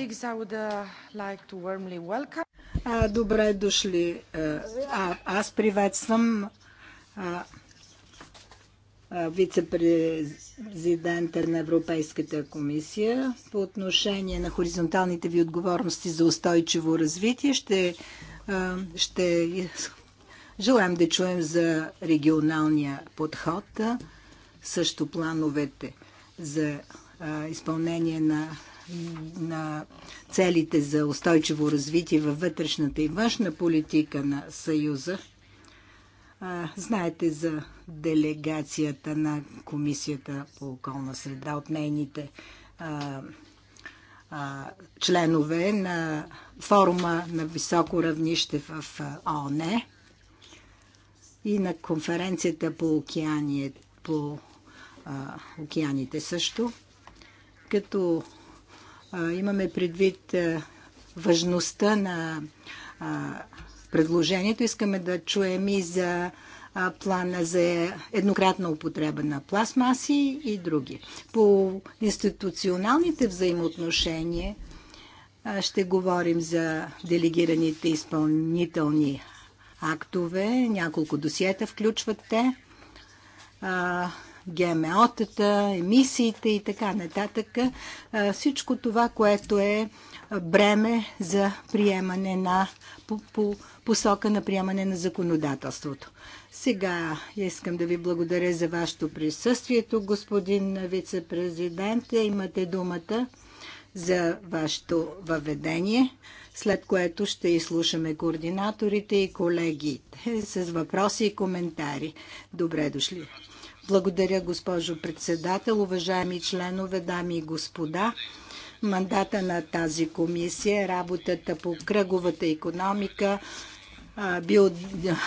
Uh, like а, добре дошли. Е, а, аз приветствам вице-президента на Европейската комисия по отношение на хоризонталните ви отговорности за устойчиво развитие. Ще, а, ще желаем да чуем за регионалния подход, също плановете за изпълнение на на целите за устойчиво развитие във вътрешната и външна политика на Съюза. Знаете за делегацията на Комисията по околна среда от нейните членове на форума на високо равнище в ООН и на конференцията по, по а, океаните също, като имаме предвид важността на предложението. Искаме да чуем и за плана за еднократна употреба на пластмаси и други. По институционалните взаимоотношения ще говорим за делегираните изпълнителни актове. Няколко досиета включват те. ГМО-тата, емисиите и така нататък. Всичко това, което е бреме за приемане на, по, по посока на приемане на законодателството. Сега искам да ви благодаря за вашето присъствието, господин вице-президент. Имате думата за вашето въведение, след което ще изслушаме координаторите и колегите с въпроси и коментари. Добре дошли! Благодаря, госпожо председател, уважаеми членове, дами и господа. Мандата на тази комисия е работата по кръговата економика, био,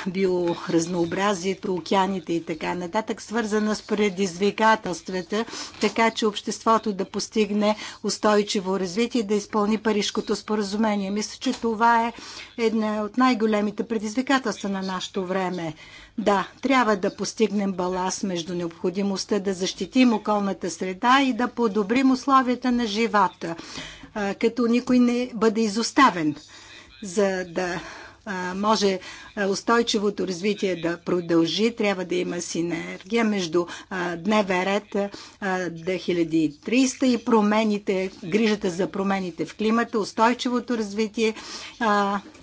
биоразнообразието, океаните и така нататък, свързана с предизвикателствата, така че обществото да постигне устойчиво развитие и да изпълни Парижкото споразумение. Мисля, че това е една от най-големите предизвикателства на нашето време. Да, трябва да постигнем баланс между необходимостта да защитим околната среда и да подобрим условията на живота, като никой не бъде изоставен, за да може е, устойчивото развитие да продължи, трябва да има синергия между дневен ред 2300 и промените, грижата за промените в климата, устойчивото развитие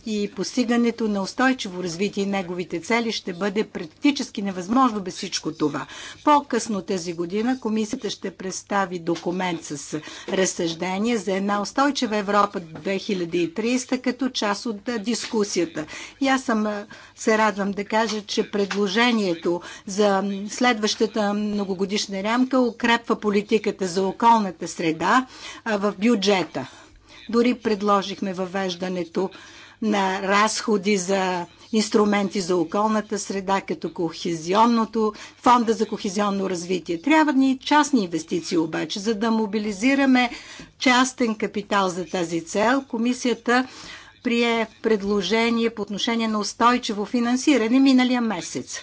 и постигането на устойчиво развитие и неговите цели ще бъде практически невъзможно без всичко това. По-късно тази година комисията ще представи документ с разсъждение за една устойчива Европа 2030 като част от дискусията. И аз съм се радвам да кажа, че предложението за следващата многогодишна рамка укрепва политиката за околната среда в бюджета. Дори предложихме въвеждането на разходи за инструменти за околната среда, като кохезионното, фонда за кохезионно развитие. Трябва ни частни инвестиции обаче, за да мобилизираме частен капитал за тази цел. Комисията прие предложение по отношение на устойчиво финансиране миналия месец.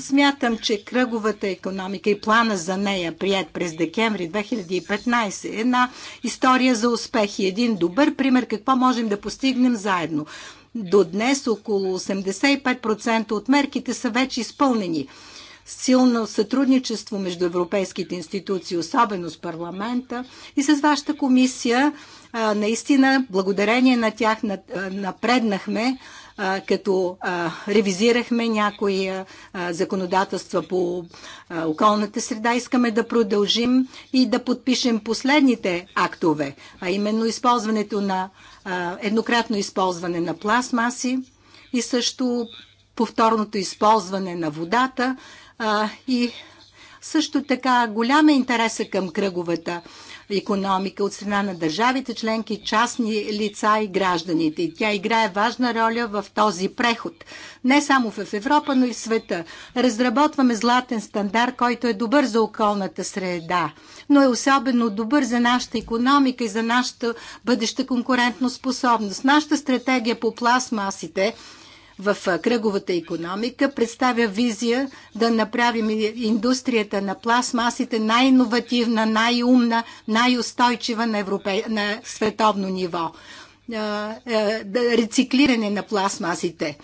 Смятам, че кръговата економика и плана за нея, прият през декември 2015, е една история за успех и един добър пример какво можем да постигнем заедно. До днес около 85% от мерките са вече изпълнени. Силно сътрудничество между европейските институции, особено с парламента и с вашата комисия, Наистина, благодарение на тях напреднахме като ревизирахме някои законодателства по околната среда, искаме да продължим и да подпишем последните актове, а именно използването на еднократно използване на пластмаси и също повторното използване на водата и също така голяма е интереса към кръговата економика от страна на държавите членки, частни лица и гражданите. И тя играе важна роля в този преход. Не само в Европа, но и в света. Разработваме златен стандарт, който е добър за околната среда, но е особено добър за нашата економика и за нашата бъдеща конкурентна способност. Нашата стратегия по пластмасите – в кръговата економика, представя визия да направим индустрията на пластмасите най-инновативна, най-умна, най-устойчива на, европе... на световно ниво. Рециклиране на пластмасите.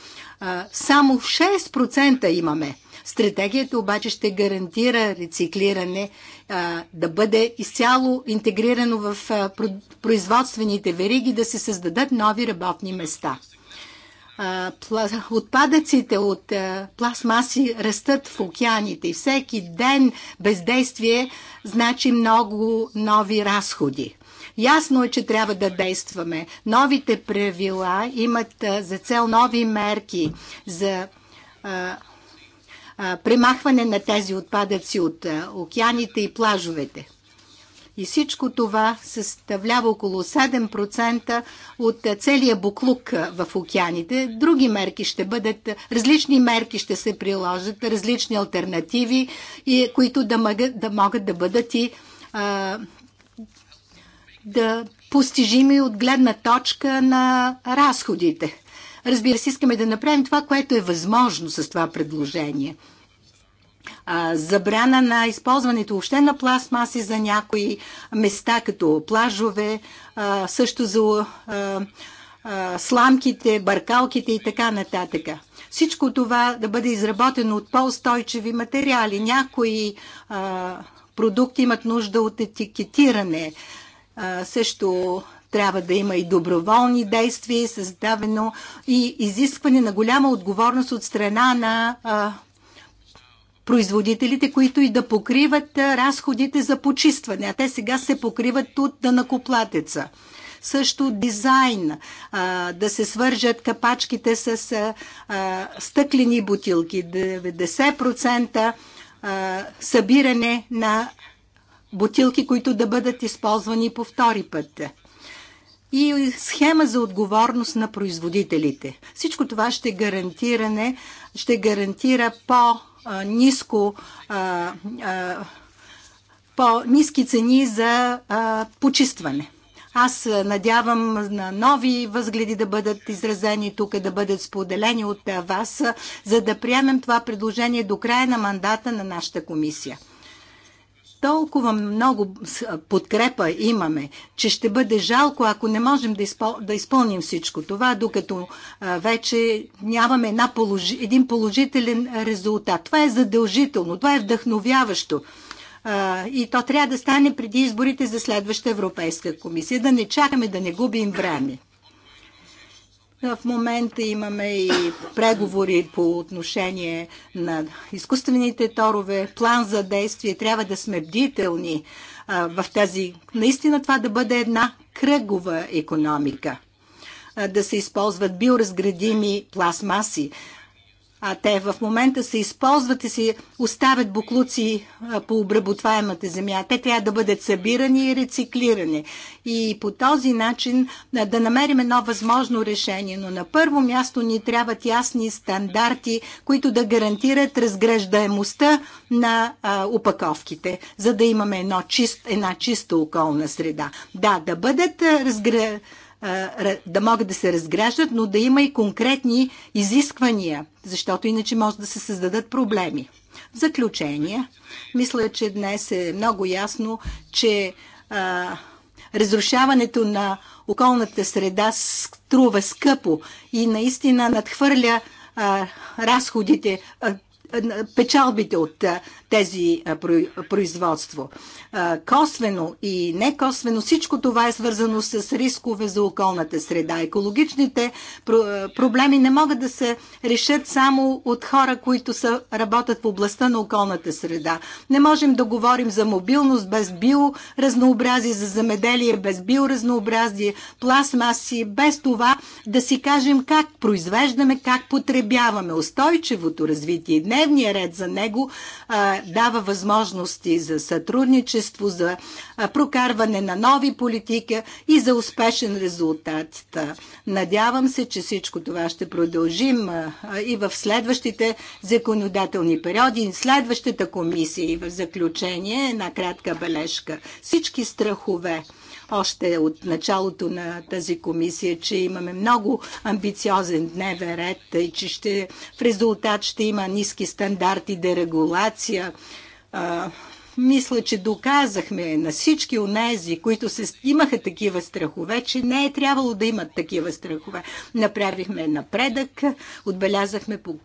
Само 6% имаме. Стратегията обаче ще гарантира рециклиране а, да бъде изцяло интегрирано в а, производствените вериги, да се създадат нови работни места отпадъците от пластмаси растат в океаните и всеки ден бездействие значи много нови разходи. Ясно е, че трябва да действаме. Новите правила имат за цел нови мерки за премахване на тези отпадъци от океаните и плажовете. И всичко това съставлява около 7% от целия буклук в океаните. Други мерки ще бъдат, различни мерки ще се приложат, различни альтернативи, и, които да могат, да могат да бъдат и а, да постижими от гледна точка на разходите. Разбира се, искаме да направим това, което е възможно с това предложение – забрана на използването още на пластмаси за някои места, като плажове, а, също за а, а, сламките, баркалките и така нататък. Всичко това да бъде изработено от по-устойчиви материали. Някои а, продукти имат нужда от етикетиране. А, също трябва да има и доброволни действия, създавено и изискване на голяма отговорност от страна на а, производителите, които и да покриват разходите за почистване, а те сега се покриват от данакоплатеца. Също дизайн, да се свържат капачките с стъклени бутилки, 90% събиране на бутилки, които да бъдат използвани по втори път и схема за отговорност на производителите. Всичко това ще, гарантиране, ще гарантира по ниско по-низки цени за почистване. Аз надявам на нови възгледи да бъдат изразени тук, да бъдат споделени от вас, за да приемем това предложение до края на мандата на нашата комисия толкова много подкрепа имаме, че ще бъде жалко, ако не можем да, изпъл... да изпълним всичко това, докато а, вече нямаме една положи... един положителен резултат. Това е задължително, това е вдъхновяващо. А, и то трябва да стане преди изборите за следваща Европейска комисия. Да не чакаме да не губим време. В момента имаме и преговори по отношение на изкуствените торове, план за действие. Трябва да сме бдителни в тази, наистина това да бъде една кръгова економика. Да се използват биоразградими пластмаси, а те в момента се използват и се оставят буклуци по обработваемата земя. Те трябва да бъдат събирани и рециклирани. И по този начин да намерим едно възможно решение. Но на първо място ни трябват ясни стандарти, които да гарантират разграждаемостта на упаковките, за да имаме едно чист, една чиста околна среда. Да, да бъдат разграждаемостта да могат да се разграждат, но да има и конкретни изисквания, защото иначе може да се създадат проблеми. В заключение, мисля, че днес е много ясно, че а, разрушаването на околната среда струва скъпо и наистина надхвърля а, разходите, а, печалбите от тези производство. Косвено и некосвено всичко това е свързано с рискове за околната среда. Екологичните проблеми не могат да се решат само от хора, които са, работят в областта на околната среда. Не можем да говорим за мобилност без биоразнообразие, за замеделие без биоразнообразие, пластмаси, без това да си кажем как произвеждаме, как потребяваме. Устойчивото развитие днес дневния ред за него а, дава възможности за сътрудничество, за прокарване на нови политики и за успешен резултат. Надявам се, че всичко това ще продължим а, и в следващите законодателни периоди, и следващата комисия. И в заключение една кратка бележка. Всички страхове, още от началото на тази комисия, че имаме много амбициозен дневен ред и че ще, в резултат ще има ниски стандарти, дерегулация. А, мисля, че доказахме на всички онези, които се, имаха такива страхове, че не е трябвало да имат такива страхове. Направихме напредък, отбелязахме по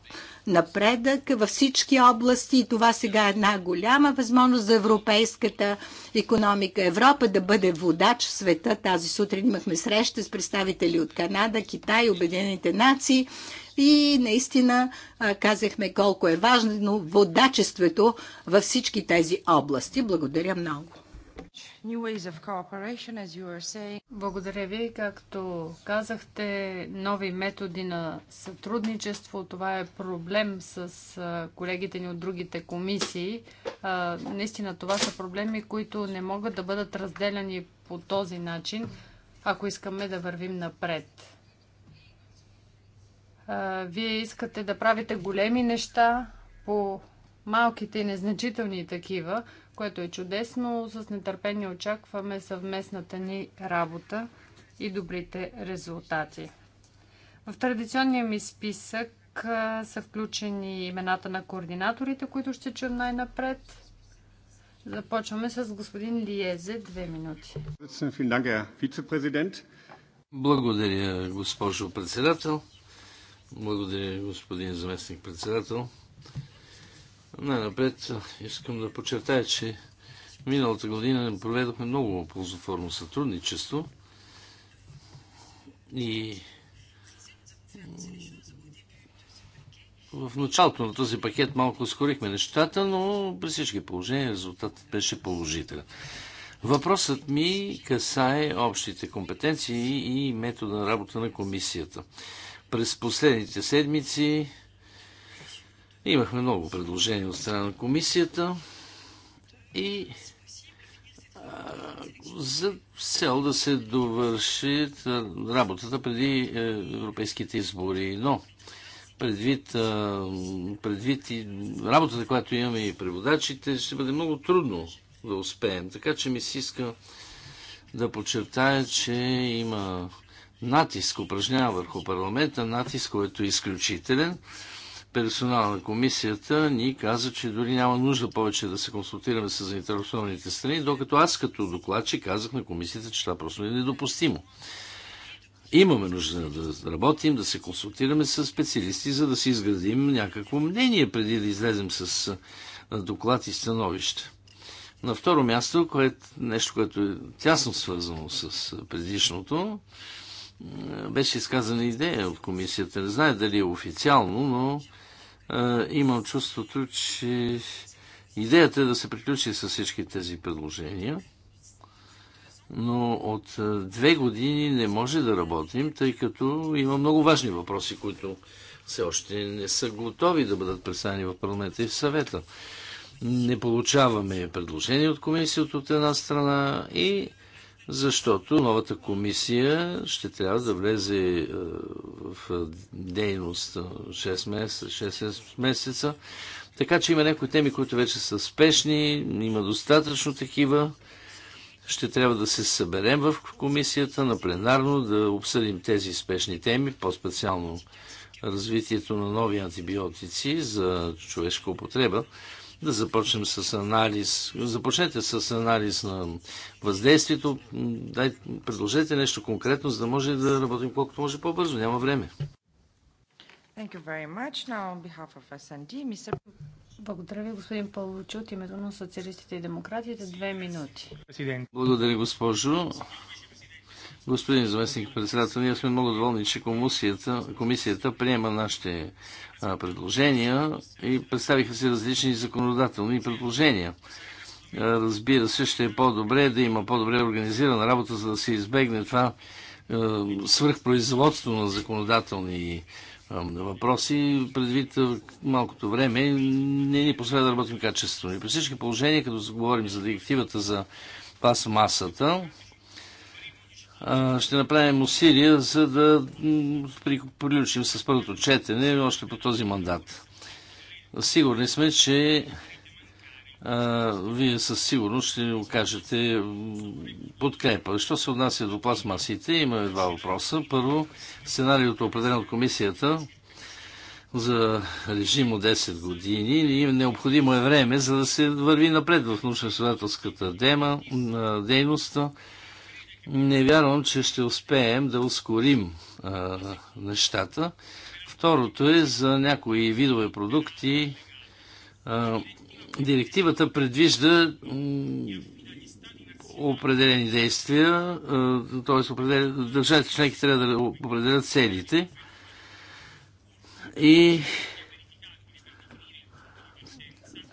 напредък във всички области и това сега е една голяма възможност за европейската економика. Европа да бъде водач в света. Тази сутрин имахме среща с представители от Канада, Китай, Обединените нации и наистина казахме колко е важно водачеството във всички тези области. Благодаря много. Благодаря ви. Както казахте, нови методи на сътрудничество. Това е проблем с колегите ни от другите комисии. Наистина това са проблеми, които не могат да бъдат разделяни по този начин, ако искаме да вървим напред. Вие искате да правите големи неща по малките и незначителни такива, което е чудесно. С нетърпение очакваме съвместната ни работа и добрите резултати. В традиционния ми списък са включени имената на координаторите, които ще чуем най-напред. Започваме с господин Лиезе. Две минути. Благодаря, госпожо председател. Благодаря, господин заместник председател. Най-напред искам да подчертая, че миналата година проведохме много ползотворно сътрудничество и в началото на този пакет малко ускорихме нещата, но при всички положения резултатът беше положителен. Въпросът ми касае общите компетенции и метода на работа на комисията. През последните седмици Имахме много предложения от страна на комисията и а, за цел да се довърши работата преди е, европейските избори. Но предвид, предвид и работата, която имаме и преводачите, ще бъде много трудно да успеем. Така че ми се иска да подчертая, че има натиск упражнява върху парламента, натиск, който е изключителен персонал на комисията ни каза, че дори няма нужда повече да се консултираме с заинтересованите страни, докато аз като докладчик казах на комисията, че това просто е недопустимо. Имаме нужда да работим, да се консултираме с специалисти, за да си изградим някакво мнение преди да излезем с доклад и становище. На второ място, което, нещо, което е тясно свързано с предишното, беше изказана идея от комисията. Не знае дали е официално, но имам чувството, че идеята е да се приключи с всички тези предложения, но от две години не може да работим, тъй като има много важни въпроси, които все още не са готови да бъдат представени в парламента и в съвета. Не получаваме предложения от комисията от една страна и защото новата комисия ще трябва да влезе е, в дейност 6 е, месеца, 6 месеца. Така че има някои теми, които вече са спешни, има достатъчно такива. Ще трябва да се съберем в комисията на пленарно, да обсъдим тези спешни теми, по-специално развитието на нови антибиотици за човешка употреба да започнем с анализ. Започнете с анализ на въздействието. Дай, предложете нещо конкретно, за да може да работим колкото може по-бързо. Няма време. Благодаря ви, господин Павлович, от името на социалистите и демократите. Две минути. Благодаря, госпожо. Господин заместник председател, ние сме много доволни, че комисията, комисията приема нашите а, предложения и представиха се различни законодателни предложения. А, разбира се, ще е по-добре да има по-добре организирана работа, за да се избегне това а, свръхпроизводство на законодателни въпроси, предвид малкото време, не ни позволя да работим качествено. И при всички положения, като говорим за директивата за масата, ще направим усилия, за да приключим с първото четене още по този мандат. Сигурни сме, че а, вие със сигурност ще окажете подкрепа. Що се отнася до пластмасите, имаме два въпроса. Първо, сценариото определен от комисията за режим от 10 години и необходимо е време, за да се върви напред в научно-изследователската дейност. Не вярвам, че ще успеем да ускорим а, нещата. Второто е за някои видове продукти. А, директивата предвижда определени действия, т.е. държавите членки трябва да определят целите и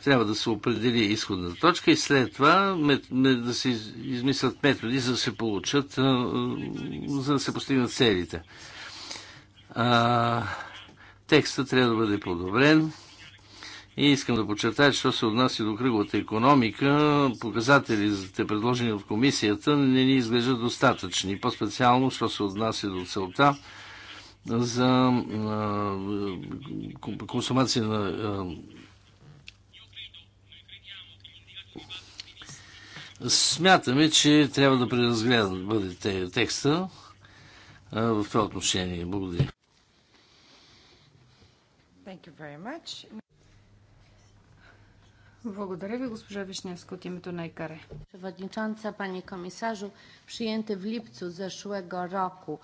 трябва да се определи изходна точка и след това мет, мет, да се измислят методи, за да се получат, за да се постигнат целите. А, текстът трябва да бъде подобрен. И искам да подчертая, че що се отнася до кръговата економика, показателите, предложени от комисията, не ни изглеждат достатъчни. По-специално, що се отнася до целта за а, консумация на а, Смятаме, че трябва да преразгледат бъде текста в това отношение. Благодаря. Благодаря ви, госпожа Вишневска, от името на ИКАРЕ. Przewodnicząca, panie komisarzu, przyjęty w lipcu го року.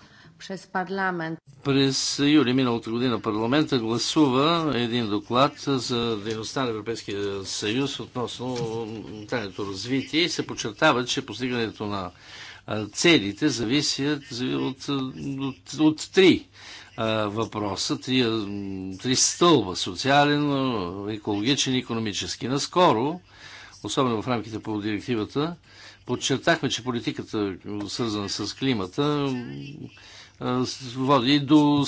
През парламент. През юли миналата година парламента гласува един доклад за дейността на Европейския съюз относно тайното развитие и се подчертава, че постигането на целите зависи от, от, от три въпроса, три, три стълба социален, екологичен и економически. Наскоро, особено в рамките по директивата, подчертахме, че политиката, свързана с климата, води до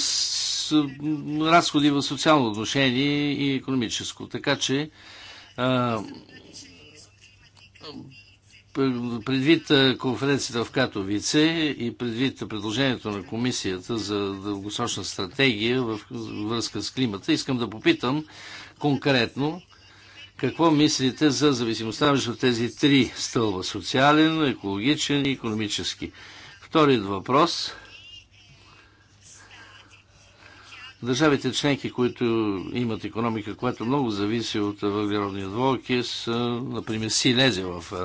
разходи в социално отношение и економическо. Така че предвид конференцията в Катовице и предвид предложението на комисията за дългосрочна стратегия в връзка с климата, искам да попитам конкретно какво мислите за зависимостта между тези три стълба – социален, екологичен и економически? Вторият въпрос Държавите членки, които имат економика, която много зависи от въглеродния са, е, например Силезия в е,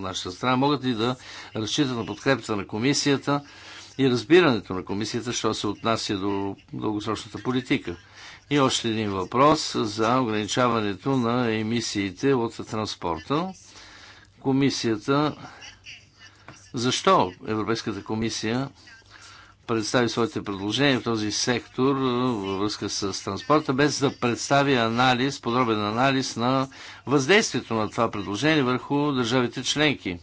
нашата страна, могат ли да разчитат на подкрепата на комисията и разбирането на комисията, що се отнася до дългосрочната политика? И още един въпрос за ограничаването на емисиите от транспорта. Комисията. Защо Европейската комисия представи своите предложения в този сектор във връзка с транспорта, без да представи анализ, подробен анализ на въздействието на това предложение върху държавите членки,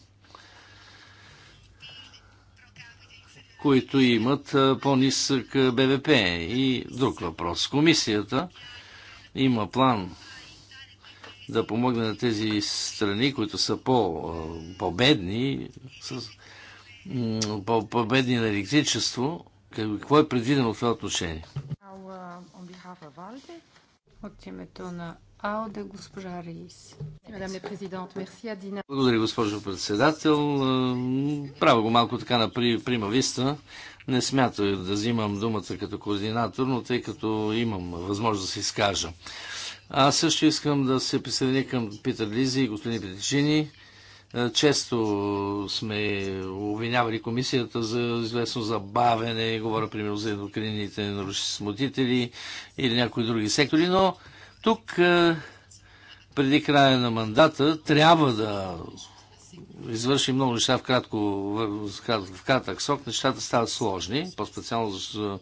които имат по-нисък БВП. И друг въпрос. Комисията има план да помогне на тези страни, които са по-бедни, по, по -бедни, с победни на електричество. Какво е предвидено в това отношение? От името на АОДЕ, госпожа Рейс. Благодаря, госпожо председател. Правя го малко така на виста, Не смятах да взимам думата като координатор, но тъй като имам възможност да се изкажа. Аз също искам да се присъединя към Питър Лизи и господин Петичини е, често сме обвинявали комисията за известно забавене, говоря примерно за еднокрините нарушители или някои други сектори, но тук е, преди края на мандата трябва да извърши много неща в, кратко, в, в кратък срок, нещата стават сложни, по-специално за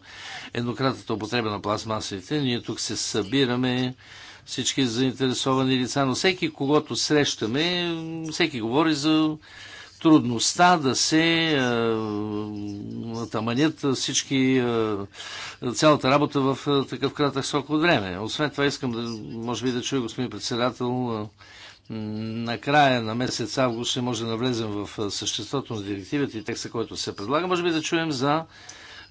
еднократната употреба на пластмасите. Ние тук се събираме всички заинтересовани лица, но всеки, когато срещаме, всеки говори за трудността да се таманят всички, цялата работа в такъв кратък срок от време. Освен това искам да, може би да чуя господин председател, на края на месец август ще може да навлезем в съществото на директивата и текста, който се предлага. Може би да чуем за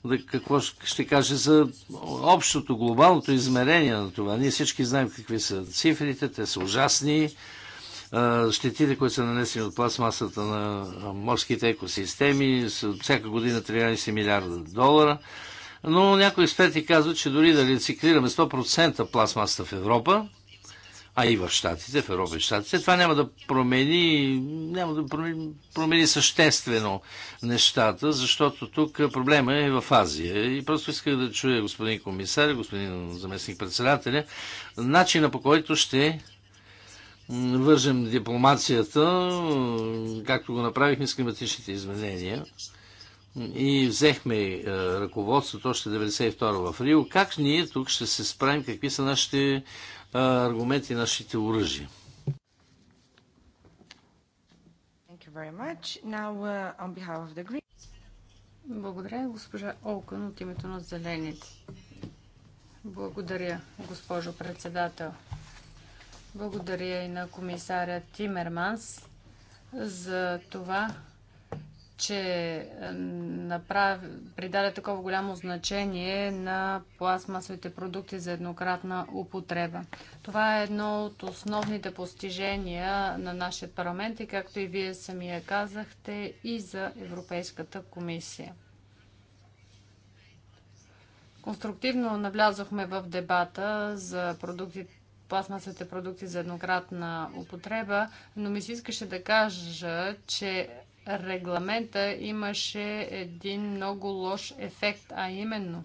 да, какво ще каже за общото, глобалното измерение на това. Ние всички знаем какви са цифрите, те са ужасни. Щетите, които са нанесени от пластмасата на морските екосистеми, са всяка година 13 милиарда долара. Но някои експерти казват, че дори да рециклираме 100% пластмасата в Европа, а и в Штатите, в Европа и Штатите. Това няма да промени, няма да промени, промени съществено нещата, защото тук проблема е в Азия. И просто исках да чуя господин комисар, господин заместник председателя, начина по който ще вържем дипломацията, както го направихме с климатичните изменения и взехме е, ръководството още 92 в Рио, как ние тук ще се справим, какви са нашите аргументи, нашите оръжия. Uh, Благодаря, госпожа Олкън от името на Зелените. Благодаря, госпожо председател. Благодаря и на комисаря Тимерманс за това, че е, направи, придаде такова голямо значение на пластмасовите продукти за еднократна употреба. Това е едно от основните постижения на нашия парламент и както и вие самия казахте и за Европейската комисия. Конструктивно навлязохме в дебата за продуктите пластмасовите продукти за еднократна употреба, но ми се искаше да кажа, че регламента имаше един много лош ефект, а именно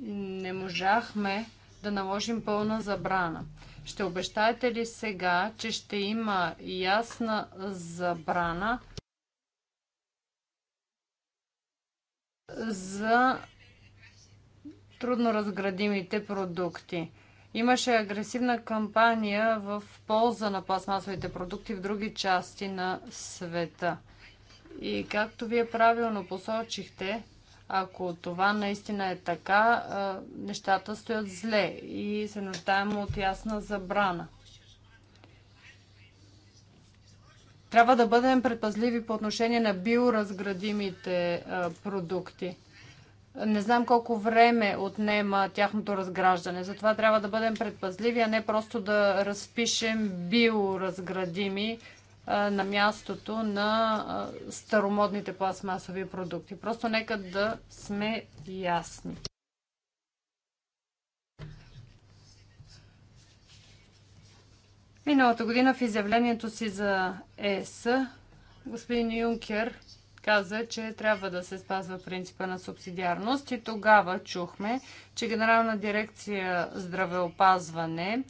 не можахме да наложим пълна забрана. Ще обещаете ли сега, че ще има ясна забрана за трудно разградимите продукти? Имаше агресивна кампания в полза на пластмасовите продукти в други части на света. И както вие правилно посочихте, ако това наистина е така, нещата стоят зле и се нуждаем от ясна забрана. Трябва да бъдем предпазливи по отношение на биоразградимите продукти. Не знам колко време отнема тяхното разграждане. Затова трябва да бъдем предпазливи, а не просто да разпишем биоразградими на мястото на старомодните пластмасови продукти. Просто нека да сме ясни. Миналата година в изявлението си за ЕС господин Юнкер каза, че трябва да се спазва принципа на субсидиарност и тогава чухме, че Генерална дирекция здравеопазване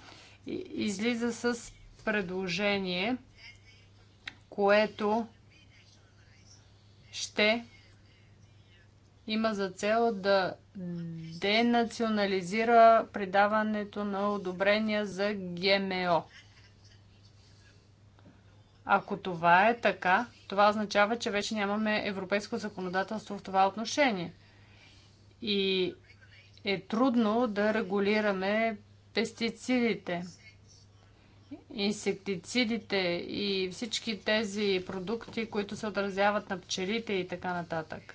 излиза с предложение, което ще има за цел да денационализира придаването на одобрения за ГМО. Ако това е така, това означава, че вече нямаме европейско законодателство в това отношение. И е трудно да регулираме пестицидите, инсектицидите и всички тези продукти, които се отразяват на пчелите и така нататък.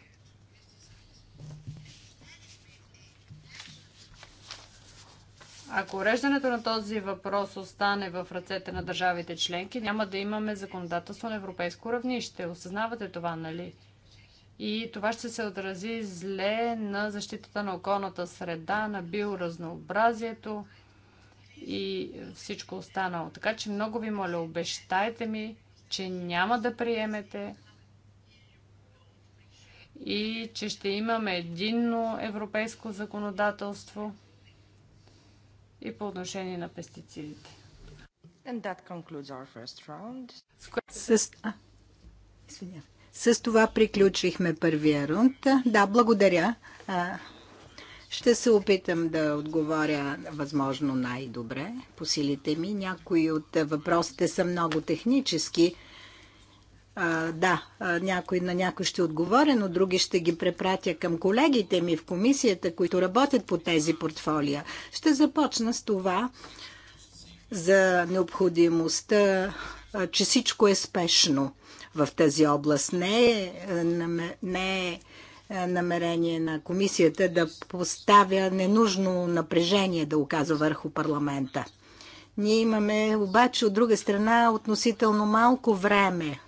Ако уреждането на този въпрос остане в ръцете на държавите членки, няма да имаме законодателство на европейско равнище. Осъзнавате това, нали? И това ще се отрази зле на защитата на околната среда, на биоразнообразието и всичко останало. Така че много ви моля, обещайте ми, че няма да приемете и че ще имаме единно европейско законодателство – и по отношение на пестицидите. And that concludes our first round. С... А, С това приключихме първия рунд. Да, благодаря. А, ще се опитам да отговоря възможно най-добре по силите ми. Някои от въпросите са много технически. А, да, някой на някой ще отговоря, но други ще ги препратя към колегите ми в комисията, които работят по тези портфолия. Ще започна с това за необходимостта, че всичко е спешно в тази област. Не е, не е намерение на комисията да поставя ненужно напрежение да оказва върху парламента. Ние имаме обаче от друга страна относително малко време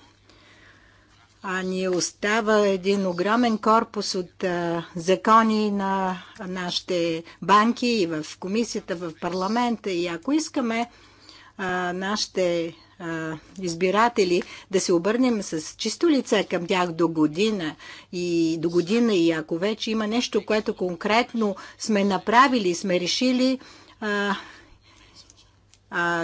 а ни остава един огромен корпус от а, закони на нашите банки и в комисията, в парламента. И ако искаме а, нашите а, избиратели да се обърнем с чисто лице към тях до година и до година и ако вече има нещо, което конкретно сме направили, сме решили,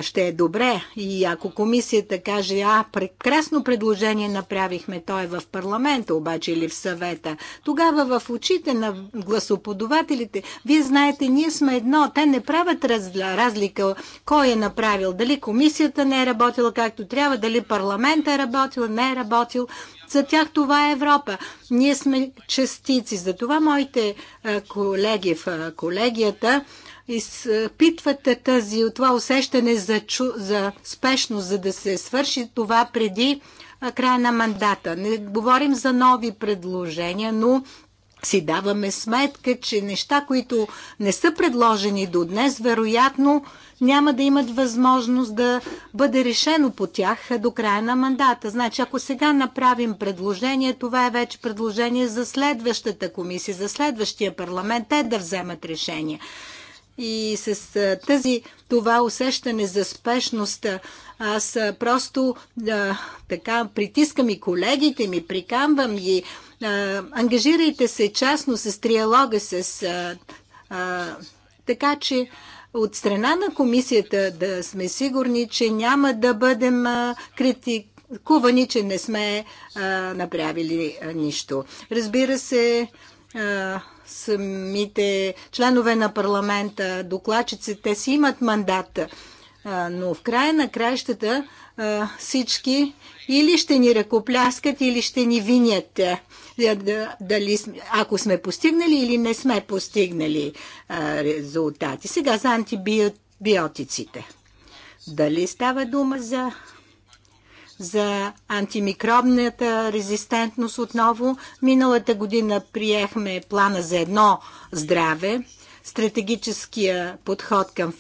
ще е добре. И ако комисията каже, а, прекрасно предложение направихме, то е в парламента обаче или в съвета, тогава в очите на гласоподавателите, вие знаете, ние сме едно, те не правят разлика кой е направил, дали комисията не е работила както трябва, дали парламента е работил, не е работил. За тях това е Европа. Ние сме частици. Затова моите колеги в колегията изпитвате тази, това усещане за, чу, за спешност, за да се свърши това преди края на мандата. Не говорим за нови предложения, но си даваме сметка, че неща, които не са предложени до днес, вероятно няма да имат възможност да бъде решено по тях до края на мандата. Значи, ако сега направим предложение, това е вече предложение за следващата комисия, за следващия парламент, те да вземат решение. И с тази, това усещане за спешност, аз просто а, така притискам и колегите ми, прикамвам ги. А, ангажирайте се частно с триалога, с, а, а, така че от страна на комисията да сме сигурни, че няма да бъдем критикувани, че не сме а, направили а, нищо. Разбира се, а, самите членове на парламента, докладчици, те си имат мандат, но в края на краищата всички или ще ни ръкопляскат, или ще ни винят. Дали, ако сме постигнали или не сме постигнали резултати. Сега за антибиотиците. Дали става дума за за антимикробната резистентност отново. Миналата година приехме плана за едно здраве, стратегическия подход към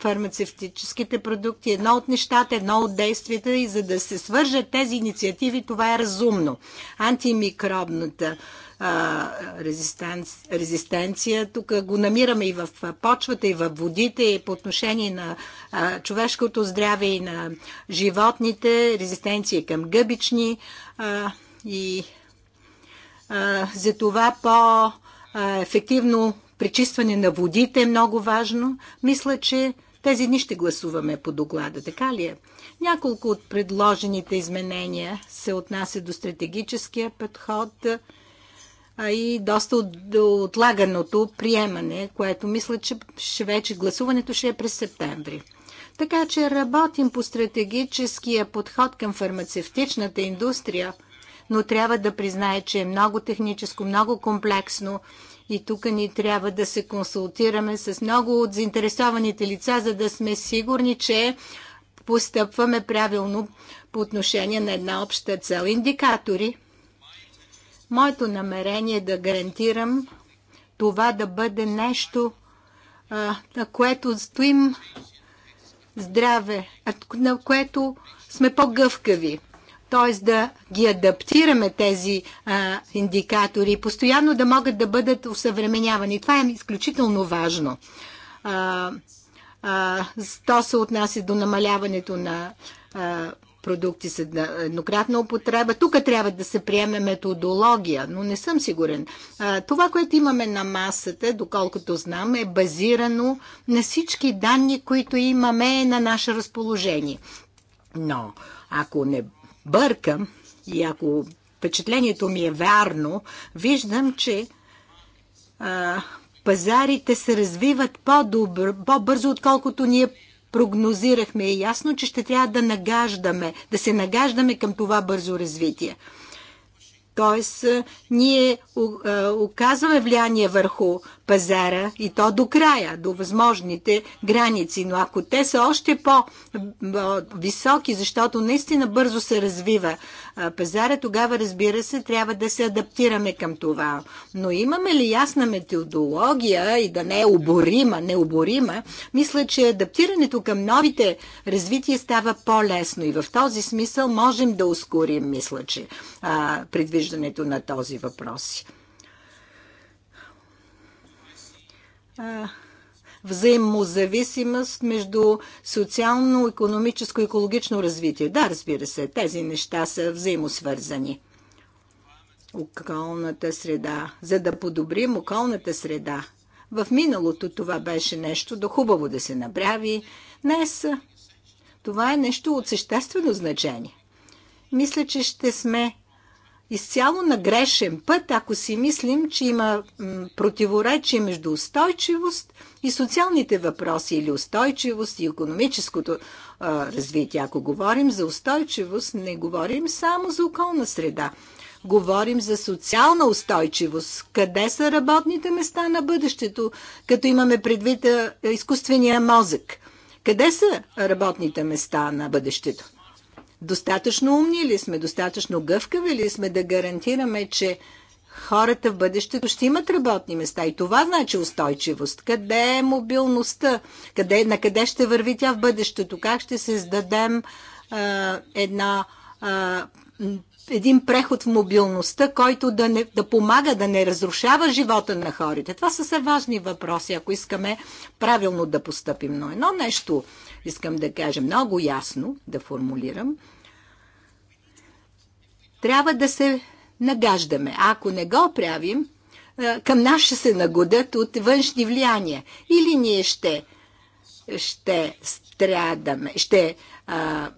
фармацевтическите продукти. Едно от нещата, едно от действията и за да се свържат тези инициативи, това е разумно. Антимикробната а, резистенци, резистенция. Тук го намираме и в почвата, и в водите, и по отношение на а, човешкото здраве и на животните, резистенция към гъбични а, и а, за това по-ефективно пречистване на водите е много важно. Мисля, че тези дни ще гласуваме по доклада, така ли е? Няколко от предложените изменения се отнася до стратегическия подход, а и доста от, отлаганото приемане, което мисля, че ще вече гласуването ще е през септември. Така че работим по стратегическия подход към фармацевтичната индустрия, но трябва да признае, че е много техническо, много комплексно и тук ни трябва да се консултираме с много от заинтересованите лица, за да сме сигурни, че постъпваме правилно по отношение на една обща цел. Индикатори, Моето намерение е да гарантирам това да бъде нещо, на което стоим здраве, на което сме по-гъвкави. Т.е. да ги адаптираме тези а, индикатори и постоянно да могат да бъдат усъвременявани. Това е изключително важно. А, а, то се отнася до намаляването на а, продукти с еднократна употреба. Тук трябва да се приеме методология, но не съм сигурен. Това, което имаме на масата, доколкото знам, е базирано на всички данни, които имаме на наше разположение. Но ако не бъркам и ако впечатлението ми е вярно, виждам, че а, пазарите се развиват по-бързо, по отколкото ние прогнозирахме е ясно, че ще трябва да нагаждаме, да се нагаждаме към това бързо развитие. Тоест, ние оказваме влияние върху пазара и то до края, до възможните граници. Но ако те са още по-високи, защото наистина бързо се развива пазара, тогава разбира се, трябва да се адаптираме към това. Но имаме ли ясна методология и да не е оборима, необорима, мисля, че адаптирането към новите развития става по-лесно и в този смисъл можем да ускорим, мисля, че а, предвиждането на този въпрос. А, взаимозависимост между социално, економическо и екологично развитие. Да, разбира се, тези неща са взаимосвързани. Околната среда. За да подобрим околната среда. В миналото това беше нещо да хубаво да се направи. Днес това е нещо от съществено значение. Мисля, че ще сме изцяло на грешен път, ако си мислим, че има противоречие между устойчивост и социалните въпроси или устойчивост и економическото а, развитие. Ако говорим за устойчивост, не говорим само за околна среда. Говорим за социална устойчивост. Къде са работните места на бъдещето, като имаме предвид изкуствения мозък? Къде са работните места на бъдещето? Достатъчно умни ли сме, достатъчно гъвкави ли сме да гарантираме, че хората в бъдещето ще имат работни места. И това значи устойчивост. Къде е мобилността? Къде, на къде ще върви тя в бъдещето? Как ще се издадем а, една, а, един преход в мобилността, който да, не, да помага да не разрушава живота на хората? Това са все важни въпроси, ако искаме правилно да постъпим. Но едно нещо искам да кажа много ясно, да формулирам – трябва да се нагаждаме. Ако не го правим, към нас ще се нагодят от външни влияния. Или ние ще, ще страдаме, ще а,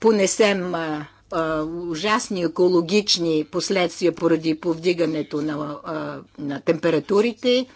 понесем а, а, ужасни екологични последствия поради повдигането на, а, на температурите,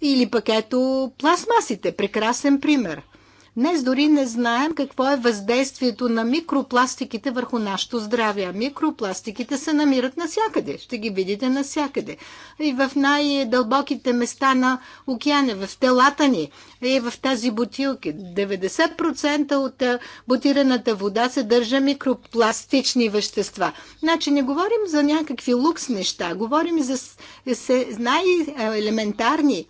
или пък ето пластмасите, прекрасен пример – Днес дори не знаем какво е въздействието на микропластиките върху нашето здраве. Микропластиките се намират навсякъде. Ще ги видите навсякъде. И в най-дълбоките места на океана, в телата ни, и в тази бутилка. 90% от бутираната вода съдържа микропластични вещества. Значи не говорим за някакви лукс неща, говорим за най-елементарни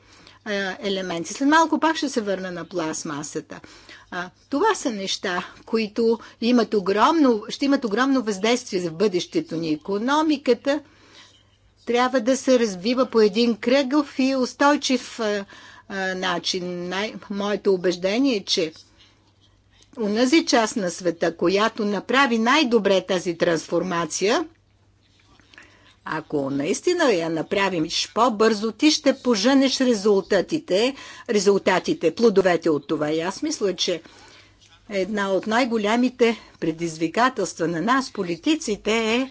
елементи. След малко пак ще се върна на пластмасата. А, това са неща, които имат огромно, ще имат огромно въздействие за бъдещето ни. Економиката трябва да се развива по един кръгъв и устойчив а, а, начин. Най- моето убеждение е, че унази част на света, която направи най-добре тази трансформация, ако наистина я направиш по-бързо, ти ще поженеш резултатите, резултатите, плодовете от това. И аз мисля, че една от най-голямите предизвикателства на нас, политиците, е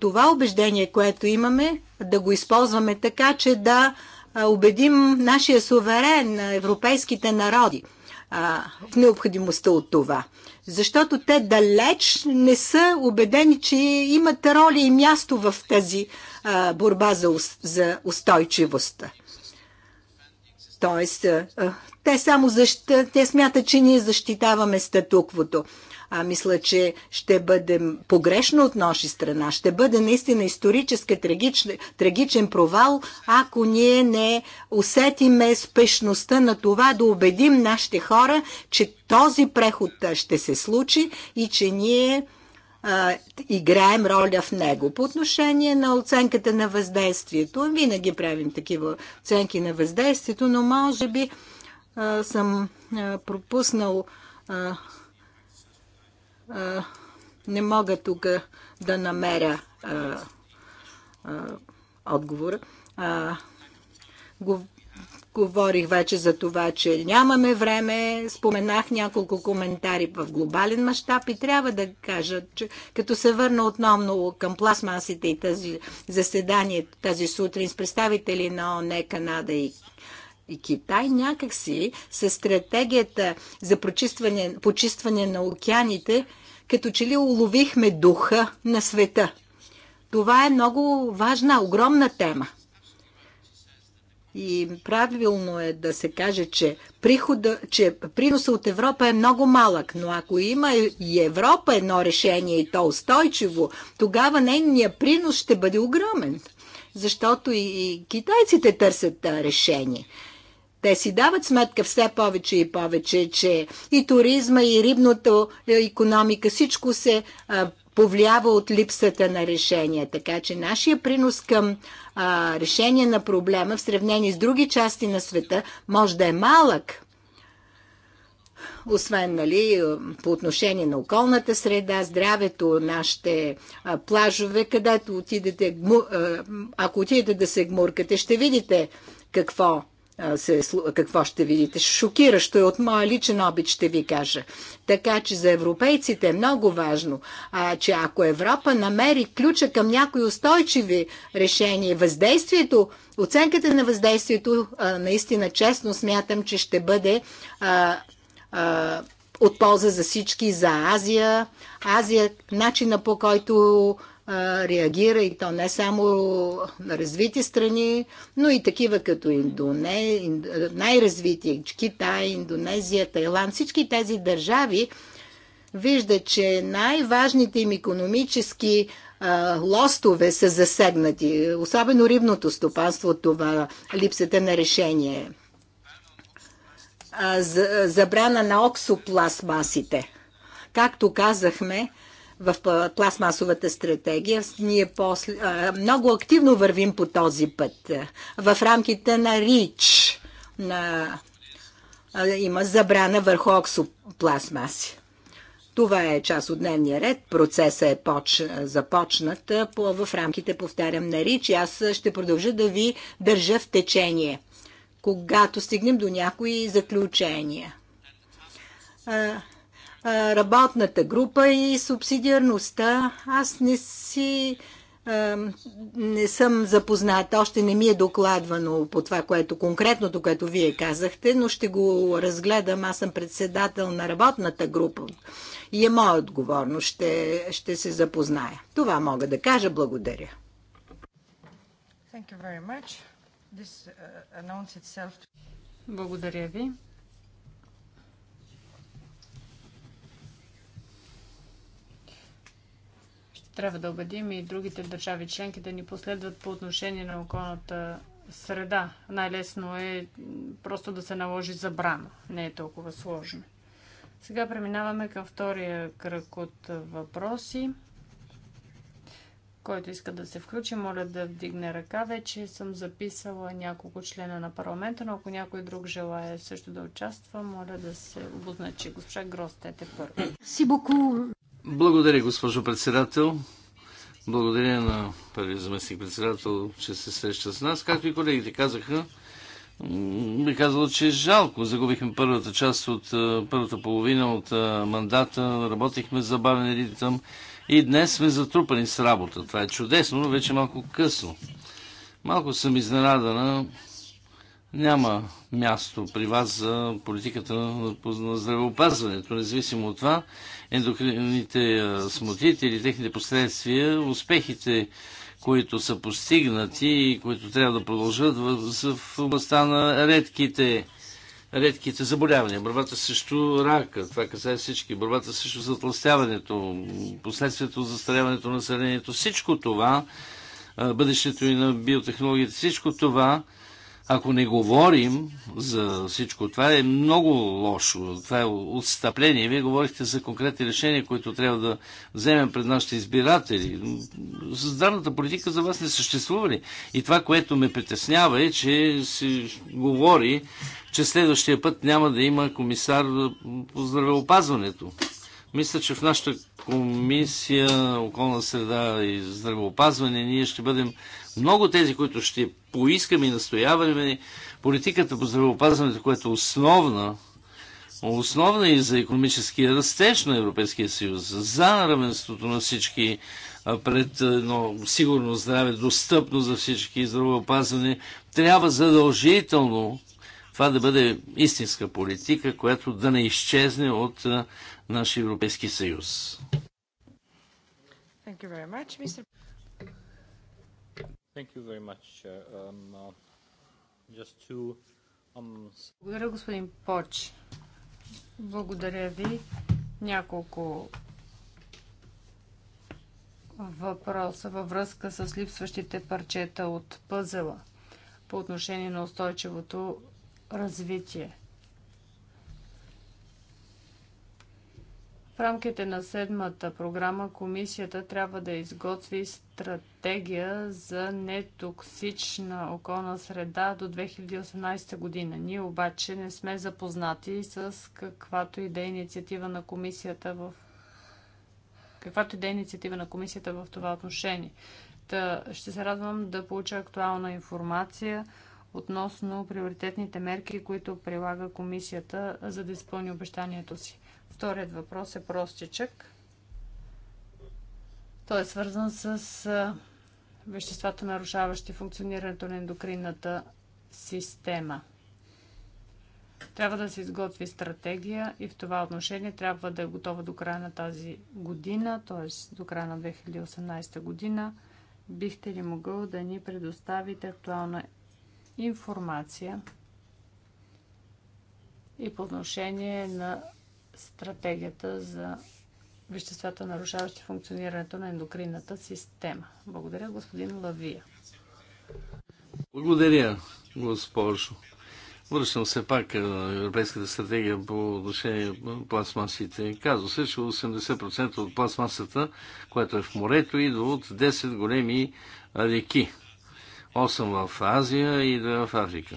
това убеждение, което имаме, да го използваме така, че да убедим нашия суверен, европейските народи в необходимостта от това защото те далеч не са убедени, че имат роля и място в тази а, борба за, за устойчивост. Тоест, а, те само защ... те смятат, че ние защитаваме статуквото а мисля, че ще бъде погрешно от наша страна. Ще бъде наистина исторически трагич, трагичен провал, ако ние не усетиме спешността на това да убедим нашите хора, че този преход ще се случи и че ние играем роля в него. По отношение на оценката на въздействието, винаги правим такива оценки на въздействието, но може би а, съм а, пропуснал а, не мога тук да намеря а, а, отговора. А, го, говорих вече за това, че нямаме време. Споменах няколко коментари в глобален мащаб и трябва да кажа, че като се върна отново към пластмасите и тази заседание тази сутрин с представители на ОНЕ, Канада и и Китай някакси с стратегията за почистване, почистване на океаните като че ли уловихме духа на света. Това е много важна, огромна тема. И правилно е да се каже, че, прихода, че приноса от Европа е много малък, но ако има и Европа едно решение и то устойчиво, тогава нейният принос ще бъде огромен. Защото и китайците търсят решение. Те си дават сметка все повече и повече, че и туризма, и рибното економика, всичко се повлиява от липсата на решение. Така че нашия принос към а, решение на проблема в сравнение с други части на света може да е малък, освен нали, по отношение на околната среда, здравето, нашите а, плажове, където отидете, гму, а, ако отидете да се гмуркате, ще видите какво се, какво ще видите. Шокиращо е от моя личен обид, ще ви кажа. Така че за европейците е много важно, а, че ако Европа намери ключа към някои устойчиви решения, въздействието, оценката на въздействието, а, наистина честно смятам, че ще бъде а, а, от полза за всички, за Азия. Азия, начина по който реагира и то не само на развити страни, но и такива като Индоне... най-развити Китай, Индонезия, Тайланд. Всички тези държави вижда, че най-важните им економически лостове са засегнати. Особено рибното стопанство това липсата на решение. забрана на оксопластмасите. Както казахме, в пластмасовата стратегия. Ние после, много активно вървим по този път. В рамките на РИЧ на, има забрана върху оксопластмаси. Това е част от дневния ред. Процесът е поч... започнат по... в рамките, повтарям, на РИЧ. Аз ще продължа да ви държа в течение, когато стигнем до някои заключения работната група и субсидиарността. Аз не си не съм запозната, още не ми е докладвано по това, което конкретното, което вие казахте, но ще го разгледам. Аз съм председател на работната група и е моя отговорност. Ще, ще се запозная. Това мога да кажа. Благодаря. Uh, Благодаря ви. Трябва да убедим и другите държави членки да ни последват по отношение на околната среда. Най-лесно е просто да се наложи забрана. Не е толкова сложно. Сега преминаваме към втория кръг от въпроси. Който иска да се включи, моля да вдигне ръка. Вече съм записала няколко члена на парламента, но ако някой друг желая също да участва, моля да се обозначи. Госпожа Гростет е първо. Си благодаря, госпожо председател. Благодаря на първият заместник председател, че се среща с нас. Както и колегите казаха, би казало, че е жалко. Загубихме първата част от първата половина от мандата, работихме за бавен ритъм и днес сме затрупани с работа. Това е чудесно, но вече малко късно. Малко съм изненадана няма място при вас за политиката на здравеопазването. Независимо от това, ендокринните смутите или техните последствия, успехите, които са постигнати и които трябва да продължат в, в областта на редките, редките заболявания. Борбата срещу рака, това касае всички. Борбата срещу затластяването, последствието за застаряването на населението. Всичко това, бъдещето и на биотехнологията, всичко това ако не говорим за всичко това, е много лошо. Това е отстъпление. Вие говорихте за конкретни решения, които трябва да вземем пред нашите избиратели. Здравната политика за вас не съществува ли? И това, което ме притеснява е, че се говори, че следващия път няма да има комисар по здравеопазването. Мисля, че в нашата комисия околна среда и здравеопазване ние ще бъдем много тези, които ще поискаме и настояваме политиката по здравеопазването, която е основна, основна и за економическия растеж на Европейския съюз, за равенството на всички пред едно сигурно здраве, достъпно за всички здравеопазване, трябва задължително това да бъде истинска политика, която да не изчезне от нашия Европейски съюз. Um, uh, um, Благодаря, господин Поч. Благодаря ви. Няколко въпроса във връзка с липсващите парчета от пъзела по отношение на устойчивото развитие. В рамките на седмата програма комисията трябва да изготви стратегия за нетоксична околна среда до 2018 година. Ние обаче не сме запознати с каквато и да е инициатива на комисията в каквато и да е инициатива на комисията в това отношение. Та ще се радвам да получа актуална информация относно приоритетните мерки, които прилага комисията, за да изпълни обещанието си. Вторият въпрос е простичък. Той е свързан с веществата, нарушаващи функционирането на ендокринната система. Трябва да се изготви стратегия и в това отношение трябва да е готова до края на тази година, т.е. до края на 2018 година. Бихте ли могъл да ни предоставите актуална информация и по отношение на стратегията за веществата, нарушаващи функционирането на ендокринната система. Благодаря, господин Лавия. Благодаря, госпожо. Връщам се пак Европейската стратегия по отношение на пластмасите. Казва се, че 80% от пластмасата, която е в морето, идва от 10 големи реки. 8 в Азия и 2 в Африка.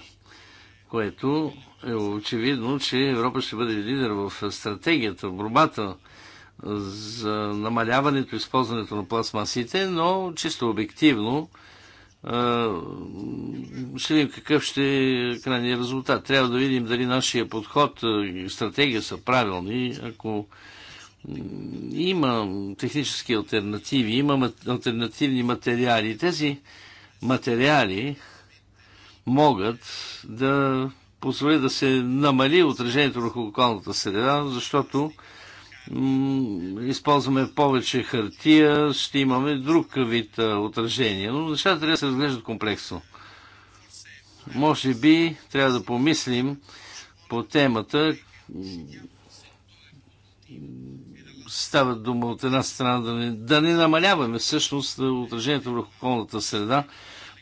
Което е очевидно, че Европа ще бъде лидер в стратегията, в борбата за намаляването и използването на пластмасите, но чисто обективно ще видим какъв ще е крайният резултат. Трябва да видим дали нашия подход и стратегия са правилни. Ако има технически альтернативи, има альтернативни материали, тези материали могат да позволи да се намали отражението върху околната среда, защото използваме повече хартия, ще имаме друг вид отражение. Но нещата трябва да се разглеждат комплексно. Може би трябва да помислим по темата. Става дума от една страна да не, да не намаляваме всъщност отражението върху околната среда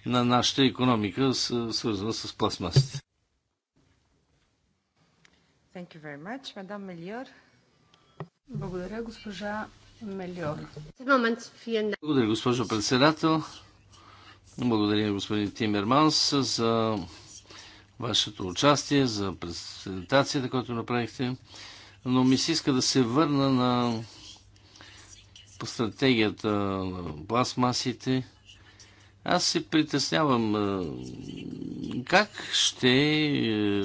на нашата економика, свързана с пластмасите. Thank you very much. Благодаря, госпожа Мелиор. Благодаря, госпожо председател. Благодаря, господин Тимерманс, за вашето участие, за презентацията, която направихте. Но ми се иска да се върна на по стратегията на пластмасите. Аз се притеснявам е, как ще е,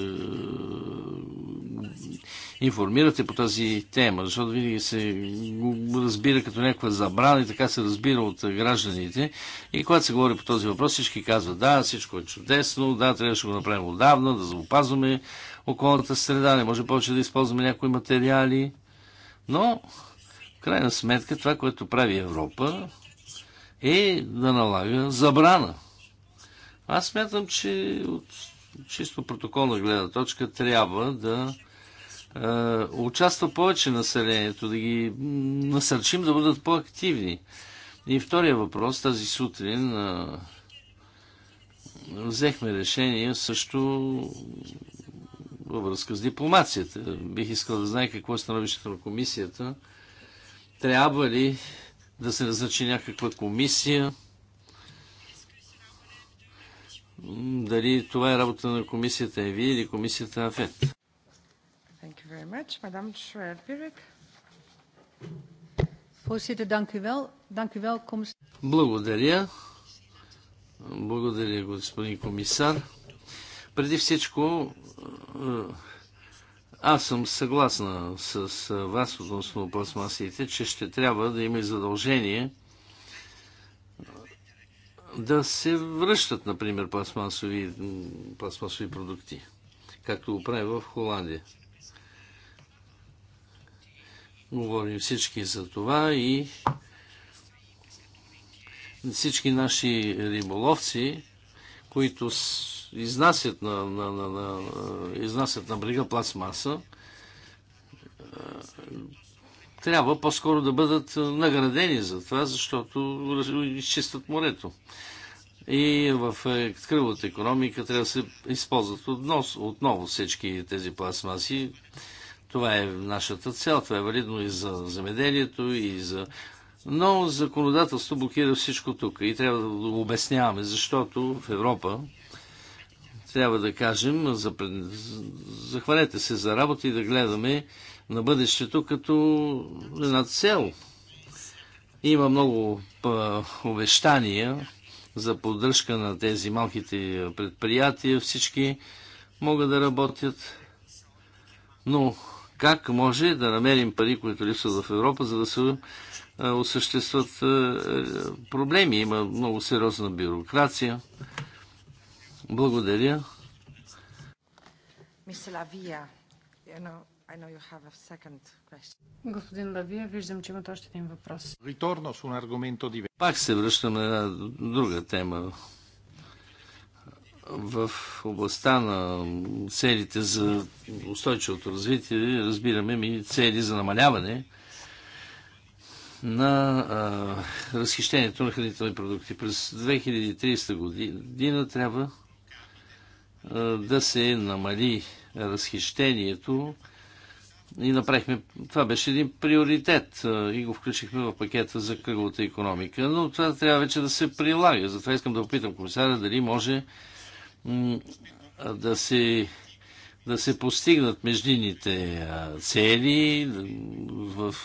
информирате по тази тема, защото винаги се разбира като някаква забрана и така се разбира от гражданите. И когато се говори по този въпрос, всички казват, да, всичко е чудесно, да, трябва да го направим отдавна, да запазваме околната среда, не може повече да използваме някои материали. Но, в крайна сметка, това, което прави Европа, е да налага забрана. Аз смятам, че от чисто протоколна гледна точка трябва да е, участва повече населението, да ги насърчим да бъдат по-активни. И втория въпрос, тази сутрин е, взехме решение също във връзка с дипломацията. Бих искал да знае какво е становището на комисията. Трябва ли да се назначи някаква комисия? Дали това е работа на комисията ЕВИ или комисията на ФЕД? Thank you very much. Madame Schreier-Pirik. Voorzitter, dank u wel. Dank u wel, commissaris. Благодаря. Благодаря, господин комисар. Преди всичко, е, аз съм съгласна с вас относно пластмасите, че ще трябва да има задължение да се връщат, например, пластмасови, пластмасови продукти, както го прави в Холандия. Говорим всички за това и всички наши риболовци, които изнасят на, на, на, на, изнасят на брега пластмаса, трябва по-скоро да бъдат наградени за това, защото изчистват морето. И в е, кръвната економика трябва да се използват отново всички тези пластмаси. Това е нашата цел, това е валидно и за замеделието, и за... Но законодателство блокира всичко тук и трябва да го обясняваме, защото в Европа трябва да кажем, захванете се за работа и да гледаме на бъдещето като една цел. Има много обещания за поддръжка на тези малките предприятия. Всички могат да работят, но как може да намерим пари, които липсват в Европа, за да се осъществят проблеми? Има много сериозна бюрокрация. Благодаря. Господин Лавия, виждам, че имате още един въпрос. Пак се връщам на една друга тема в областта на целите за устойчивото развитие разбираме ми цели за намаляване на а, разхищението на хранителни продукти. През 2030 година трябва а, да се намали разхищението и направихме, това беше един приоритет а, и го включихме в пакета за кръговата економика, но това трябва вече да се прилага. Затова искам да опитам комисаря дали може да се, да се постигнат междинните цели в,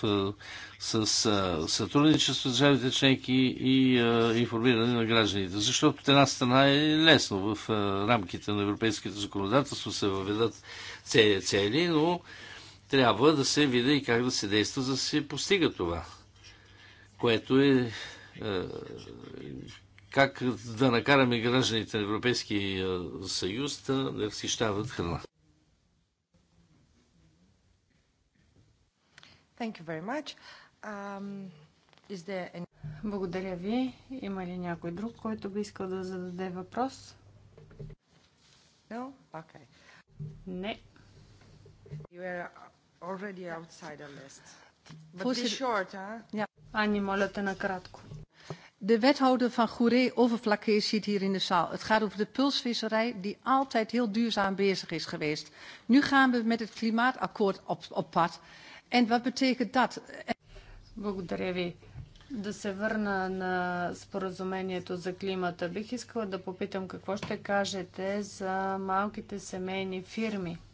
с, с сътрудничество с държавите членки и информиране на гражданите. Защото от една страна е лесно в рамките на Европейските законодателство се въведат цели, цели но трябва да се види и как да се действа, за да се постига това, което е, е как да накараме гражданите на Европейския съюз да не разхищават храна. Um, any... Благодаря ви. Има ли някой друг, който би искал да зададе въпрос? No? Okay. Не. Ани, моля те накратко. De wethouder van Goeree Overflakkee zit hier in de zaal. Het gaat over de pulsvisserij die altijd heel duurzaam bezig is geweest. Nu gaan we met het klimaatakkoord op, op pad. En wat betekent dat? Да се върна на споразумението за климата. Бих искала да попитам какво ще кажете за малките семейни фирми –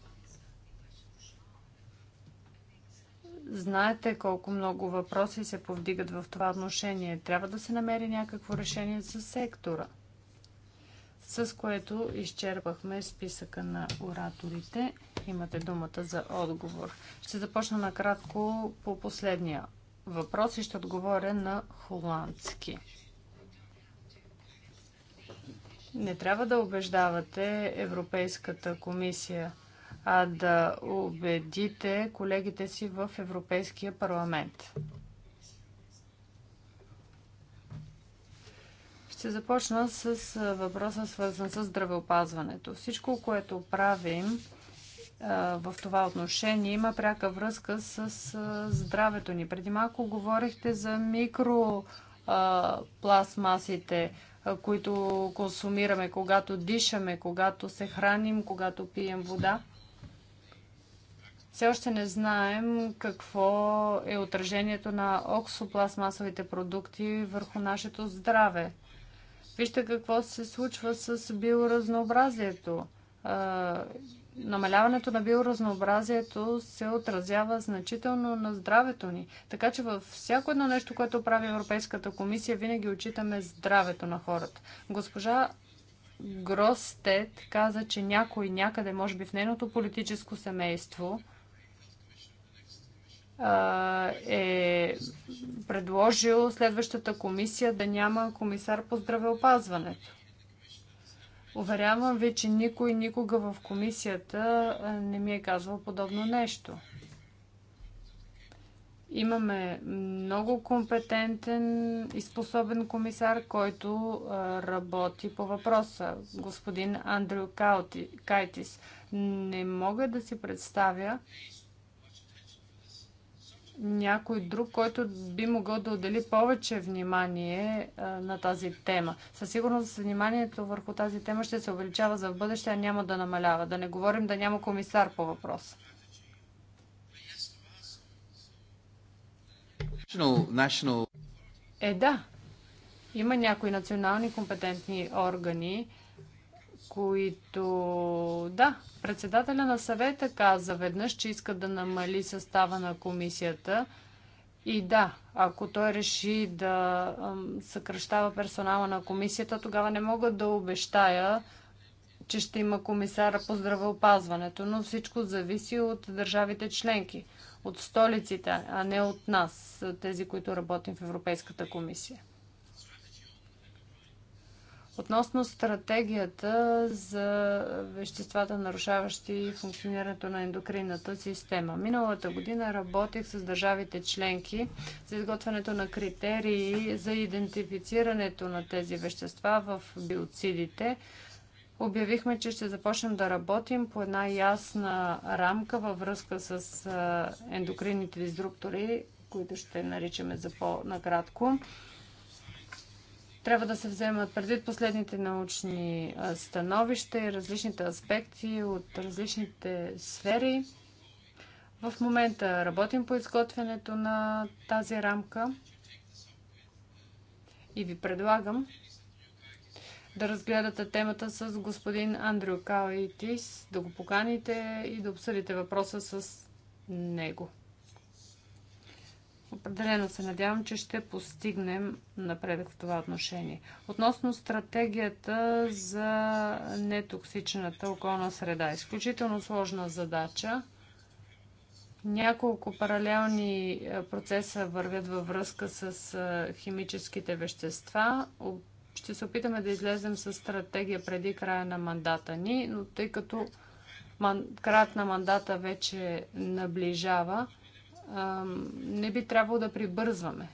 Знаете колко много въпроси се повдигат в това отношение. Трябва да се намери някакво решение за сектора, с което изчерпахме списъка на ораторите. Имате думата за отговор. Ще започна накратко по последния въпрос и ще отговоря на холандски. Не трябва да убеждавате Европейската комисия а да убедите колегите си в Европейския парламент. Ще започна с въпроса, свързан с здравеопазването. Всичко, което правим в това отношение, има пряка връзка с здравето ни. Преди малко говорихте за микропластмасите, които консумираме, когато дишаме, когато се храним, когато пием вода. Все още не знаем какво е отражението на оксопластмасовите продукти върху нашето здраве. Вижте какво се случва с биоразнообразието. Намаляването на биоразнообразието се отразява значително на здравето ни. Така че във всяко едно нещо, което прави Европейската комисия, винаги отчитаме здравето на хората. Госпожа Гростет каза, че някой някъде, може би в нейното политическо семейство, е предложил следващата комисия да няма комисар по здравеопазването. Уверявам ви, че никой никога в комисията не ми е казвал подобно нещо. Имаме много компетентен и способен комисар, който работи по въпроса. Господин Андрю Кайтис. Не мога да си представя, някой друг, който би могъл да отдели повече внимание а, на тази тема. Със сигурност вниманието върху тази тема ще се увеличава за в бъдеще, а няма да намалява. Да не говорим да няма комисар по въпроса. Е, да. Има някои национални компетентни органи, които... Да, председателя на съвета каза веднъж, че иска да намали състава на комисията. И да, ако той реши да съкръщава персонала на комисията, тогава не мога да обещая, че ще има комисара по здравеопазването, но всичко зависи от държавите членки, от столиците, а не от нас, тези, които работим в Европейската комисия. Относно стратегията за веществата, нарушаващи функционирането на ендокринната система. Миналата година работих с държавите членки за изготвянето на критерии за идентифицирането на тези вещества в биоцидите. Обявихме, че ще започнем да работим по една ясна рамка във връзка с ендокринните диструктори, които ще наричаме за по-накратко. Трябва да се вземат предвид последните научни становища и различните аспекти от различните сфери. В момента работим по изготвянето на тази рамка и ви предлагам да разгледате темата с господин Андрю Калайтис, да го поканите и да обсъдите въпроса с него. Определено се надявам, че ще постигнем напредък в това отношение. Относно стратегията за нетоксичната околна среда. Изключително сложна задача. Няколко паралелни е, процеса вървят във връзка с е, химическите вещества. Ще се опитаме да излезем с стратегия преди края на мандата ни, но тъй като краят на мандата вече наближава, не би трябвало да прибързваме.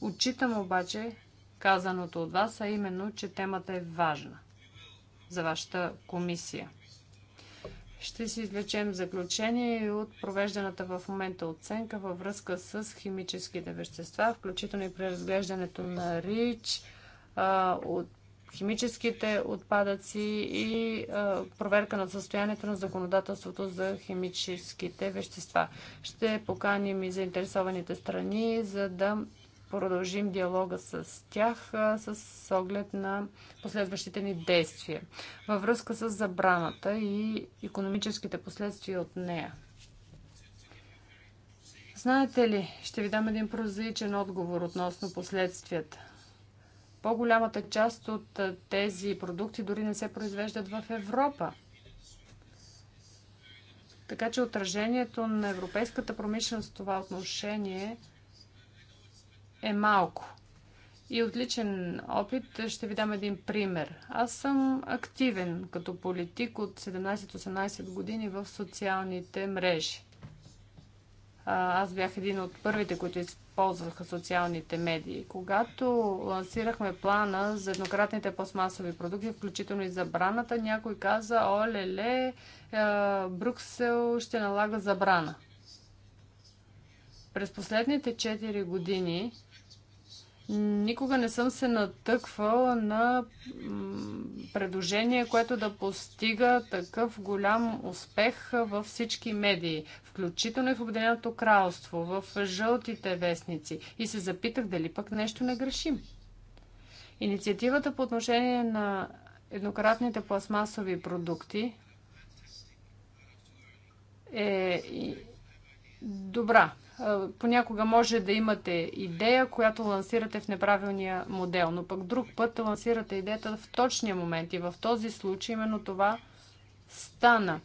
Отчитам обаче казаното от вас, а именно, че темата е важна за вашата комисия. Ще си извлечем заключение от провежданата в момента оценка във връзка с химическите вещества, включително и преразглеждането на РИЧ от химическите отпадъци и проверка на състоянието на законодателството за химическите вещества. Ще поканим и заинтересованите страни, за да продължим диалога с тях с оглед на последващите ни действия във връзка с забраната и економическите последствия от нея. Знаете ли, ще ви дам един прозаичен отговор относно последствията. По-голямата част от тези продукти дори не се произвеждат в Европа. Така че отражението на европейската промишленост в това отношение е малко. И отличен опит ще ви дам един пример. Аз съм активен като политик от 17-18 години в социалните мрежи. Аз бях един от първите, които ползваха социалните медии. Когато лансирахме плана за еднократните пластмасови продукти, включително и забраната, някой каза, оле-ле, е, Брюксел ще налага забрана. През последните 4 години никога не съм се натъквал на предложение, което да постига такъв голям успех във всички медии включително и в Обединеното кралство, в жълтите вестници и се запитах дали пък нещо не грешим. Инициативата по отношение на еднократните пластмасови продукти е добра. Понякога може да имате идея, която лансирате в неправилния модел, но пък друг път лансирате идеята в точния момент и в този случай именно това стана.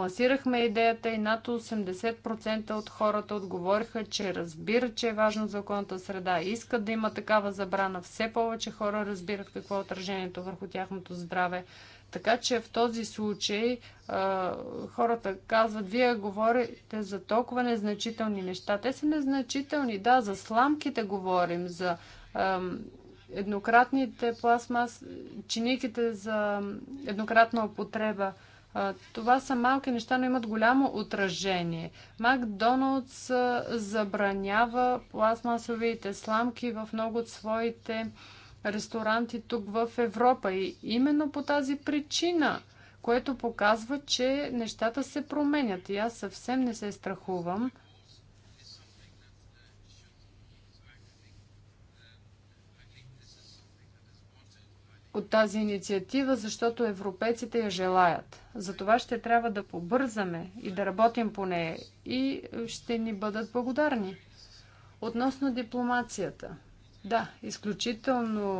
Лансирахме идеята и над 80% от хората отговориха, че разбират, че е важно за околната среда и искат да има такава забрана. Все повече хора разбират какво е отражението върху тяхното здраве. Така че в този случай а, хората казват, вие говорите за толкова незначителни неща. Те са незначителни, да, за сламките говорим, за а, еднократните пластмас, чиниките за еднократна употреба – това са малки неща, но имат голямо отражение. Макдоналдс забранява пластмасовите сламки в много от своите ресторанти тук в Европа. И именно по тази причина, което показва, че нещата се променят. И аз съвсем не се страхувам от тази инициатива, защото европейците я желаят. Затова ще трябва да побързаме и да работим по нея и ще ни бъдат благодарни. Относно дипломацията. Да, изключително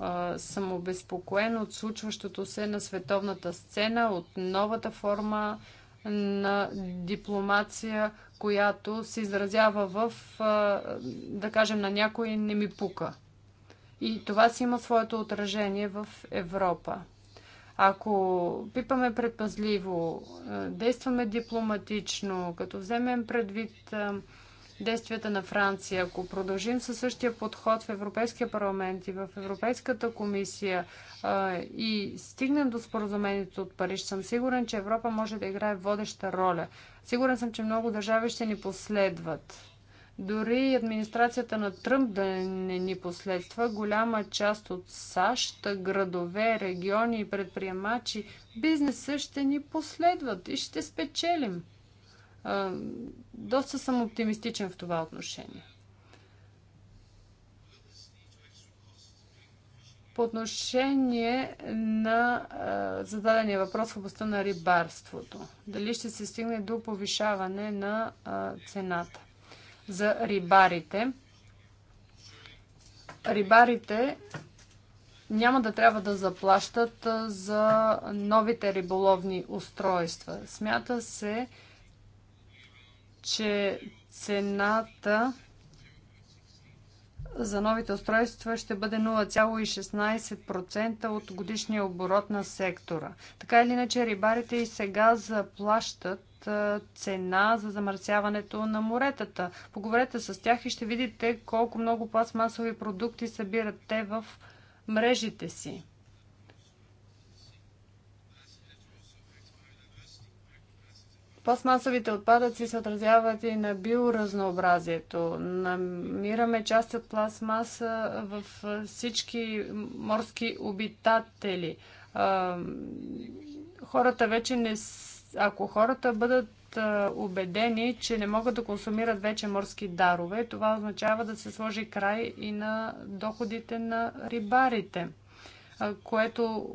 а, съм обезпокоен от случващото се на световната сцена, от новата форма на дипломация, която се изразява в, а, да кажем, на някой не ми пука. И това си има своето отражение в Европа. Ако пипаме предпазливо, е, действаме дипломатично, като вземем предвид е, действията на Франция, ако продължим със същия подход в Европейския парламент и в Европейската комисия е, и стигнем до споразумението от Париж, съм сигурен, че Европа може да играе водеща роля. Сигурен съм, че много държави ще ни последват. Дори администрацията на Тръмп да не ни последва, голяма част от САЩ, градове, региони и предприемачи, бизнеса ще ни последват и ще спечелим. Доста съм оптимистичен в това отношение. По отношение на е, зададения въпрос в областта на рибарството, дали ще се стигне до повишаване на е, цената? за рибарите. Рибарите няма да трябва да заплащат за новите риболовни устройства. Смята се, че цената за новите устройства ще бъде 0,16% от годишния оборот на сектора. Така или иначе, рибарите и сега заплащат цена за замърсяването на моретата. Поговорете с тях и ще видите колко много пластмасови продукти събират те в мрежите си. Пластмасовите отпадъци се отразяват и на биоразнообразието. Намираме части от пластмаса в всички морски обитатели. Хората вече не ако хората бъдат убедени, че не могат да консумират вече морски дарове, това означава да се сложи край и на доходите на рибарите, което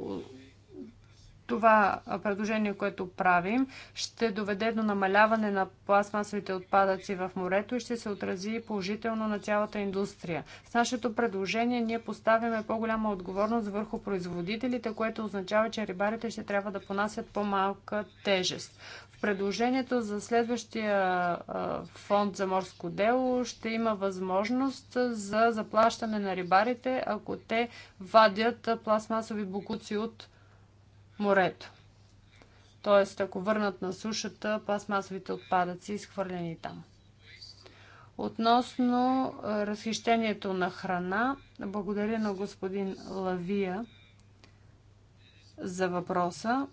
това предложение, което правим, ще доведе до намаляване на пластмасовите отпадъци в морето и ще се отрази положително на цялата индустрия. С нашето предложение ние поставяме по-голяма отговорност върху производителите, което означава, че рибарите ще трябва да понасят по-малка тежест. В предложението за следващия фонд за морско дело ще има възможност за заплащане на рибарите, ако те вадят пластмасови бокуци от морето. Тоест, ако върнат на сушата пластмасовите отпадъци, изхвърлени там. Относно разхищението на храна, благодаря на господин Лавия за въпроса.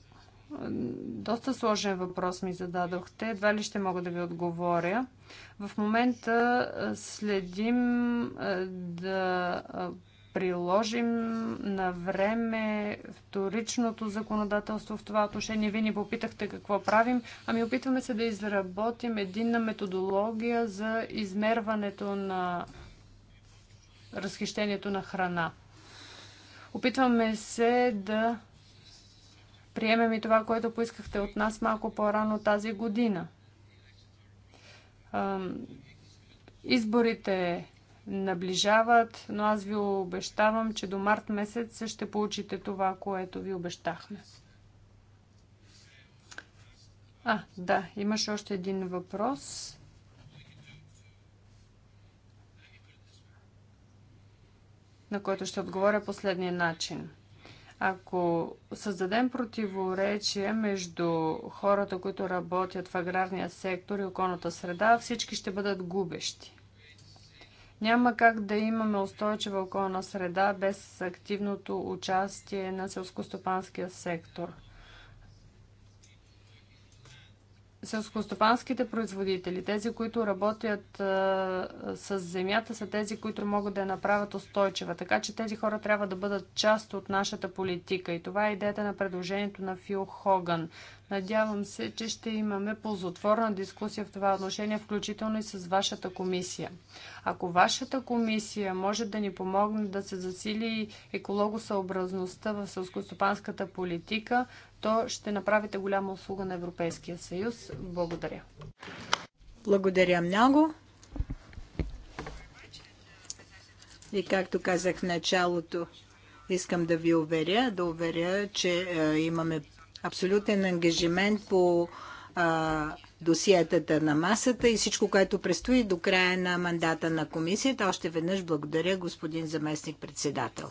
Доста сложен въпрос ми зададохте. Едва ли ще мога да ви отговоря. В момента следим да приложим на време вторичното законодателство в това отношение. Вие ни попитахте какво правим. Ами опитваме се да изработим единна методология за измерването на разхищението на храна. Опитваме се да приемем и това, което поискахте от нас малко по-рано тази година. Изборите наближават, но аз ви обещавам, че до март месец ще получите това, което ви обещахме. А, да, имаш още един въпрос. на който ще отговоря последния начин. Ако създадем противоречие между хората, които работят в аграрния сектор и околната среда, всички ще бъдат губещи. Няма как да имаме устойчива околна среда без активното участие на селскостопанския сектор. Селскостопанските производители, тези, които работят а, с земята, са тези, които могат да я направят устойчива. Така че тези хора трябва да бъдат част от нашата политика. И това е идеята на предложението на Фил Хоган. Надявам се, че ще имаме ползотворна дискусия в това отношение, включително и с вашата комисия. Ако вашата комисия може да ни помогне да се засили екологосъобразността в сълскостопанската политика, то ще направите голяма услуга на Европейския съюз. Благодаря. Благодаря много. И както казах в началото, искам да ви уверя, да уверя, че е, имаме абсолютен ангажимент по а, досиетата на масата и всичко, което предстои до края на мандата на комисията. Още веднъж благодаря господин заместник председател.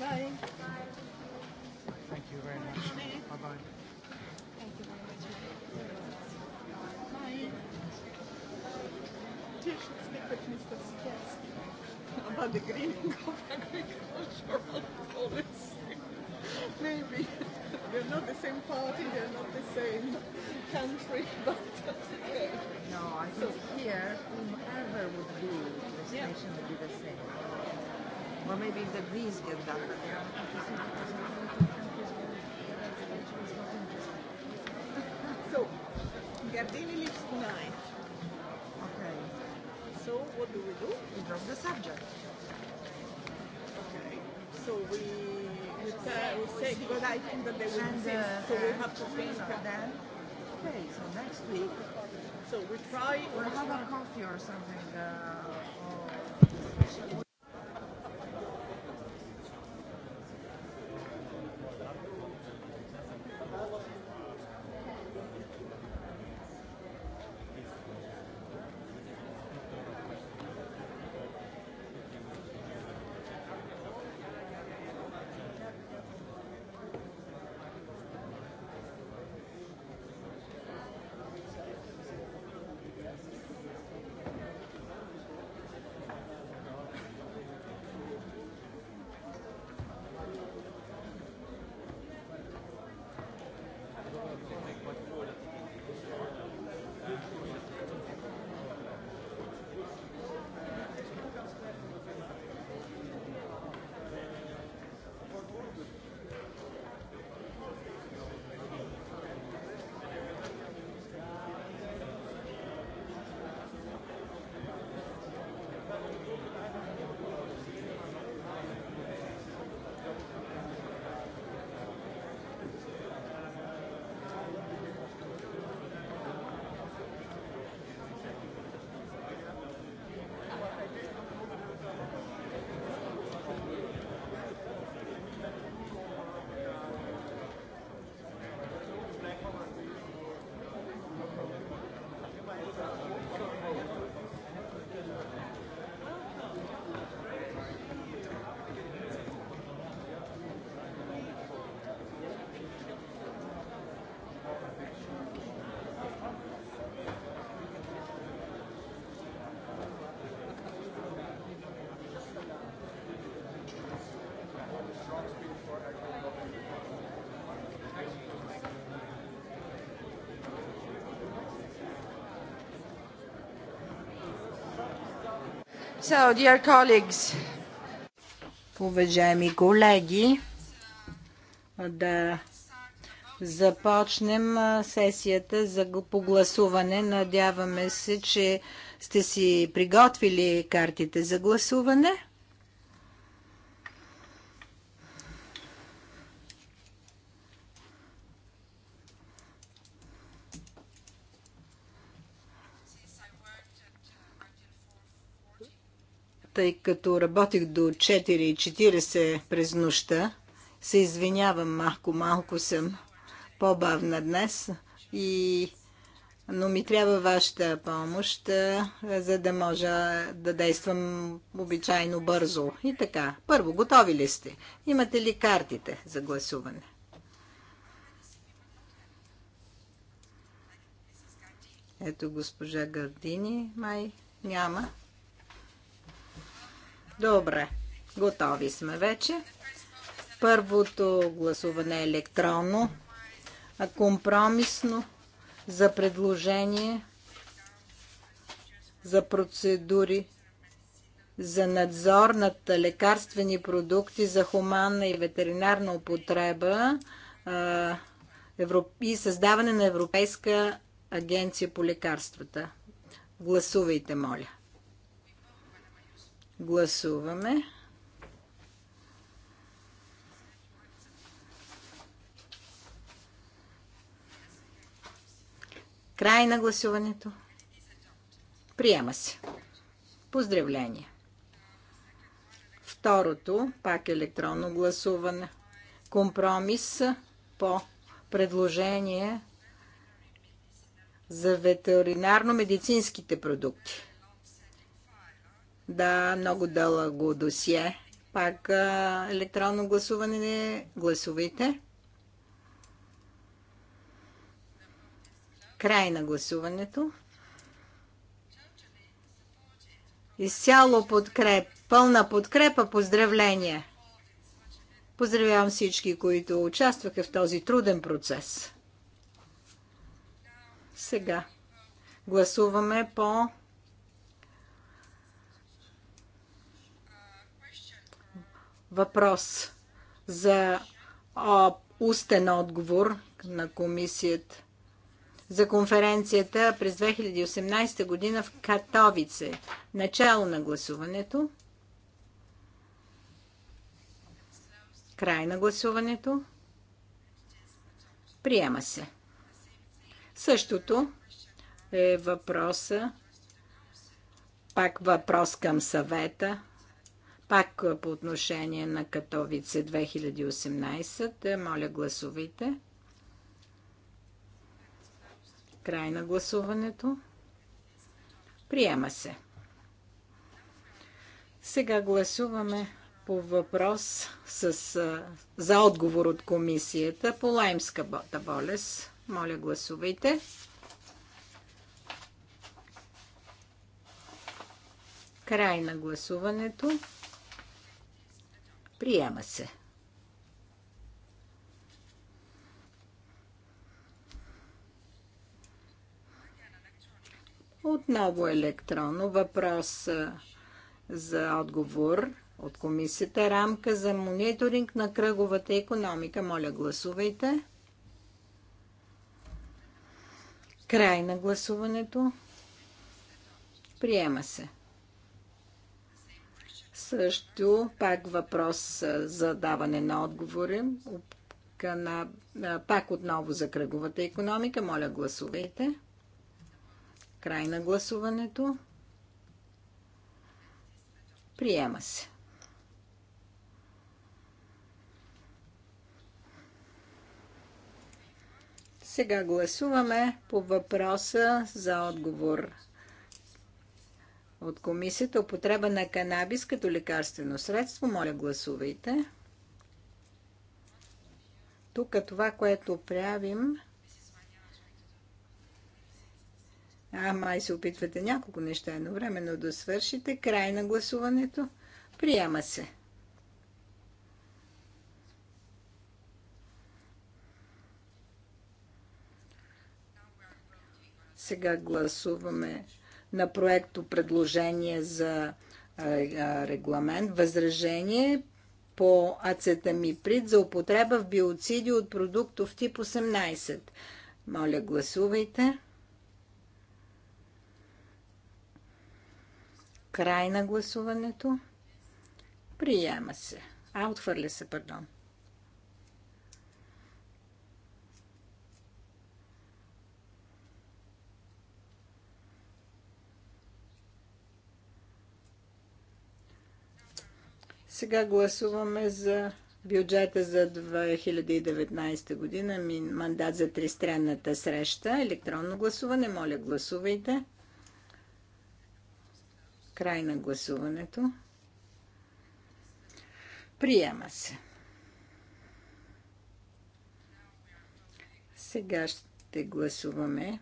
Bye. Bye. Thank you very much. Bye bye. Maybe they're not the same party, they're not the same country, but okay. No, I think here, whomever would be, the situation would be the same. Or maybe if the Greens get done. so, Gardini lives tonight. So what do we do? We drop the subject. Okay. So we we, we say because I think that they will and, Uh, so we have to think. Then, okay. So next week. So we try. We'll have a coffee or something. Uh, or So, dear colleagues, уважаеми колеги, да започнем сесията за погласуване. Надяваме се, че сте си приготвили картите за гласуване. тъй като работих до 4.40 през нощта. Се извинявам, малко, малко съм по-бавна днес, и... но ми трябва вашата помощ, за да можа да действам обичайно бързо. И така, първо, готови ли сте? Имате ли картите за гласуване? Ето госпожа Гардини, май няма. Добре, готови сме вече. Първото гласуване е електронно, а компромисно за предложение за процедури за надзор над лекарствени продукти за хуманна и ветеринарна употреба и създаване на Европейска агенция по лекарствата. Гласувайте, моля. Гласуваме. Край на гласуването. Приема се. Поздравление. Второто, пак електронно гласуване. Компромис по предложение за ветеринарно-медицинските продукти. Да, много дълго досие. Пак електронно гласуване. Гласувайте. Край на гласуването. Изцяло подкреп, пълна подкрепа, поздравления. Поздравявам всички, които участваха в този труден процес. Сега гласуваме по въпрос за устен отговор на комисията за конференцията през 2018 година в Катовице. Начало на гласуването. Край на гласуването. Приема се. Същото е въпроса, пак въпрос към съвета пак по отношение на Катовице 2018. Моля, гласувайте. Край на гласуването. Приема се. Сега гласуваме по въпрос с, за отговор от комисията по лаймската болест. Моля, гласувайте. Край на гласуването. Приема се. Отново електронно въпрос за отговор от комисията рамка за мониторинг на кръговата економика. Моля, гласувайте. Край на гласуването. Приема се. Също пак въпрос за даване на отговори. На, пак отново за кръговата економика. Моля, гласувайте. Край на гласуването. Приема се. Сега гласуваме по въпроса за отговор от комисията употреба на канабис като лекарствено средство. Моля, гласувайте. Тук това, което правим... А, май се опитвате няколко неща едновременно да свършите. Край на гласуването. Приема се. Сега гласуваме на проекто предложение за регламент, възражение по ацетамиприд за употреба в биоциди от продуктов тип 18. Моля, гласувайте. Край на гласуването. Приема се. А, отхвърля се, пардон. Сега гласуваме за бюджета за 2019 година, мандат за тристранната среща, електронно гласуване. Моля, гласувайте. Край на гласуването. Приема се. Сега ще гласуваме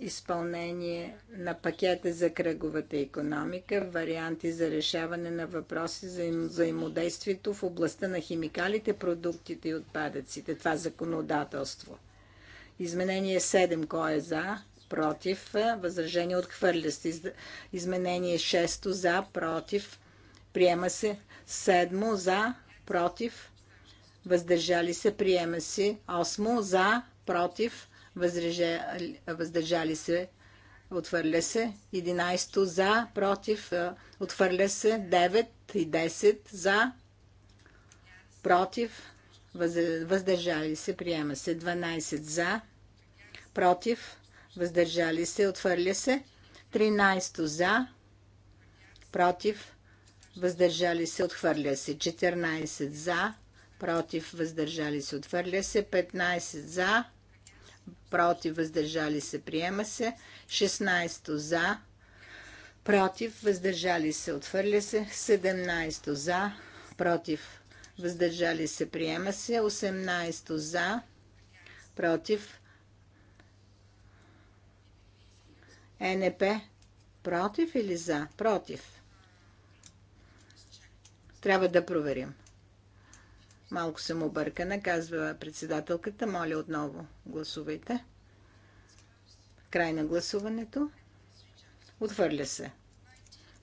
изпълнение на пакета за кръговата економика, варианти за решаване на въпроси за взаимодействието в областта на химикалите, продуктите и отпадъците. Това е законодателство. Изменение 7. Кой е за? Против. Възражение отхвърля се. Изменение 6. За. Против. Приема се. 7. За. Против. Въздържали се. Приема се. 8. За. Против въздържали, се, отвърля се. 11 за, против, е, отвърля се. 9 и 10 за, против, въздържали се, приема се. 12 за, против, въздържали се, отвърля се. 13 за, против, въздържали се, отхвърля се. 14 за, против, въздържали се, отхвърля се. 15 за, против, въздържали се, приема се. 16 за, против, въздържали се, отвърля се. 17 за, против, въздържали се, приема се. 18 за, против, е НП, против или за? Против. Трябва да проверим. Малко съм объркана, казва председателката. Моля отново гласувайте. Край на гласуването. Отвърля се.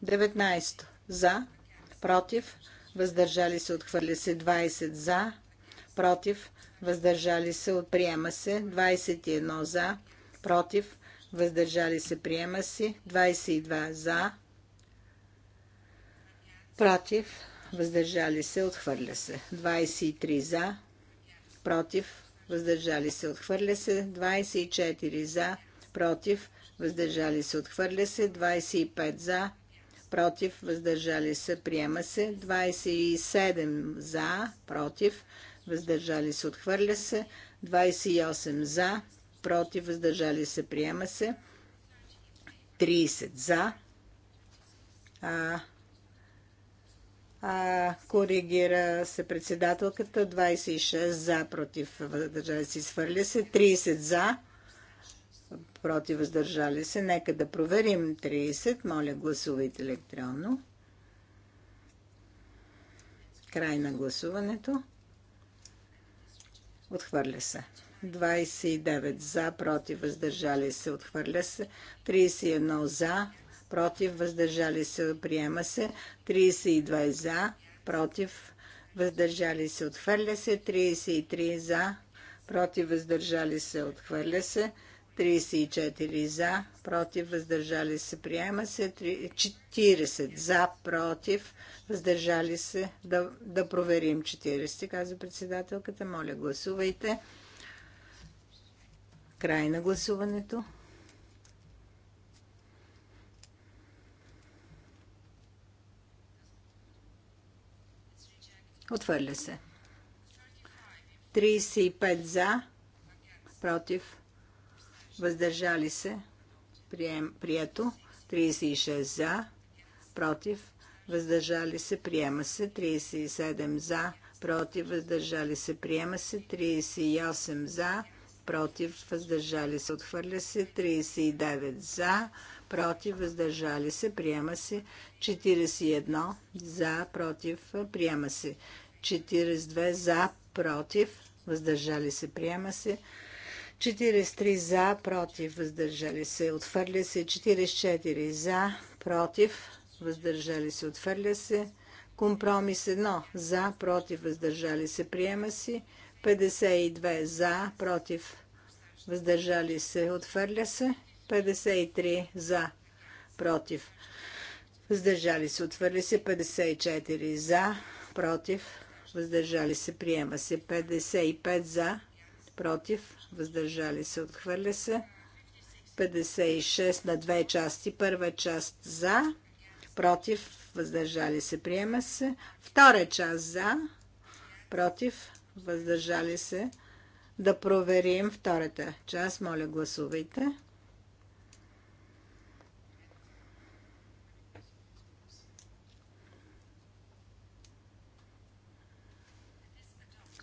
19 за, против, въздържали се, отхвърля се 20 за, против, въздържали се, отприема се 21 за, против, въздържали се, приема се 22 за, против, въздържали се, отхвърля се. 23 за, против, въздържали се, отхвърля се. 24 за, против, въздържали се, отхвърля се. 25 за, против, въздържали се, приема се. 27 за, против, въздържали се, отхвърля се. 28 за, против, въздържали се, приема се. 30 за. А, а, коригира се председателката. 26 за, против, въздържали се, Свърля се. 30 за, против, въздържали се. Нека да проверим 30. Моля, гласувайте електронно. Край на гласуването. Отхвърля се. 29 за, против, въздържали се, отхвърля се. 31 за, против, въздържали се, приема се. 32 за, против, въздържали се, отхвърля се. 33 за, против, въздържали се, отхвърля се. 34 за, против, въздържали се, приема се. 40 за, против, въздържали се. Да, да проверим 40, каза председателката. Моля, гласувайте. Край на гласуването. Отвърля се. 35 за, против, въздържали се, прием, прието. 36 за, против, въздържали се, приема се. 37 за, против, въздържали се, приема се. 38 за, против, въздържали се, отхвърля се. 39 за, против, въздържали се, приема се. 41 за, против, приема се. 42 за, против, въздържали се, приема се. 43 за, против, въздържали се, отхвърля се. 44 за, против, въздържали се, отхвърля се. Компромис 1 за, против, въздържали се, приема се. 52 за, против, въздържали се, отвърля се. 53 за, против, въздържали се, отвърли се 54 за, против, въздържали се, приема се 55 за, против, въздържали се, отхвърля се 56 на две части, първа част за, против, въздържали се, приема се, втора част за, против, въздържали се, да проверим втората част. Моля, гласувайте.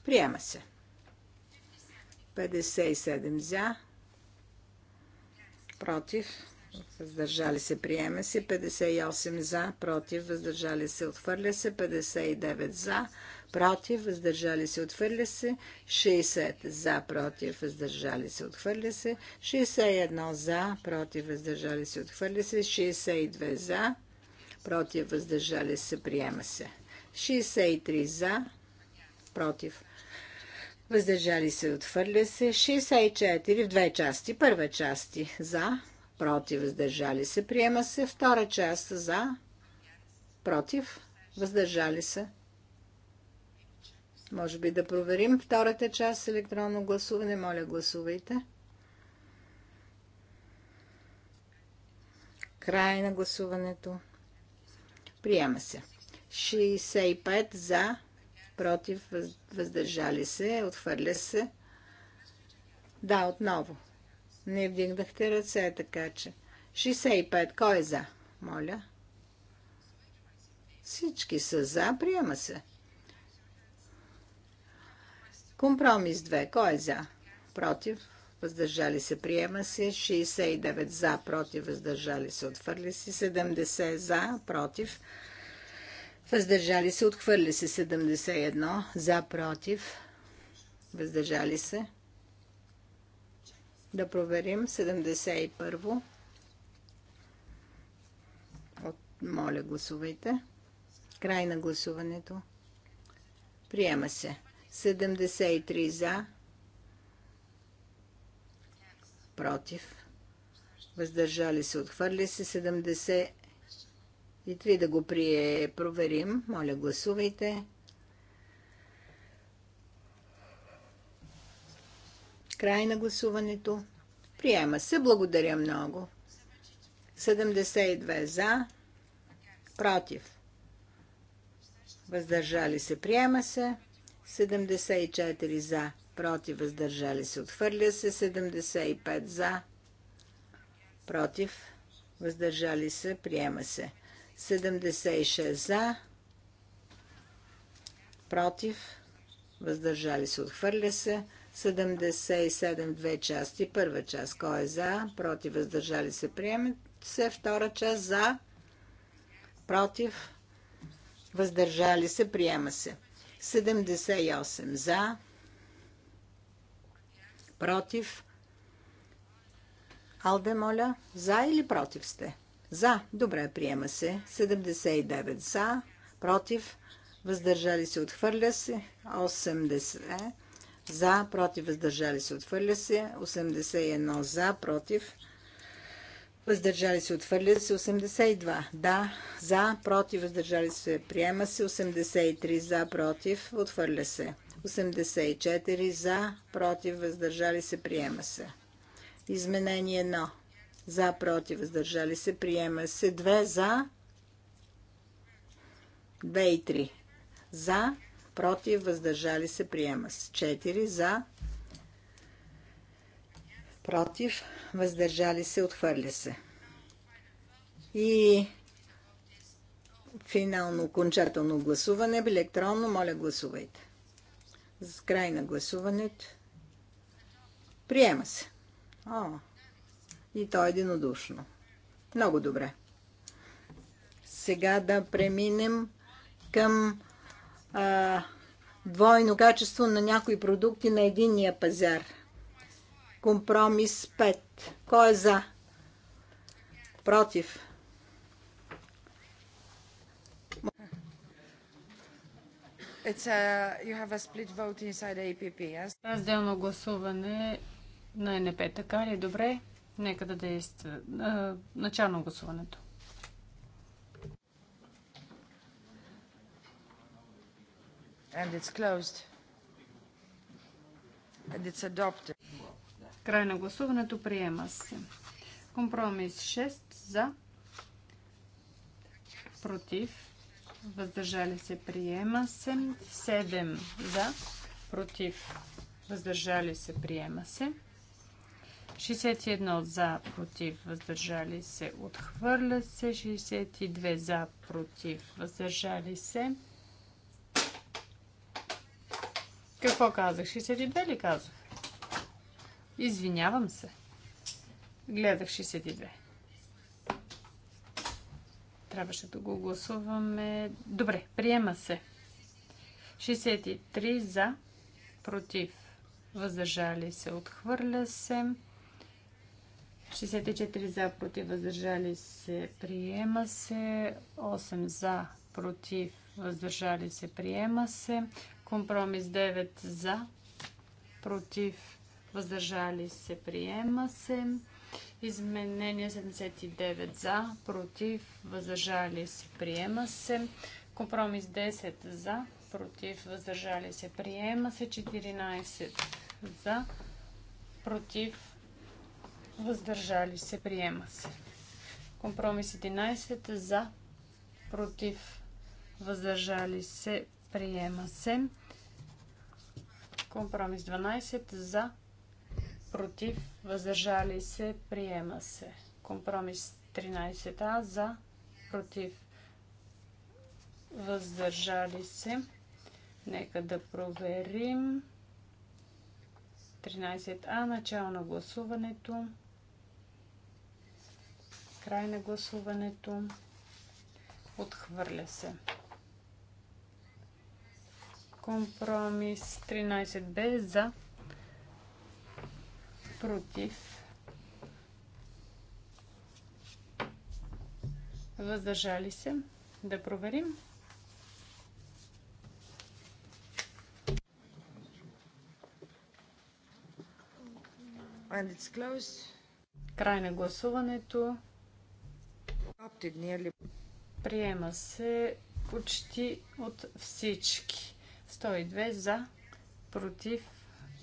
Приема се. 57 за. Против. Въздържали се. Приема се. 58 за. Против. Въздържали се. Отхвърля се. 59 за. Против. Въздържали се. Отхвърля се. 60 за. Против. Въздържали се. Отхвърля се. 61 за. Против. Въздържали се. Отхвърля се. 62 за. Против. Въздържали се. Приема се. 63 за. Против въздържали се, отхвърля се. 64 в две части. Първа части за, против, въздържали се, приема се. Втора част за, против, въздържали се. Може би да проверим втората част електронно гласуване. Моля, гласувайте. Край на гласуването. Приема се. 65 за, против, въздържали се, отхвърля се. Да, отново. Не вдигнахте ръце, така че. 65. Кой е за? Моля. Всички са за. Приема се. Компромис 2. Кой е за? Против. Въздържали се. Приема се. 69 за. Против. Въздържали се. Отвърли се. 70 за. Против. Въздържали се, отхвърли се 71. За, против. Въздържали се. Да проверим 71. От... Моля, гласувайте. Край на гласуването. Приема се. 73 за. Против. Въздържали се. Отхвърли се 70 и три да го прие, проверим. Моля, гласувайте. Край на гласуването. Приема се. Благодаря много. 72 за, против. Въздържали се. Приема се. 74 за, против. Въздържали се. Отхвърля се. 75 за, против. Въздържали се. Приема се. 76 за, против, въздържали се, отхвърля се. 77 две части. Първа част, кой е за, против, въздържали се, приеме се. Втора част, за, против, въздържали се, приема се. 78 за, против. Алде, моля, за или против сте? За. Добре, приема се. 79 за. Против. Въздържали се. Отхвърля се. 80 е. за. Против. Въздържали се. Отхвърля се. 81 за. Против. Въздържали се. Отхвърля се. 82 да. За. Против. Въздържали се. Приема се. 83 за. Против. Отхвърля се. 84 за. Против. Въздържали се. Приема се. Изменение 1 за, против, въздържали се, приема се 2 за, 2 и 3 за, против, въздържали се, приема се 4 за, против, въздържали се, отхвърля се. И финално окончателно гласуване електронно, моля гласувайте. С край на гласуването. Приема се. О, и то единодушно. Много добре. Сега да преминем към а, двойно качество на някои продукти на единния пазар. Компромис 5. Кой е за? Против. It's a, you have a split vote inside APP, yes? Разделно гласуване на НП, така ли? Добре. Нека да действа. Начално гласуването. And it's closed. And it's adopted. Край на гласуването приема се. Компромис 6 за, против, въздържали се приема се. 7 за, против, въздържали се приема се. 61 за, против, въздържали се, отхвърля се. 62 за, против, въздържали се. Какво казах? 62 ли казах? Извинявам се. Гледах 62. Трябваше да го гласуваме. Добре, приема се. 63 за, против, въздържали се, отхвърля се. 64 за, против, въздържали се, приема се. 8 за, против, въздържали се, приема се. Компромис 9 за, против, въздържали се, приема се. Изменение 79 за, против, въздържали се, приема се. Компромис 10 за, против, въздържали се, приема се. 14 за, против, въздържали се, приема се. Компромис 11 за, против, въздържали се, приема се. Компромис 12 за, против, въздържали се, приема се. Компромис 13а за, против, въздържали се. Нека да проверим. 13а начало на гласуването. Край на гласуването. Отхвърля се. Компромис 13 без за. Против. Въздържали се. Да проверим. Край на гласуването. Приема се почти от всички. 102 за, против,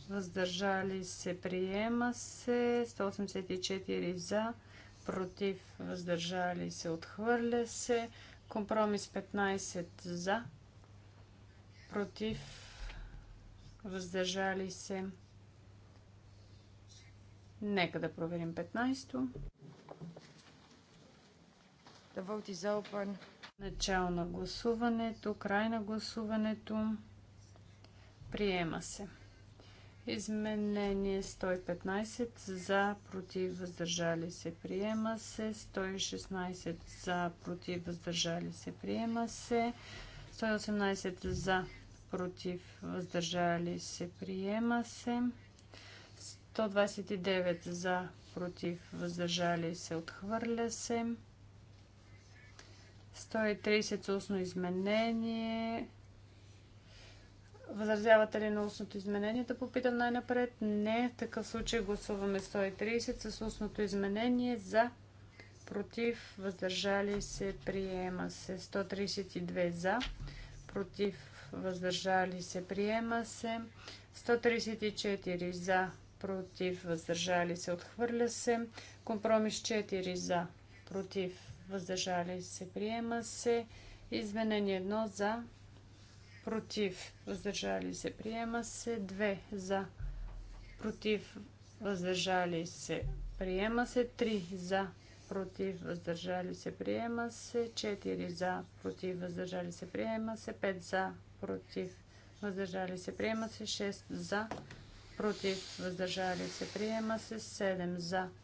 въздържали се. Приема се 184 за, против, въздържали се. Отхвърля се. Компромис 15 за, против, въздържали се. Нека да проверим 15-то. The vote is open. Начало на гласуването, край на гласуването. Приема се. Изменение 115 за, против, въздържали се, приема се. 116 за, против, въздържали се, приема се. 118 за, против, въздържали се, приема се. 129 за, против, въздържали се, отхвърля се. 130 с устно изменение. Възразявате ли на устното изменение? Да попитам най-напред. Не. В такъв случай гласуваме 130 с устното изменение за против, въздържали се, приема се 132 за, против, въздържали се, приема се 134 за, против, въздържали се, отхвърля се, компромис 4 за, против, въздържали се, приема се. Изменение 1 за, против, въздържали се, приема се. 2 за, против, въздържали се, приема се. 3 за, против, въздържали се, приема се. 4 за, против, въздържали се, приема се. 5 за, против, въздържали се, приема се. 6 за, против, въздържали се, приема се. 7 за, против,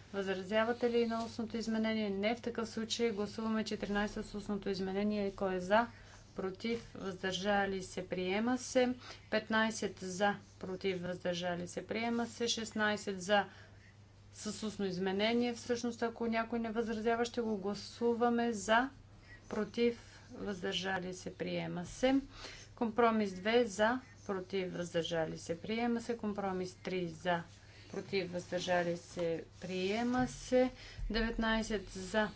Възразявате ли на устното изменение? Не. В такъв случай гласуваме 14 с устното изменение. Кой е за? Против? Въздържали се? Приема се. 15 за? Против? Въздържали се? Приема се. 16 за? С устно изменение. Всъщност, ако някой не възразява, ще го гласуваме за? Против? Въздържали се? Приема се. Компромис 2 за? Против? Въздържали се? Приема се. Компромис 3 за? против, въздържали се, приема се. 19 за,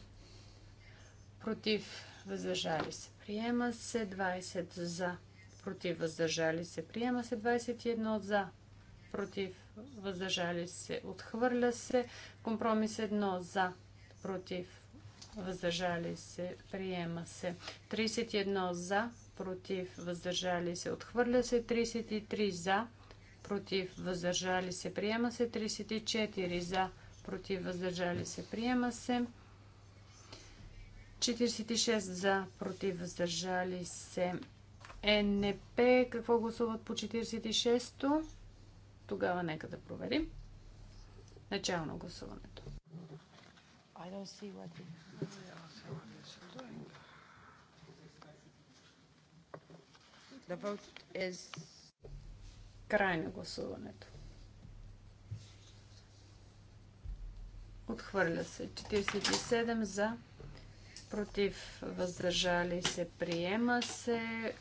против, въздържали се, приема се. 20 за, против, въздържали се, приема се. 21 за, против, въздържали се, отхвърля се. Компромис 1 за, против, въздържали се, приема се. 31 за, против, въздържали се, отхвърля се. 33 за, против, против, въздържали се, приема се. 34 за, против, въздържали се, приема се. 46 за, против, въздържали се. Е НП, какво гласуват по 46-то? Тогава нека да проверим. Начално гласуването. I don't see what it... The vote is Край на гласуването. Отхвърля се. 47 за. Против. Въздържали се. Приема се.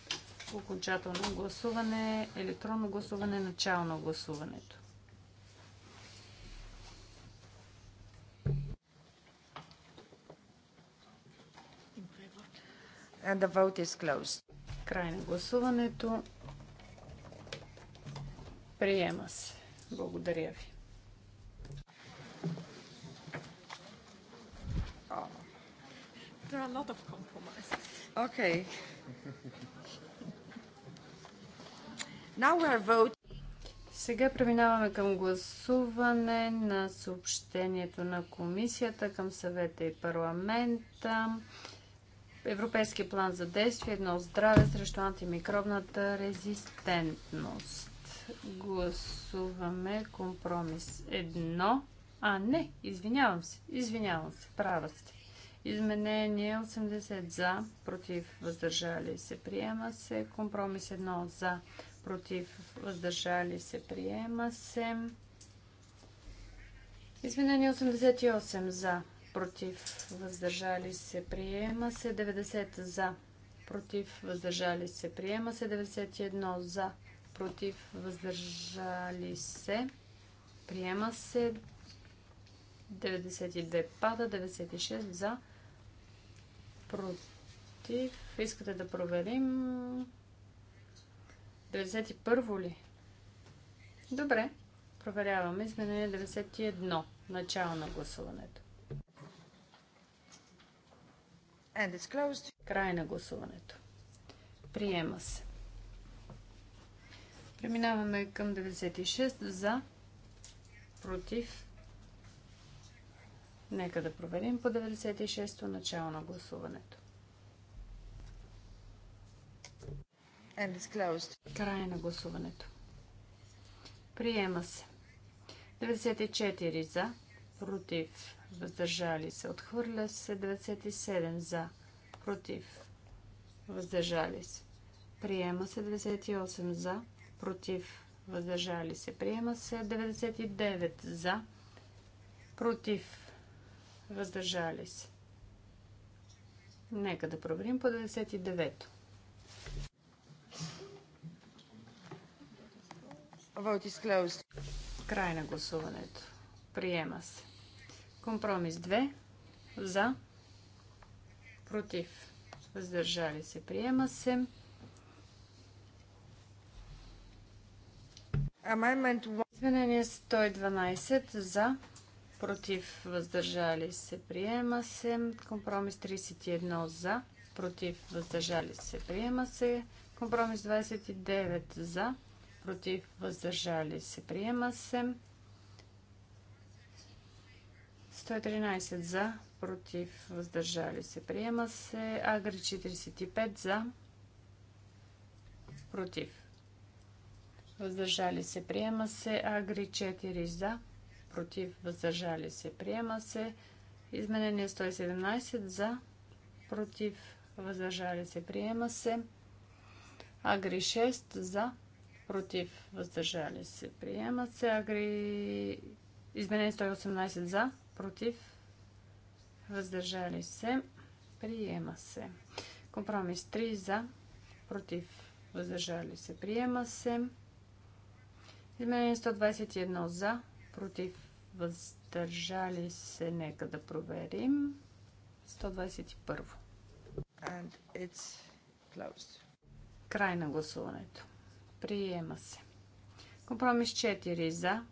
Окончателно гласуване. Електронно гласуване. Начало на гласуването. And the vote is closed. Край на гласуването. Приема се. Благодаря ви. Сега преминаваме към гласуване на съобщението на комисията към съвета и парламента. Европейски план за действие, едно здраве срещу антимикробната резистентност гласуваме компромис 1. А, не, извинявам се, извинявам се, права сте. Изменение 80 за, против, въздържали се, приема се. Компромис 1 за, против, въздържали се, приема се. Изменение 88 за, против, въздържали се, приема се. 90 за, против, въздържали се, приема се. 91 за, против, въздържали се. Приема се 92 пада, 96 за, против. Искате да проверим 91 ли? Добре, проверяваме изменение 91, начало на гласуването. Край на гласуването. Приема се. Преминаваме към 96 за, против. Нека да проверим по 96-то начало на гласуването. Края на гласуването. Приема се. 94 за, против, въздържали се. Отхвърля се 97 за, против, въздържали се. Приема се 98 за, против, въздържали се. Приема се 99 за, против, въздържали се. Нека да проверим по 99-то. Край на гласуването. Приема се. Компромис 2. За. Против. Въздържали се. Приема се. Изменение 112 за, против, въздържали се, приема се. Компромис 31 за, против, въздържали се, приема се. Компромис 29 за, против, въздържали се, приема се. 113 за, против, въздържали се, приема се. Агри 45 за, против, въздържали се, приема се. Агри 4 за, против, въздържали се, приема се. Изменение 117 за, против, въздържали се, приема се. Агри 6 за, против, въздържали се, приема се. Агри... Изменение 118 за, против, въздържали се, приема се. Компромис 3 за, против, въздържали се, приема се. Изменение 121 за, против, въздържали се. Нека да проверим. 121. And it's closed. Край на гласуването. Приема се. Компромис 4 за,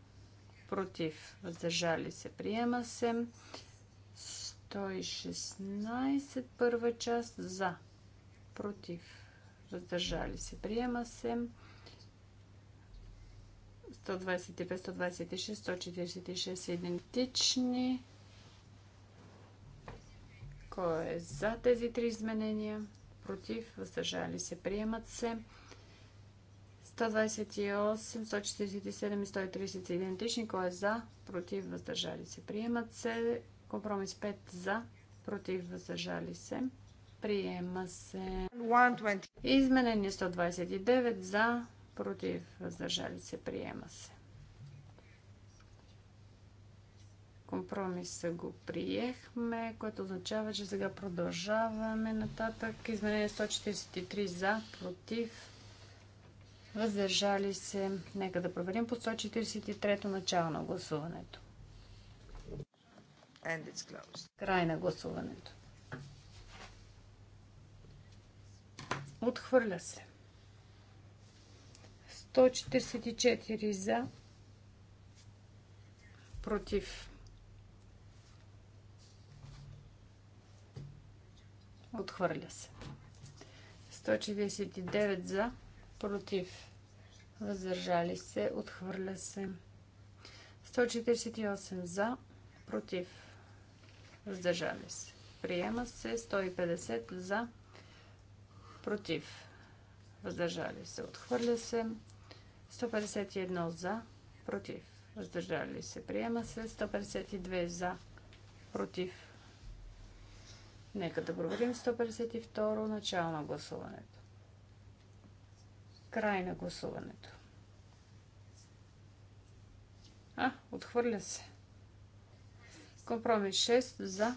против, въздържали се. Приема се. 116 първа част за, против, въздържали се. Приема се. 125, 126, 146 идентични. Кой е за тези три изменения? Против, въздържали се, приемат се. 128, 147 и 130 са идентични. Кой е за? Против, въздържали се, приемат се. Компромис 5 за, против, въздържали се. Приема се. Изменение 129 за, против, въздържали се, приема се. Компромиса го приехме, което означава, че сега продължаваме нататък. Изменение 143 за, против, въздържали се. Нека да проверим по 143-то начало на гласуването. Край на гласуването. Отхвърля се. 144 за, против. Отхвърля се. 149 за, против. Въздържали се, отхвърля се. 148 за, против. Въздържали се. Приема се 150 за, против. Въздържали се, отхвърля се. 151 за, против, въздържали се. Приема се 152 за, против. Нека да проверим 152 начало на гласуването. Край на гласуването. А, отхвърля се. Компромис 6 за,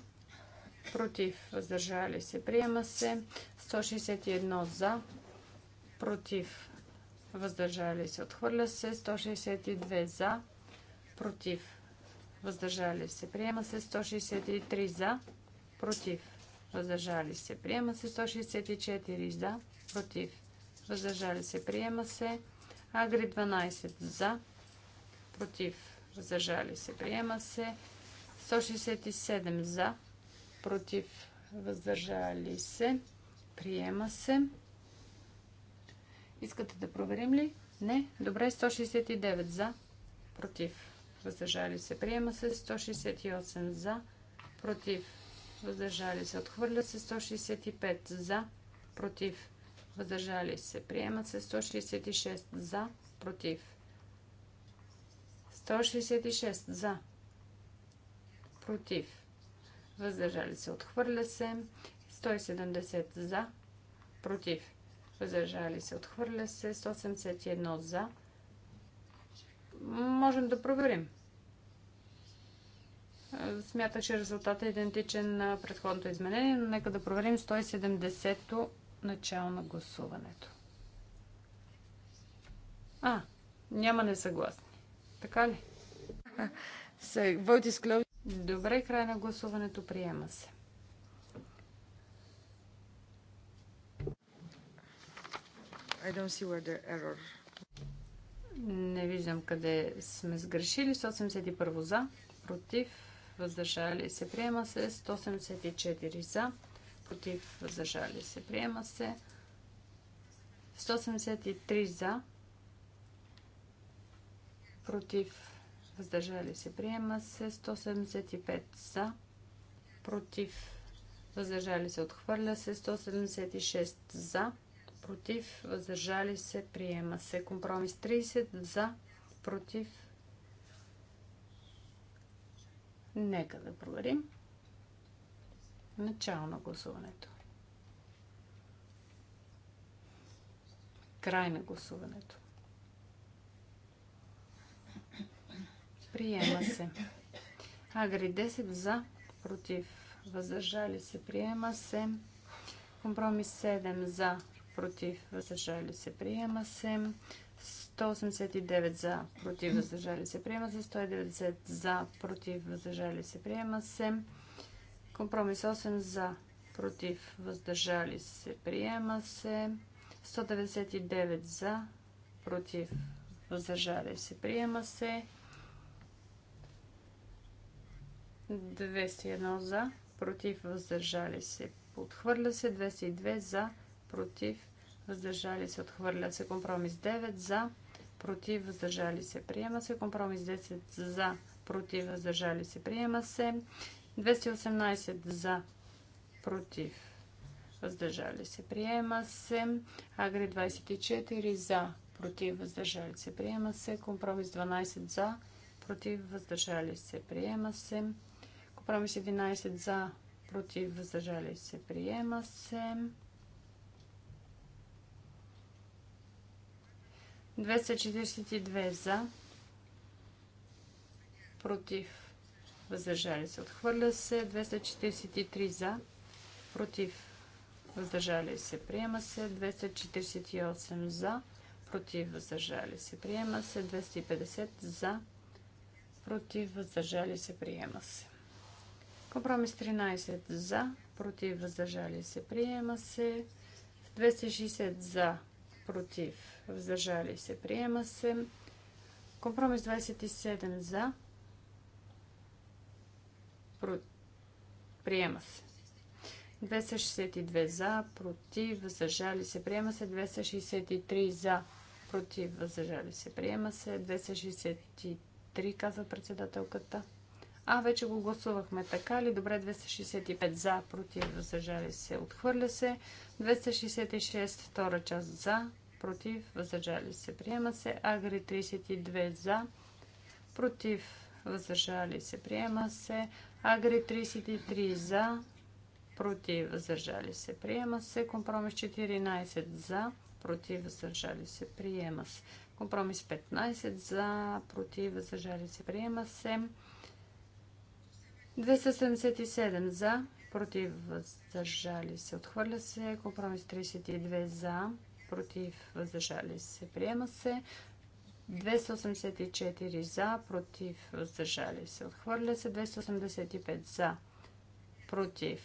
против, въздържали се. Приема се 161 за, против, въздържали се. Отхвърля се 162 за, против, въздържали се. Приема се 163 за, против, въздържали се. Приема се 164 за, против, въздържали се. Приема се Агри 12 за, против, въздържали се. Приема се 167 за, против, въздържали се. Приема се. Искате да проверим ли? Не. Добре, 169 за, против, въздържали се. Приема се 168 за, против, въздържали се. Отхвърля се 165 за, против, въздържали се. Приема се 166 за, против. 166 за, против, въздържали се. Отхвърля се 170 за, против въздържали се, отхвърля се, 171 за. Можем да проверим. Смята, че резултатът е идентичен на предходното изменение, но нека да проверим 170-то начало на гласуването. А, няма несъгласни. Така ли? Добре, край на гласуването приема се. Не виждам къде сме сгрешили. 181 за, против, въздържали се, приема се. 174 за, против, въздържали се, приема се. 173 за, против, въздържали се, приема се. 175 за, против, въздържали се, отхвърля се. 176 за, против, против, въздържали се, приема се. Компромис 30 за, против. Нека да проверим. Начало на гласуването. Край на гласуването. Приема се. Агри 10 за, против, въздържали се, приема се. Компромис 7 за, против, въздържали се, приема се. 189 за, против, въздържали се, приема се. 190 за, против, въздържали се, приема се. Компромис 8 за, против, въздържали се, приема се. 199 за, против, въздържали се, приема се. 201 за, против, въздържали се, подхвърля се. 202 за, против, против, въздържали се, отхвърля се. Компромис 9 за, против, въздържали се, приема се. Компромис 10 за, против, въздържали се, приема се. 218 за, против, въздържали се, приема се. Агри 24 за, против, въздържали се, приема се. Компромис 12 за, против, въздържали се, приема се. Компромис 11 за, против, въздържали се, приема се. 242 за, против, въздържали се. Отхвърля се 243 за, против, въздържали се. Приема се 248 за, против, въздържали се. Приема се 250 за, против, въздържали се. Приема се. Компромис 13 за, против, въздържали се. Приема се. 260 за, против, въздържали се, приема се. Компромис 27 за, Про... приема се. 262 за, против, въздържали се, приема се. 263 за, против, въздържали се, приема се. 263 казва председателката. А, вече го гласувахме така ли? Добре, 265 за, против, въздържали се, отхвърля се. 266, втора част за, против, въздържали се, приема се. Агри 32 за, против, въздържали се, приема се. Агри 33 за, против, въздържали се, приема се. Компромис 14 за, против, въздържали се, приема се. Компромис 15 за, против, въздържали се, приема се. 277 за, против, въздържали се, отхвърля се. Компромис 32 за, против, въздържали се, приема се. 284 за, против, въздържали се, отхвърля се. 285 за, против,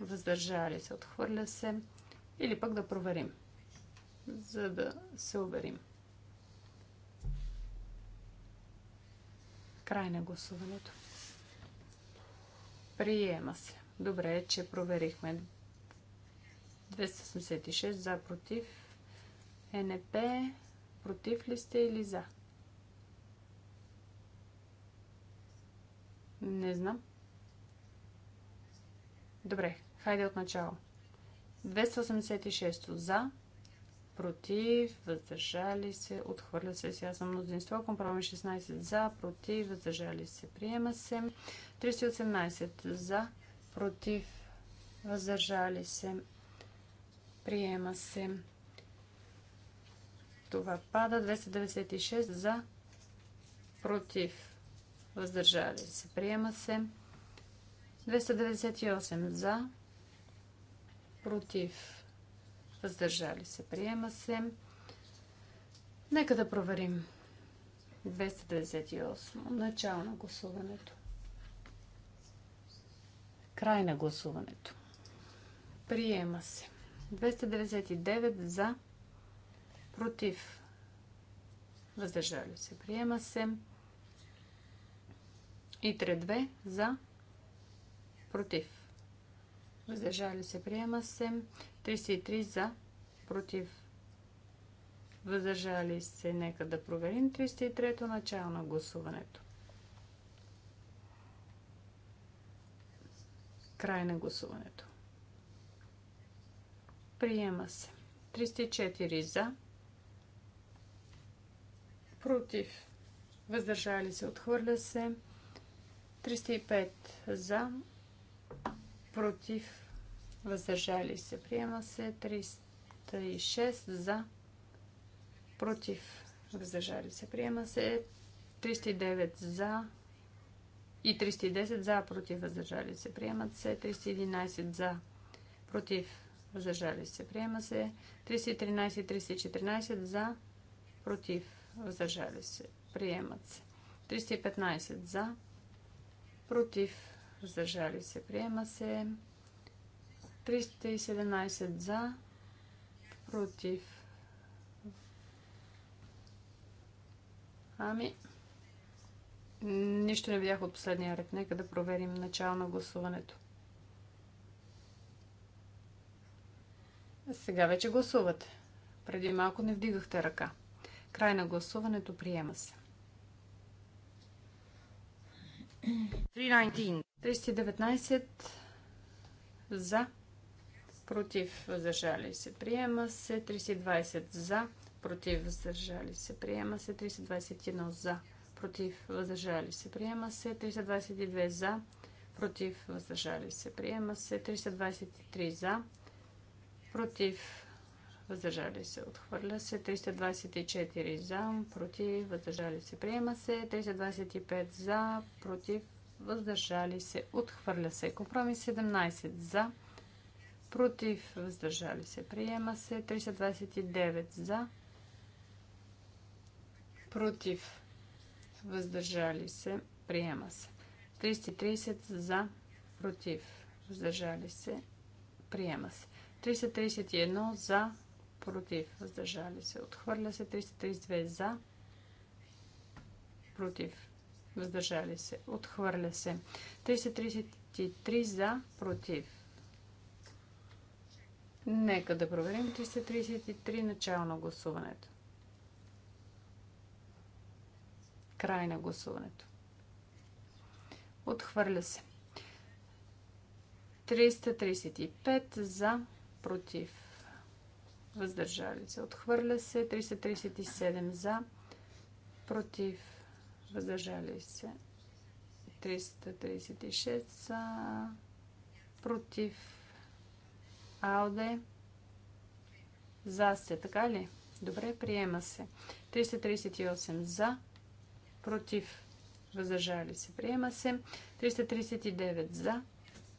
въздържали се, отхвърля се. Или пък да проверим, за да се уверим. Край на гласуването. Приема се. Добре, че проверихме. 286 за против. НП. Против ли сте или за? Не знам. Добре, хайде от начало. 286 за против, въздържали се, отхвърля се сега за мнозинство. Компромис 16 за, против, въздържали се, приема се. 318 за, против, въздържали се, приема се. Това пада 296 за, против, въздържали се, приема се. 298 за, против, въздържали се, приема се. Нека да проверим. 298. Начало на гласуването. Край на гласуването. Приема се. 299 за. Против. Въздържали се. Приема се. И 3-2 за. Против. Въздържали се. Приема се. 33 за, против, въздържали се. Нека да проверим 33-то начало на гласуването. Край на гласуването. Приема се. 304 за, против, въздържали се, отхвърля се. 305 за, против, въздържали се. Приема се 306 за, против, въздържали се. Приема се 309 за и 310 за, против, въздържали се. Приемат се 311 за, против, въздържали се. Приема се 313 314 за, против, въздържали се. Приемат се 315 за, против, въздържали се. Приема се 317 за, против. Ами, нищо не видях от последния ред. Нека да проверим начало на гласуването. Сега вече гласувате. Преди малко не вдигахте ръка. Край на гласуването приема се. 319 за против, въздържали се, приема се 320 за, против, въздържали се, приема се 321 за, против, въздържали се, приема се 322 за, против, въздържали се, приема се 323 за, против, въздържали се, отхвърля се 324 за, против, въздържали се, приема се 325 за, против, въздържали се, отхвърля се. Компромис 17 за, против, въздържали се, приема се. 329 за, против, въздържали се, приема се. 330 за, против, въздържали се, приема се. 331 за, против, въздържали се, отхвърля се. 332 за, против, въздържали се, отхвърля се. 333 за, против, Нека да проверим 333 начало на гласуването. Край на гласуването. Отхвърля се. 335 за, против, въздържали се. Отхвърля се. 337 за, против, въздържали се. 336 за, против, Ауде За се, така ли? Добре, приема се. 338 за, против, въздържали се, приема се. 339 за,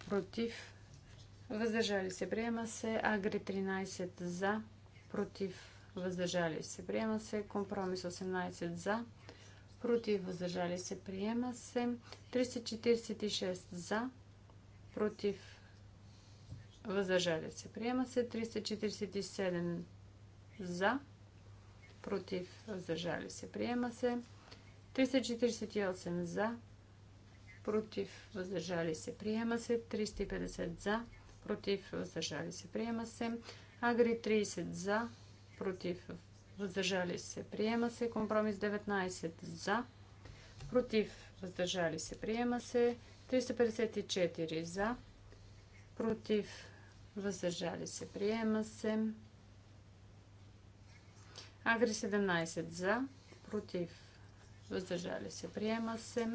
против, въздържали се, приема се. Агри 13 за, против, въздържали се, приема се. Компромис 18 за, против, въздържали се, приема се. 346 за, против, Въздържали се. Приема се 347 за. Против. Въздържали се. Приема се 348 за. Против. Въздържали се. Приема се 350 за. Против. Въздържали се. Приема се. Агри 30 за. Против. Въздържали се. Приема се. Компромис 19 за. Против. Въздържали се. Приема се. 354 за. Против въздържали се, приема се. Агри 17 за, против, въздържали се, приема се.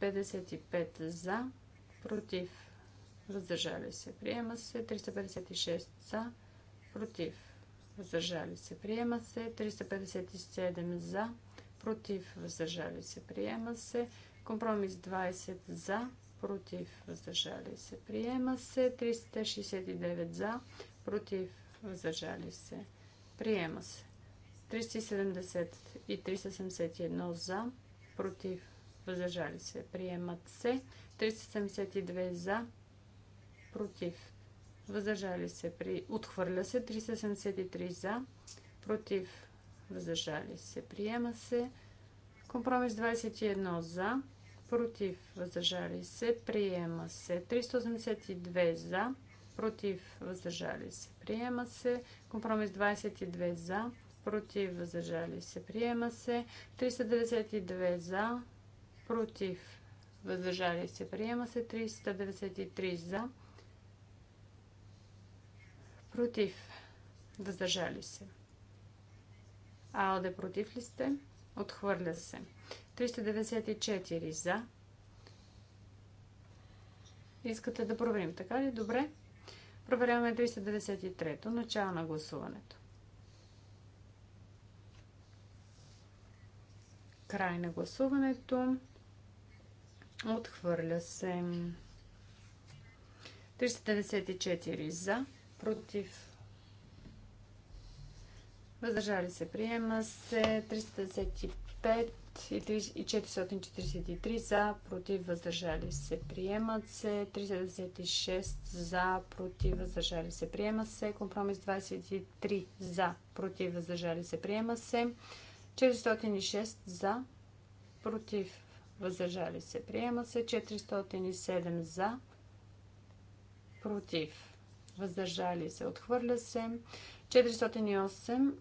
355 за, против, въздържали се, приема се. 356 за, против, въздържали се, приема се. 357 за, против, въздържали се, приема се. Компромис 20 за, против, въздържали се, приема се. 369 за, против, въздържали се, приема се. 370 и 371 за, против, въздържали се, приемат се. 372 за, против, въздържали се, при... отхвърля се. 373 за, против, въздържали се, приема се. Компромис 21 за, против, въздържали се, приема се. 382 за, против, въздържали се, приема се. Компромис 22 за, против, въздържали се, приема се. 392 за, против, въздържали се, приема се. 393 за, против, въздържали се. АЛДЕ против ли сте? Отхвърля се. 394 за. Искате да проверим, така ли? Добре. Проверяваме 393-то, начало на гласуването. Край на гласуването. Отхвърля се. 394 за, против. Въздържали се. Приема се. 395 443 за, против, въздържали се, приемат се. 376 за, против, въздържали се, приема се. Компромис 23 за, против, въздържали се, приема се. 406 за, против, въздържали се, приема се. 407 за, против, въздържали се, отхвърля се. 408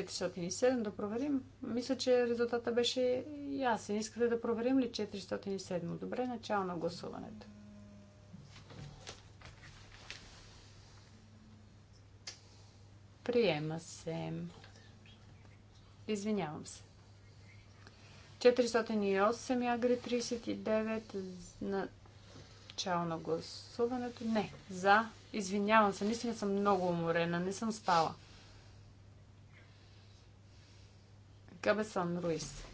407 да проверим. Мисля, че резултата беше ясен. Искате да проверим ли 407? Добре, начало на гласуването. Приема се. Извинявам се. 408 ягри 39 начало на гласуването. Не, за. Извинявам се, наистина съм много уморена, не съм спала. 408. Кабесан Руис.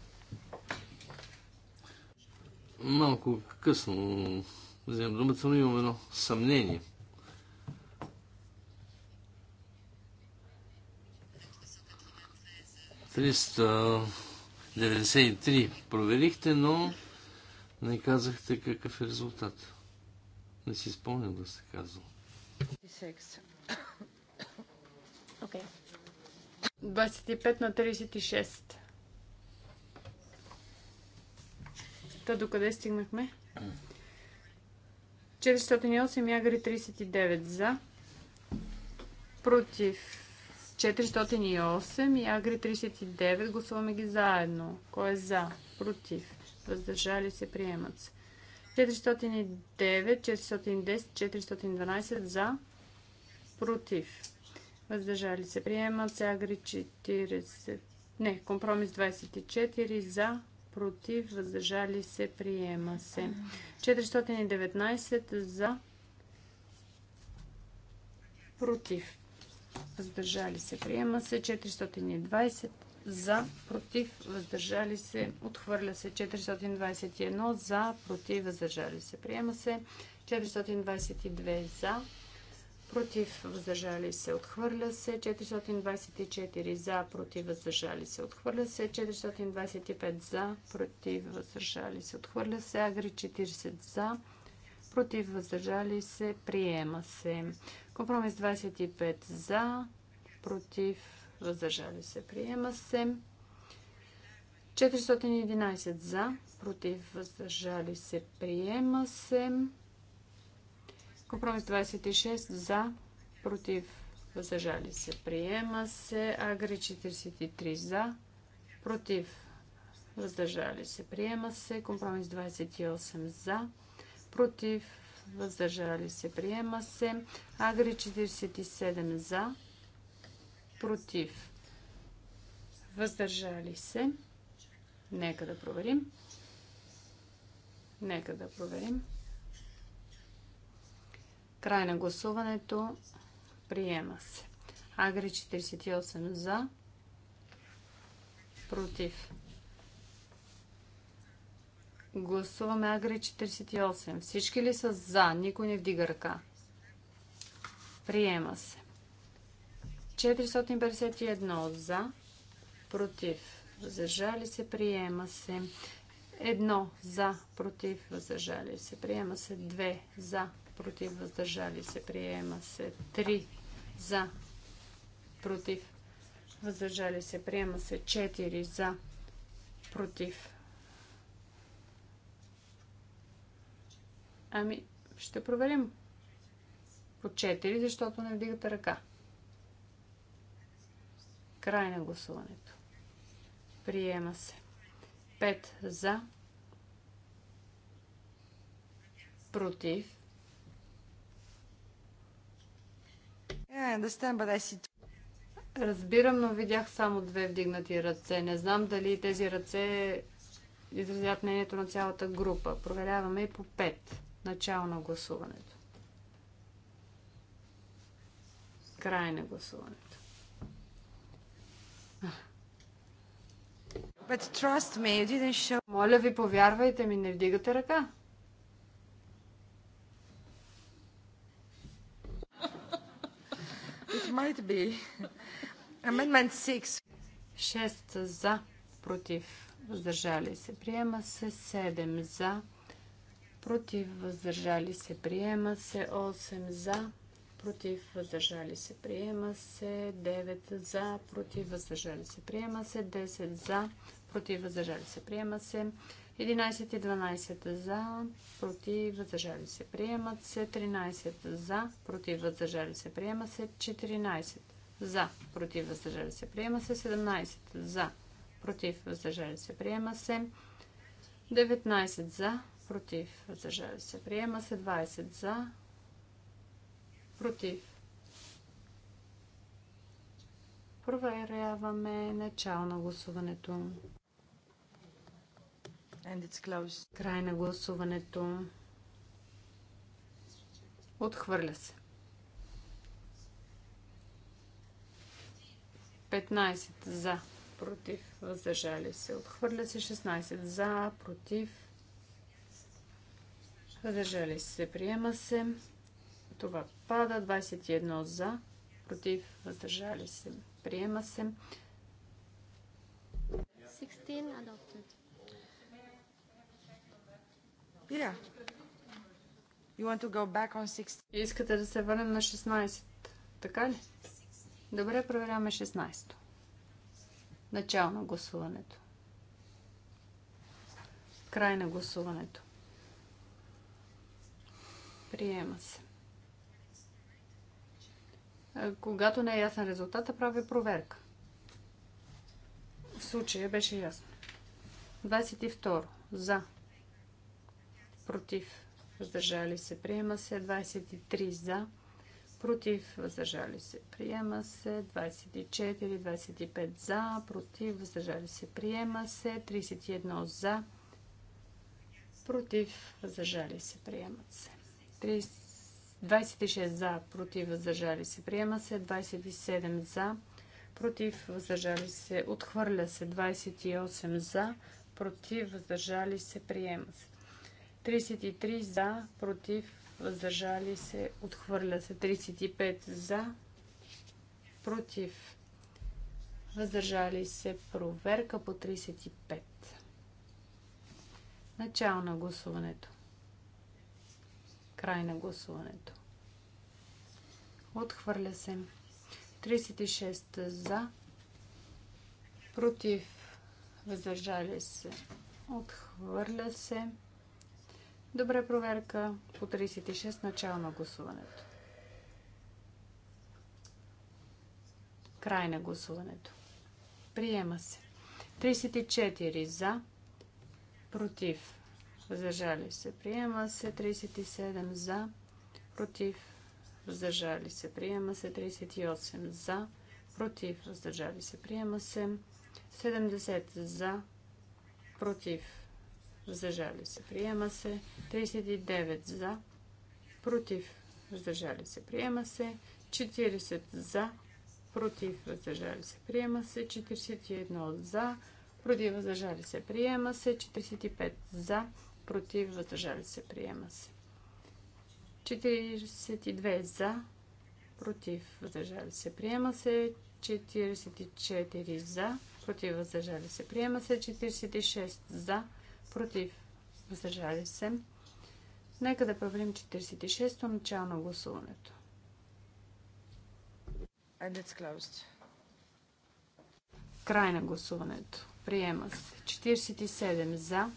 Малко късно вземам думата, но имам едно съмнение. Триста 93 проверихте, но не казахте какъв е резултат. Не си спомням да сте казал. 25 на 36. Та докъде стигнахме? 408 ягри 39 за. Против 408 и агри 39. Гласуваме ги заедно. Кой е за? Против. Въздържали се, приемат се. 409, 410, 412 за. Против. Въздържали се, приемат се. 40. Не, компромис 24 за против, въздържали се, приема се. 419 за, против, въздържали се, приема се. 420 за, против, въздържали се, отхвърля се. 421 за, против, въздържали се, приема се. 422 за, против въздържали се, отхвърля се 424 за, против въздържали се, отхвърля се 425 за, против въздържали се, отхвърля се Агри 40 за, против въздържали се, приема се. Компромис 25 за, против въздържали се, приема се. 411 за, против въздържали се, приема се. Компромис 26 за, против, въздържали се. Приема се. Агри 43 за, против, въздържали се. Приема се. Компромис 28 за, против, въздържали се. Приема се. Агри 47 за, против, въздържали се. Нека да проверим. Нека да проверим. Край на гласуването. Приема се. Агри 48 за. Против. Гласуваме Агри 48. Всички ли са за? Никой не вдига ръка. Приема се. 451 за. Против. Въздържали се. Приема се. Едно за. Против. Въздържали се. Приема се. Две за против, въздържали се, приема се. 3 за, против, въздържали се, приема се. 4 за, против. Ами, ще проверим по 4, защото не вдигате ръка. Край на гласуването. Приема се. 5 за, против, Разбирам, но видях само две вдигнати ръце. Не знам дали тези ръце изразят мнението на цялата група. Проверяваме и по пет Начало на гласуването. Край на гласуването. But trust me, you didn't show... Моля ви, повярвайте ми, не вдигате ръка. Might be. Amendment 6. 6 за, против, въздържали се. Приема се 7 за, против, въздържали се. Приема се 8 за, против, въздържали се. Приема се 9 за, против, въздържали се. Приема се 10 за, против, въздържали се. Приема се 11 и 12 за, против, въздържали се, приемат се. 13 за, против, въздържали се, приема се. 14 за, против, въздържали се, приема се. 17 за, против, въздържали се, приема се. 19 за, против, въздържали се, приема се. 20 за, против. Проверяваме начало на гласуването. Край на гласуването. Отхвърля се. 15 за, против, въздържали се. Отхвърля се 16 за, против, въздържали се. Приема се. Това пада. 21 за, против, въздържали се. Приема се. 16 adopted. You want to go back on 16? Искате да се върнем на 16, така ли? Добре, проверяваме 16-то. Начало на гласуването. Край на гласуването. Приема се. Е, когато не е ясен резултата, прави проверка. В случая беше ясно. 22. За против, въздържали се, приема се. 23 за, против, въздържали се, приема се. 24, 25 за, против, въздържали се, приема се. 31 за, против, въздържали се, приемат се. 26 за, против, въздържали се, приема се. 27 за, против, въздържали се, отхвърля се. 28 за, против, въздържали се, приема се. 33 за, против, въздържали се, отхвърля се. 35 за, против, въздържали се, проверка по 35. Начало на гласуването. Край на гласуването. Отхвърля се. 36 за, против, въздържали се, отхвърля се. Добре, проверка по 36, начало на гласуването. Край на гласуването. Приема се. 34 за, против, въздържали се. Приема се. 37 за, против, въздържали се. Приема се. 38 за, против, въздържали се. Приема се. 70 за, против, въздържали се, приема се. 39 за, против, въздържали се, приема се. 40 за, против, въздържали се, приема се. 41 за, против, въздържали се, приема се. 45 за, против, въздържали се, приема се. 42 за, против, въздържали се, приема се. 44 за, против, въздържали се, приема се. 46 за, против, въздържали се. Нека да проверим 46-то начало на гласуването. And it's closed. Край на гласуването. Приема се. 47 за.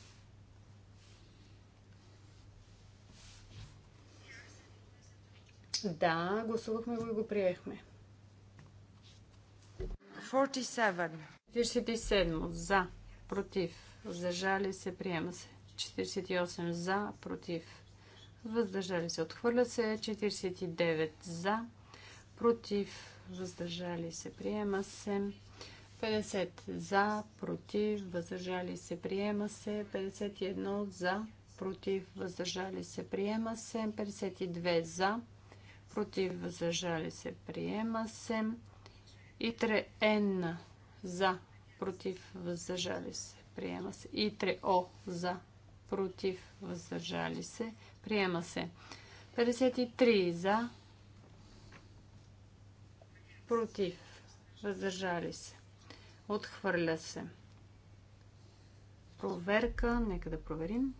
Да, гласувахме го и го приехме. 47. 47 за. Против въздържали се, приема се. 48 за, против, въздържали се, отхвърля се. 49 за, против, въздържали се, приема се. 50 за, против, въздържали се, приема се. 51 за, против, въздържали се, приема се. 52 за, против, въздържали се, приема се. И 3 Н за, против, въздържали се, Приема се. И 3О за. Против. Въздържали се. Приема се. 53 за. Против. Въздържали се. Отхвърля се. Проверка. Нека да проверим.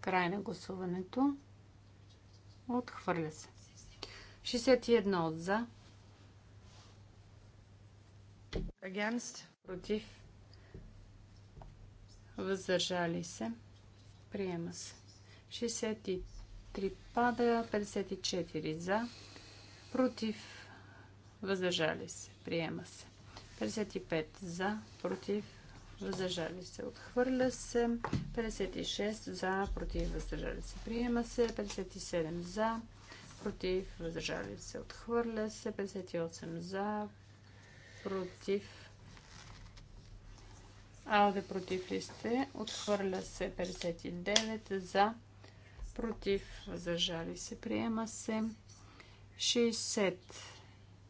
Край на гласуването. Отхвърля се. 61 за. Against. Против. Въздържали се. Приема се. 63 пада, 54 за. Против. Въздържали се. Приема се. 55 за. Против. Въздържали се. Отхвърля се. 56 за. Против. Въздържали се. Приема се. 57 за против, въздържали се, отхвърля се, 58 за, против. Алде против ли сте? Отхвърля се 59 за. Против. зажали се. Приема се. 60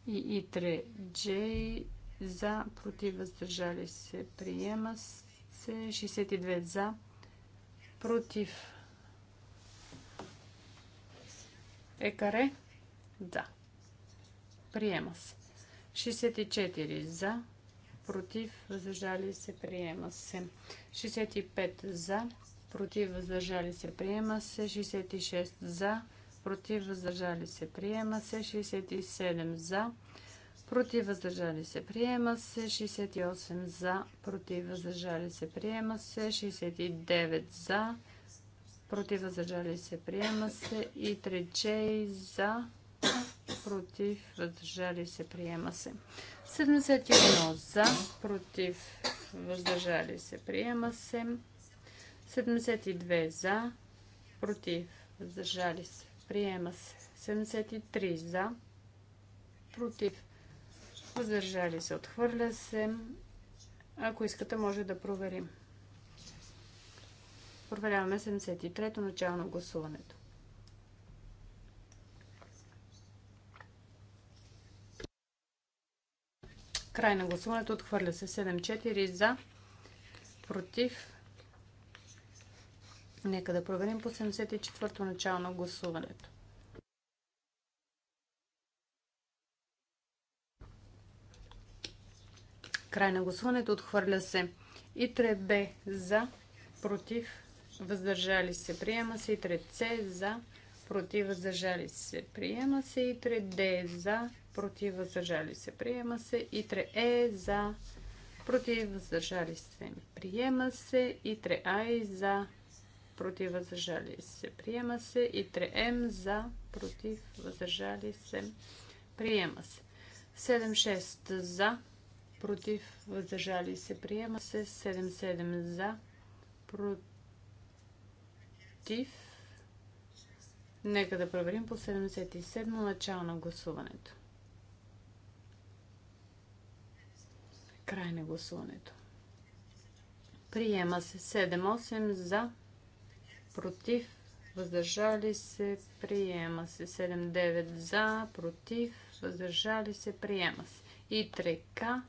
и И3 Джей за. Против. Въздържали се. Приема се. 62 за. Против. Екаре. Да. Приема се. 64 за, против, въздържали се, приема се. 65 за, против, въздържали се, приема се. 66 за, против, въздържали се, приема се. 67 за, против, въздържали се, приема се. 68 за, против, въздържали се, приема се. 69 за, против, въздържали се, приема се. И 3 за, против, въздържали се, приема се. 71 за, против, въздържали се, приема се. 72 за, против, въздържали се, приема се. 73 за, против, въздържали се, отхвърля се. Ако искате, може да проверим. Проверяваме 73-то начало на гласуването. Край на гласуването. Отхвърля се 7-4 за. Против. Нека да проверим по 74-то начало на гласуването. Край на гласуването. Отхвърля се. И 3Б за. Против. Въздържали се. Приема се. И 3 С за. Против. Въздържали се. Приема се. И 3 д за против, въздържали се, приема се. И 3 е за, против, въздържали се, приема се. И 3 ай за, против, въздържали се, приема се. И 3 м за, против, въздържали се, приема се. 7-6 за, против, въздържали се, приема се. 7-7 за, против, Нека да проверим по 77 начало на гласуването. Край на гласуването. Приема се 7-8 за, против, въздържали се, приема се 7-9 за, против, въздържали се, приема се. И 3К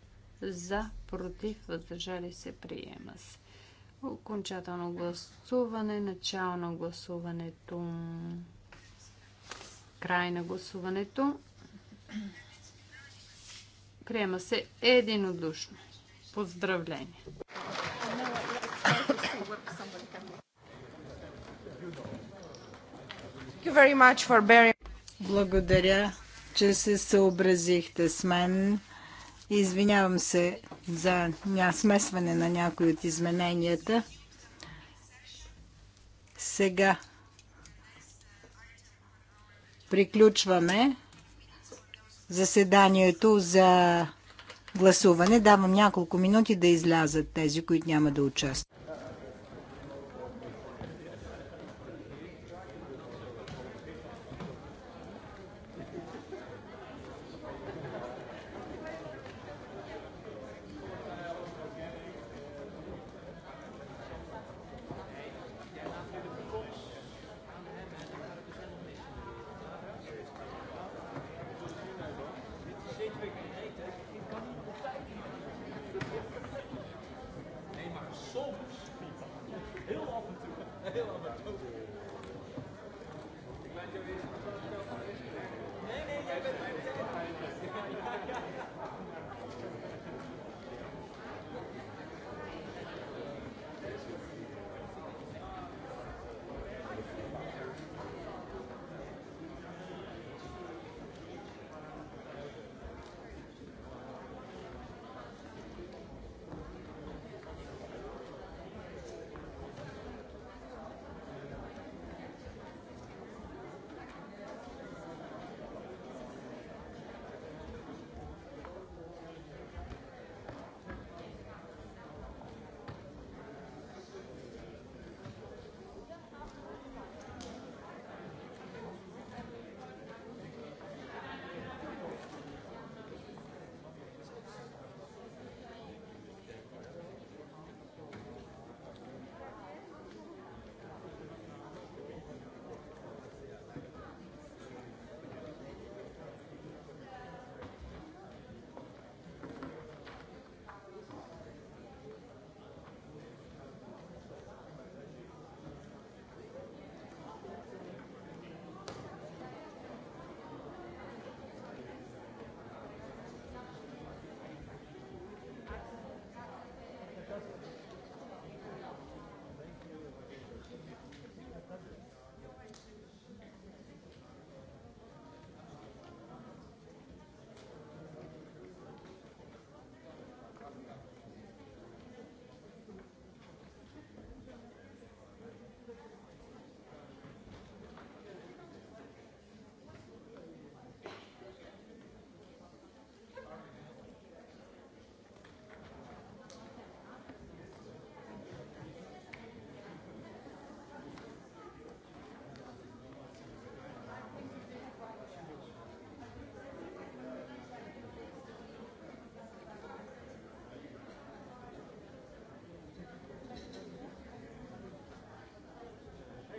за, против, въздържали се, приема се. Окончателно гласуване, начало на гласуването, край на гласуването. Приема се единодушно. Поздравление! Благодаря, че се съобразихте с мен. Извинявам се за смесване на някои от измененията. Сега приключваме заседанието за гласуване. Давам няколко минути да излязат тези, които няма да участват.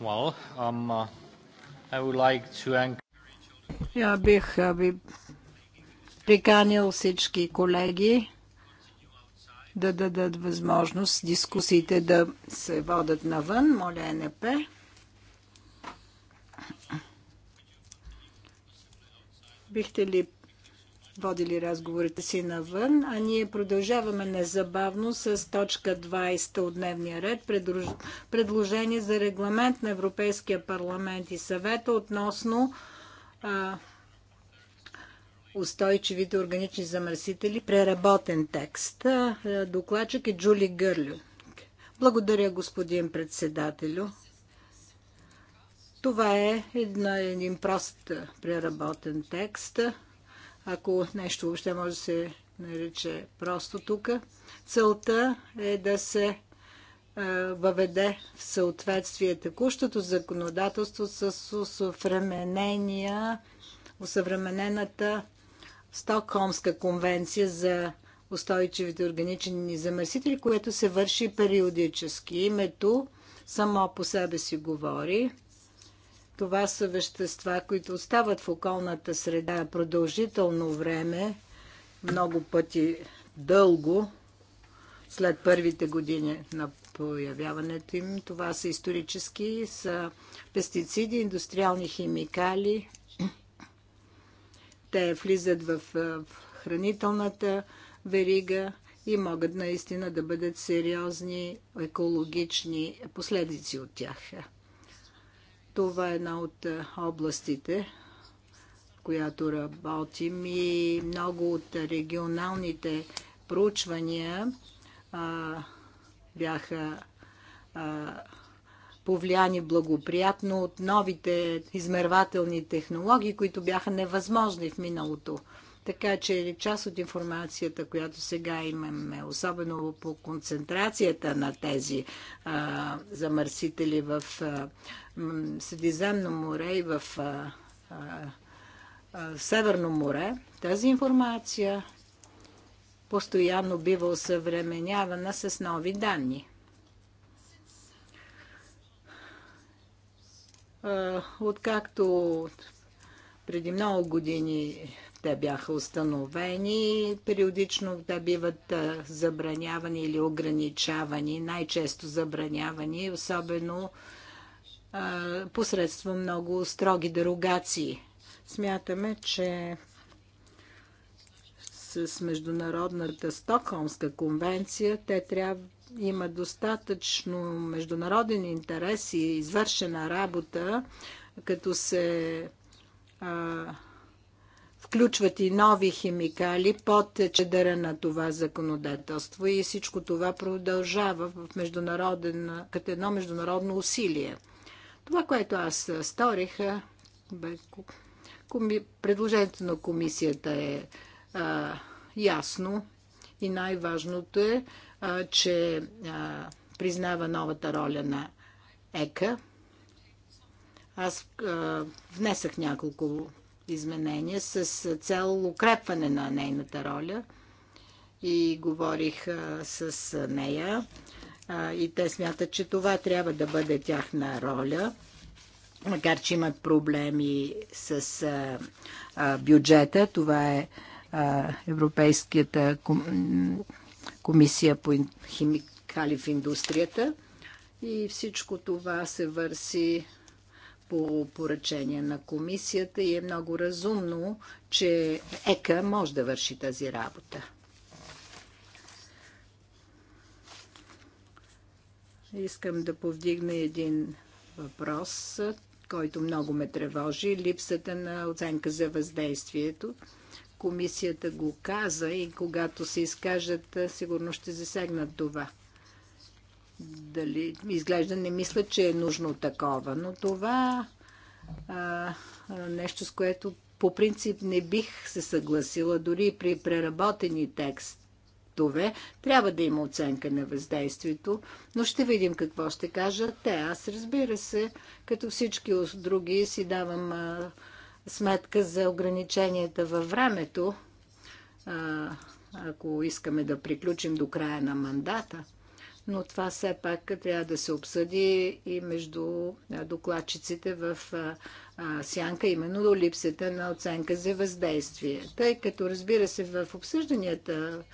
Well, um, uh, I would like to... Я бих ви приканил всички колеги да дадат възможност дискусиите да се водят навън. Моля НП. Бихте ли водили разговорите си навън, а ние продължаваме незабавно с точка 20 от дневния ред, предложение за регламент на Европейския парламент и съвета относно а, устойчивите органични замърсители, преработен текст. Докладчик е Джули Гърлю. Благодаря, господин председателю. Това е един, един прост преработен текст ако нещо въобще може да се нарече просто тук. Целта е да се е, въведе в съответствие текущото законодателство с усъвременения, усъвременената Стокхолмска конвенция за устойчивите органични замърсители, което се върши периодически. Името само по себе си говори. Това са вещества, които остават в околната среда продължително време, много пъти дълго, след първите години на появяването им. Това са исторически, са пестициди, индустриални химикали. Те влизат в хранителната верига и могат наистина да бъдат сериозни екологични последици от тях. Това е една от е, областите, в която работим и много от регионалните проучвания а, бяха а, повлияни благоприятно от новите измервателни технологии, които бяха невъзможни в миналото. Така че част от информацията, която сега имаме, особено по концентрацията на тези а, замърсители в а, Средиземно море и в а, а, Северно море, тази информация постоянно бива осъвременявана с нови данни. Откакто преди много години те бяха установени, периодично да биват забранявани или ограничавани, най-често забранявани, особено посредством много строги дерогации. Смятаме, че с Международната Стокхолмска конвенция, те трябва има достатъчно международен интерес и извършена работа, като се а, включват и нови химикали под чедъра на това законодателство и всичко това продължава в международен, като едно международно усилие. Това, което аз сторих, бе, коми, предложението на комисията е а, ясно и най-важното е, а, че а, признава новата роля на ЕКА. Аз а, внесах няколко изменения с цел укрепване на нейната роля. И говорих с нея и те смятат, че това трябва да бъде тяхна роля, макар че имат проблеми с бюджета. Това е Европейската комисия по химикали в индустрията. И всичко това се върси по поръчение на комисията и е много разумно, че ЕКА може да върши тази работа. Искам да повдигна един въпрос, който много ме тревожи липсата на оценка за въздействието. Комисията го каза и когато се изкажат, сигурно ще засегнат това дали изглежда не мисля, че е нужно такова, но това а, нещо, с което по принцип не бих се съгласила дори при преработени текстове. Трябва да има оценка на въздействието, но ще видим какво ще кажат те. Аз разбира се, като всички други си давам а, сметка за ограниченията във времето, а, ако искаме да приключим до края на мандата но това все пак трябва да се обсъди и между докладчиците в сянка, именно до липсата на оценка за въздействие. Тъй като, разбира се, в обсъжданията,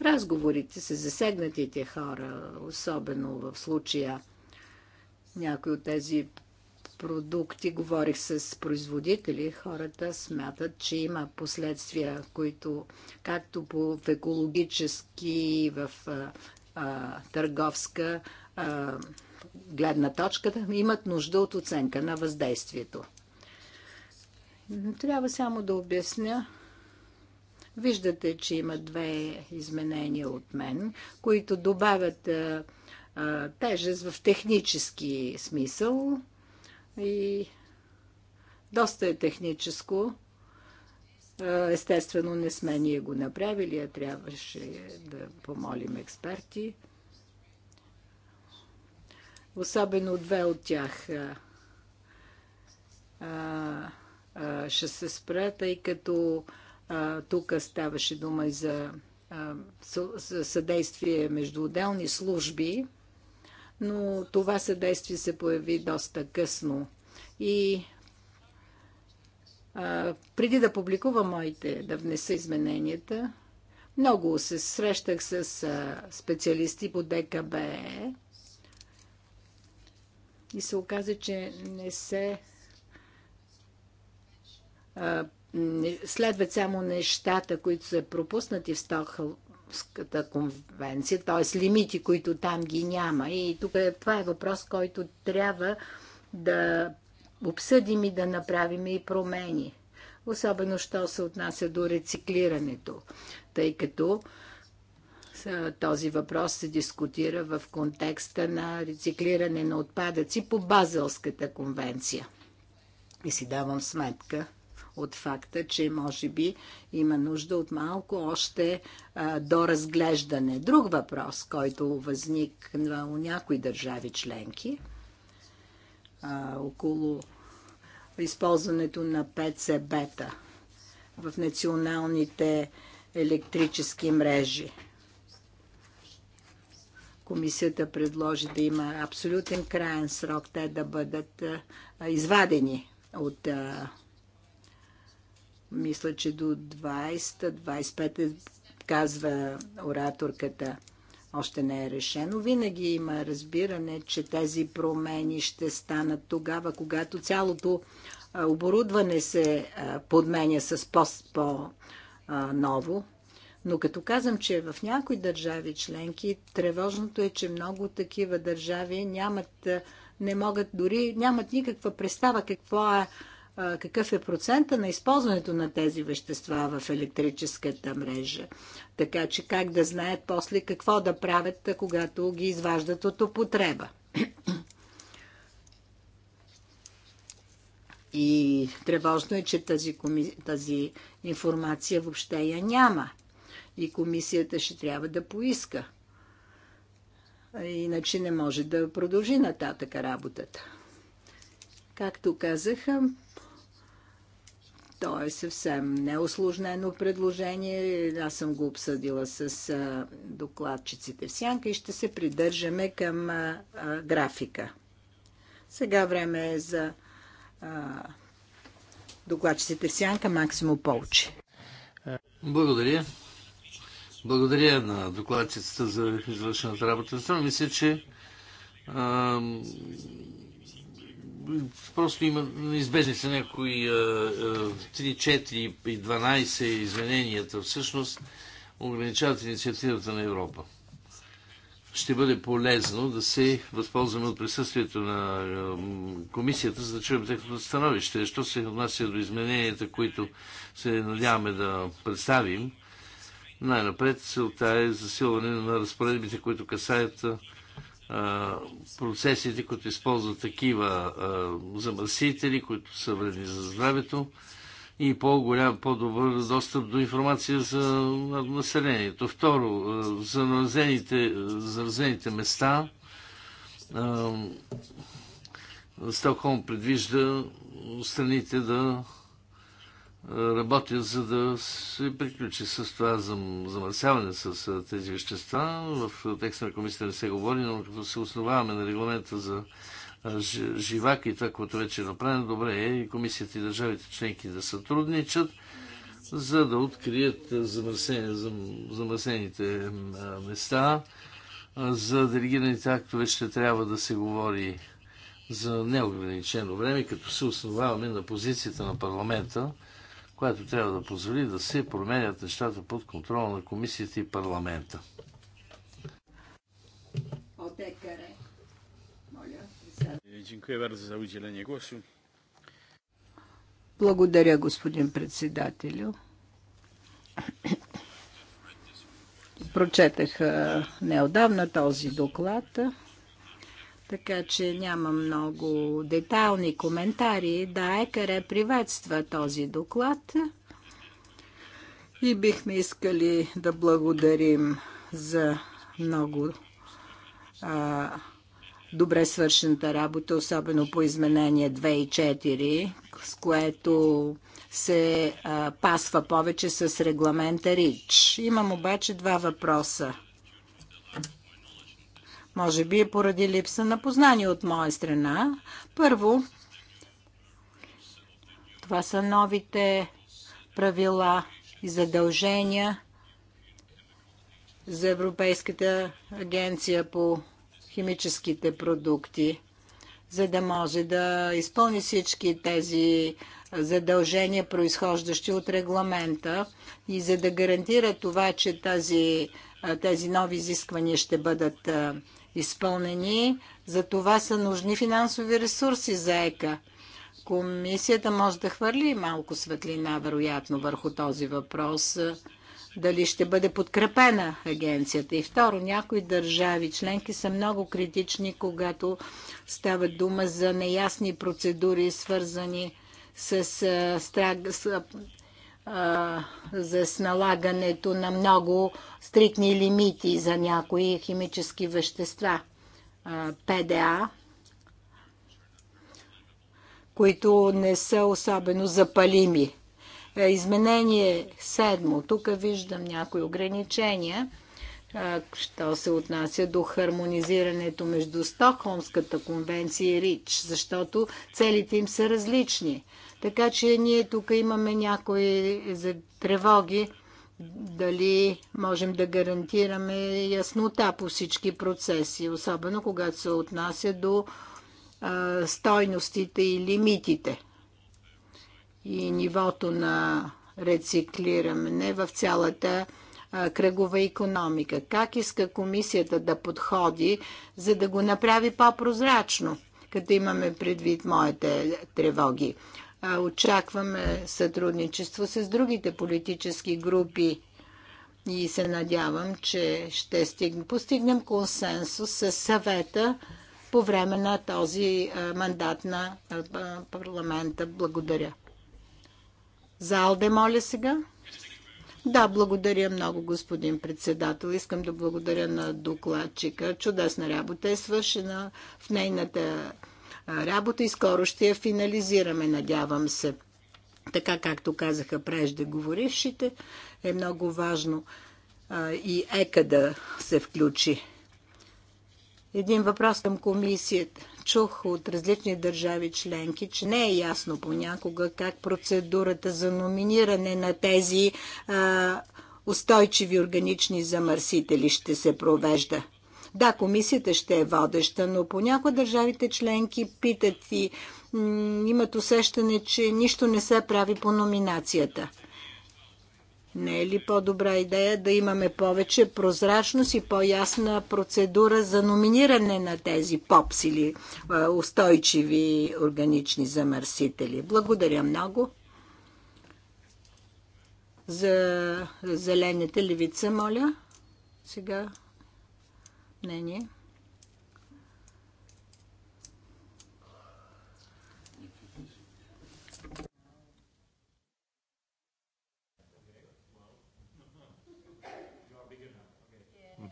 разговорите с засегнатите хора, особено в случая някои от тези продукти, говорих с производители, хората смятат, че има последствия, които както по в екологически, в а, търговска а, гледна точка, имат нужда от оценка на въздействието. Трябва само да обясня. Виждате, че има две изменения от мен, които добавят а, а, тежест в технически смисъл и доста е техническо Естествено, не сме ние го направили, а трябваше да помолим експерти. Особено две от тях ще се спра, тъй като тук ставаше дума и за съдействие между отделни служби, но това съдействие се появи доста късно и преди да публикувам моите, да внеса измененията, много се срещах с специалисти по ДКБ и се оказа, че не се следват само нещата, които са пропуснати в Стокхолмската конвенция, т.е. лимити, които там ги няма. И тук е, това е въпрос, който трябва да обсъдим и да направим и промени. Особено, що се отнася до рециклирането, тъй като този въпрос се дискутира в контекста на рециклиране на отпадъци по Базелската конвенция. И си давам сметка от факта, че може би има нужда от малко още а, до разглеждане. Друг въпрос, който възникна у някои държави членки – а, около използването на ПЦБ-та в националните електрически мрежи. Комисията предложи да има абсолютен крайен срок те да бъдат а, извадени от а, мисля, че до 20-25 казва ораторката още не е решено. Винаги има разбиране, че тези промени ще станат тогава, когато цялото оборудване се подменя с по-ново. Но като казвам, че в някои държави членки, тревожното е, че много такива държави нямат, не могат дори, нямат никаква представа какво е какъв е процента на използването на тези вещества в електрическата мрежа. Така че как да знаят после какво да правят, когато ги изваждат от употреба. И тревожно е, че тази, коми... тази информация въобще я няма. И комисията ще трябва да поиска. Иначе не може да продължи нататък работата. Както казаха, то е съвсем неосложнено предложение. Аз съм го обсъдила с докладчиците в сянка и ще се придържаме към графика. Сега време е за докладчиците в сянка Максимо Полчи. Благодаря. Благодаря на докладчицата за извършената работа. Само мисля, че просто има неизбежни са някои 3, е, 4 е, и 12 измененията всъщност ограничават инициативата на Европа. Ще бъде полезно да се възползваме от присъствието на е, комисията, за да чуем техното становище. Що се отнася до измененията, които се надяваме да представим, най-напред целта е засилване на разпоредбите, които касаят процесите, които използват такива замърсители, които са вредни за здравето и по-голям, по-добър достъп до информация за населението. Второ, за заразените, места Стокхолм предвижда страните да работят, за да се приключи с това замърсяване с тези вещества. В текста на комисията не се говори, но като се основаваме на регламента за живак и това, което вече е направено, добре е и комисията и държавите членки да сътрудничат, за да открият замърсените места. За делегираните актове ще трябва да се говори за неограничено време, като се основаваме на позицията на парламента която трябва да позволи да се променят нещата под контрола на комисията и парламента. Е, Благодаря, господин председателю. Прочетах неодавна този доклад. Така че няма много детайлни коментари. Да, ЕКАРЕ приветства този доклад и бихме искали да благодарим за много а, добре свършената работа, особено по изменение 2 и 4, с което се а, пасва повече с регламента РИЧ. Имам обаче два въпроса. Може би е поради липса на познание от моя страна. Първо, това са новите правила и задължения за Европейската агенция по химическите продукти, за да може да изпълни всички тези задължения, произхождащи от регламента и за да гарантира това, че тази, тези нови изисквания ще бъдат изпълнени. За това са нужни финансови ресурси за ЕКА. Комисията може да хвърли малко светлина, вероятно, върху този въпрос. Е, дали ще бъде подкрепена агенцията? И второ, някои държави членки са много критични, когато става дума за неясни процедури, свързани с, е, с е, за сналагането на много стрикни лимити за някои химически вещества. ПДА, които не са особено запалими. Е, изменение седмо. Тук виждам някои ограничения, що се отнася до хармонизирането между Стокхолмската конвенция и РИЧ, защото целите им са различни. Така че ние тук имаме някои за тревоги дали можем да гарантираме яснота по всички процеси, особено когато се отнася до а, стойностите и лимитите и нивото на рециклиране в цялата а, кръгова економика. Как иска комисията да подходи, за да го направи по-прозрачно, като имаме предвид моите тревоги? Очакваме сътрудничество с другите политически групи и се надявам, че ще постигнем консенсус с съвета по време на този мандат на парламента. Благодаря. Залде, моля сега. Да, благодаря много, господин председател. Искам да благодаря на докладчика. Чудесна работа е свършена в нейната работа и скоро ще я финализираме, надявам се. Така както казаха преждеговорившите, е много важно а, и ЕКА да се включи. Един въпрос към комисията. Чух от различни държави членки, че не е ясно понякога как процедурата за номиниране на тези а, устойчиви органични замърсители ще се провежда. Да, комисията ще е водеща, но понякога държавите членки питат и имат усещане, че нищо не се прави по номинацията. Не е ли по-добра идея да имаме повече прозрачност и по-ясна процедура за номиниране на тези попс или е, устойчиви органични замърсители? Благодаря много. За зелените левица, моля. Сега мнение.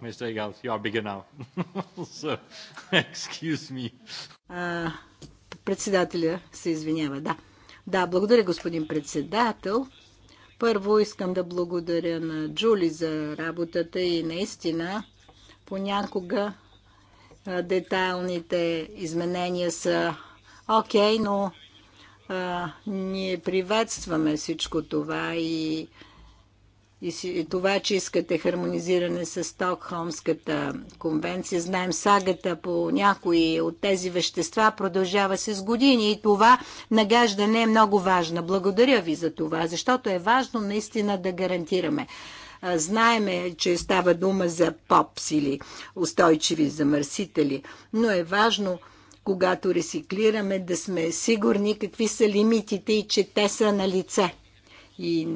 Mr. Eagles, you are bigger now. so, excuse me. А, председателя се извинява, да. Да, благодаря, господин председател. Първо искам да благодаря на Джули за работата и наистина Понякога детайлните изменения са окей, okay, но а, ние приветстваме всичко това и, и, и това, че искате хармонизиране с Стокхолмската конвенция. Знаем сагата по някои от тези вещества продължава се с години и това нагаждане е много важно. Благодаря ви за това, защото е важно наистина да гарантираме Знаеме, че става дума за попс или устойчиви замърсители, но е важно когато рециклираме, да сме сигурни какви са лимитите и че те са на лице. И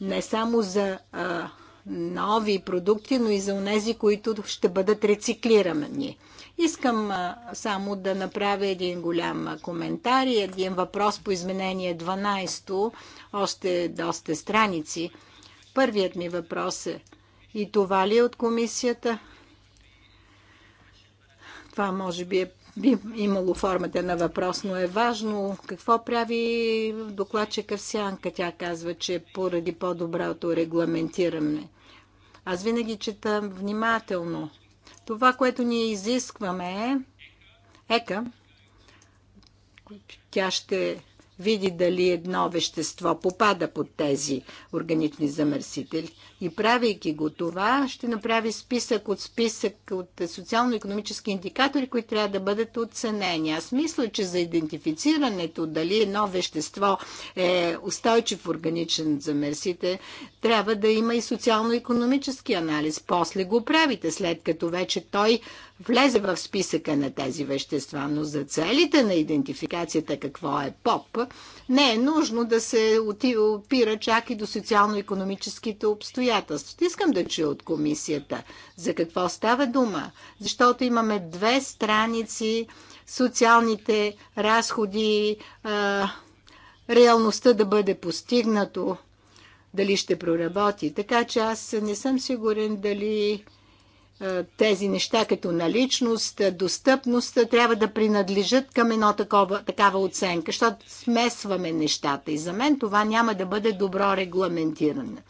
не само за а, нови продукти, но и за тези, които ще бъдат рециклирани. Искам а, само да направя един голям коментар и един въпрос по изменение 12, още доста страници. Първият ми въпрос е и това ли е от комисията? Това може би е би имало формата на въпрос, но е важно какво прави докладчика в сянка. Тя казва, че поради по-доброто регламентиране. Аз винаги чета внимателно. Това, което ние изискваме е ЕКА. Тя ще види дали едно вещество попада под тези органични замърсители. И правейки го това, ще направи списък от списък от социално-економически индикатори, които трябва да бъдат оценени. Аз мисля, че за идентифицирането дали едно вещество е устойчив органичен замърсител, трябва да има и социално-економически анализ. После го правите, след като вече той влезе в списъка на тези вещества, но за целите на идентификацията какво е ПОП, не е нужно да се опира чак и до социално-економическите обстоятелства. Искам да чуя от комисията за какво става дума, защото имаме две страници социалните разходи, реалността да бъде постигнато, дали ще проработи. Така че аз не съм сигурен дали тези неща като наличност, достъпност трябва да принадлежат към едно такова, такава оценка, защото смесваме нещата и за мен това няма да бъде добро регламентиране.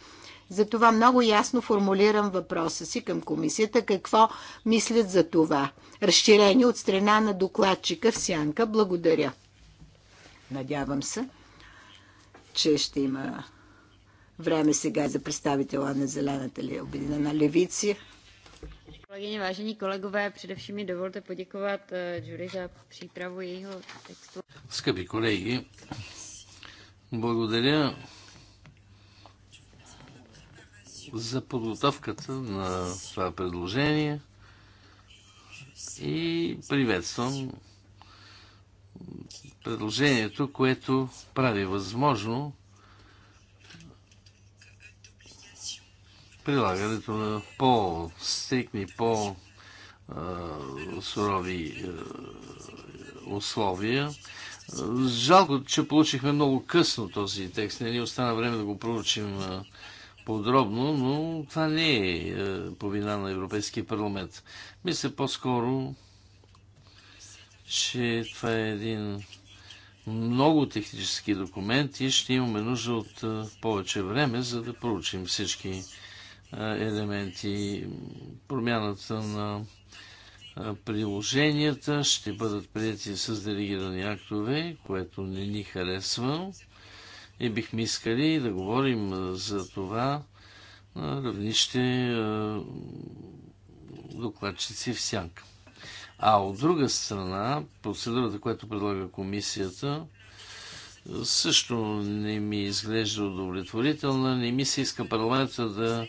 Затова много ясно формулирам въпроса си към комисията, какво мислят за това. Разширение от страна на докладчика в Сянка. Благодаря. Надявам се, че ще има време сега за представителя на Зелената ли, на левиция. Kolegyně, vážení kolegové, především mi dovolte poděkovat eh, Jury za přípravu jejího textu. Скъпи kolegy, благодаря за подготовката на това предложение и приветствам предложението, което прави възможно прилагането на по-стрикни, по-сурови е, условия. Жалко, че получихме много късно този текст. Не ни остана време да го проучим е, подробно, но това не е, е повина на Европейския парламент. Мисля по-скоро, че това е един много технически документ и ще имаме нужда от повече време, за да проучим всички елементи. Промяната на приложенията ще бъдат прияти с делегирани актове, което не ни харесва. И бихме искали да говорим за това на равнище докладчици в сянка. А от друга страна, процедурата, която предлага комисията, също не ми изглежда удовлетворителна. Не ми се иска парламента да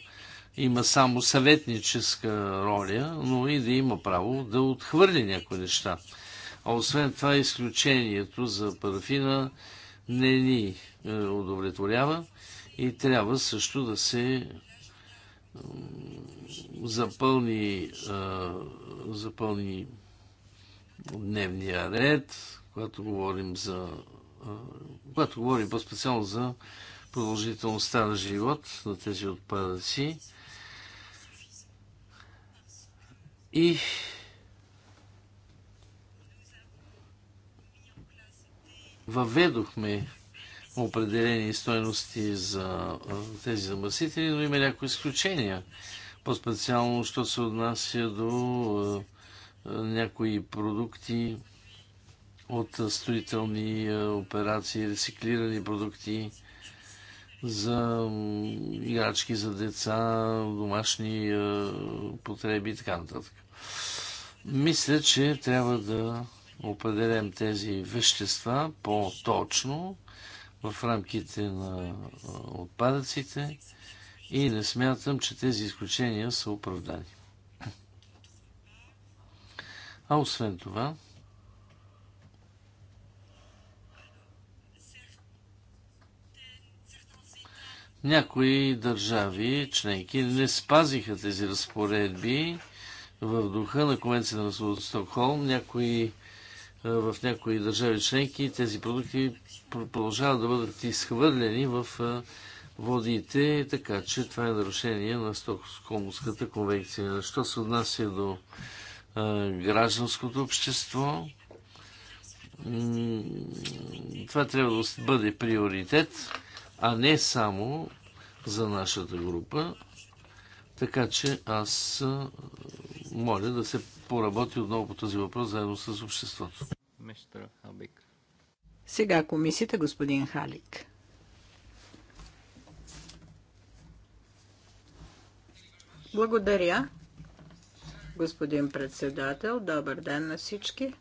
има само съветническа роля, но и да има право да отхвърли някои неща. А освен това, изключението за парафина не ни е, удовлетворява и трябва също да се запълни, е, запълни дневния ред, когато говорим за е, когато говорим по-специално за продължителността на живот на тези отпадъци. И въведохме определени стоености за тези замърсители, но има някои изключения. По-специално, що се отнася до някои продукти от строителни операции, рециклирани продукти, за играчки за деца, домашни е, потреби и така нататък. Мисля, че трябва да определим тези вещества по-точно в рамките на е, отпадъците и не смятам, че тези изключения са оправдани. А освен това, Някои държави, членки, не спазиха тези разпоредби в духа на Конвенцията на свобода Стокхолм. Някои, е, в някои държави членки тези продукти продължават да бъдат изхвърлени в е, водите, така че това е нарушение на Стокхолмската конвенция. Що се отнася до е, гражданското общество, това трябва да бъде приоритет а не само за нашата група. Така че аз моля да се поработи отново по този въпрос заедно с обществото. Сега комисията, господин Халик. Благодаря, господин председател. Добър ден на всички.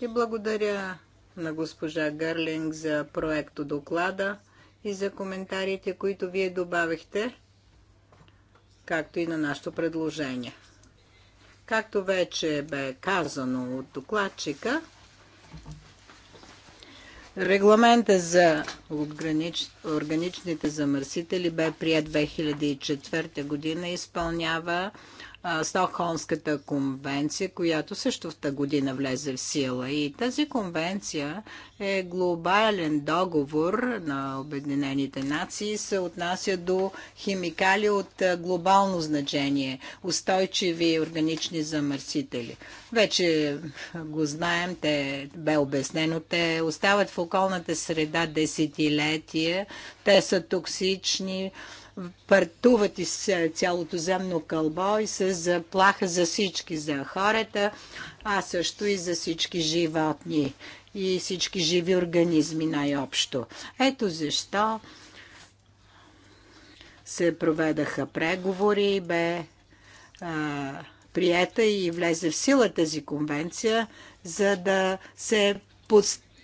И благодаря на госпожа Гърлинг за проекто доклада и за коментарите, които вие добавихте, както и на нашето предложение. Както вече бе казано от докладчика, Регламента за органич... органичните замърсители бе прият 2004 година и изпълнява Стокхолмската конвенция, която също в тази година влезе в сила. И тази конвенция е глобален договор на Обединените нации, се отнася до химикали от глобално значение, устойчиви органични замърсители. Вече го знаем, те бе обяснено, те остават в околната среда десетилетия, те са токсични, партуват из е, цялото земно кълбо и са заплаха за всички, за хората, а също и за всички животни и всички живи организми най-общо. Ето защо се проведаха преговори, бе а, приета и влезе в сила тази конвенция, за да се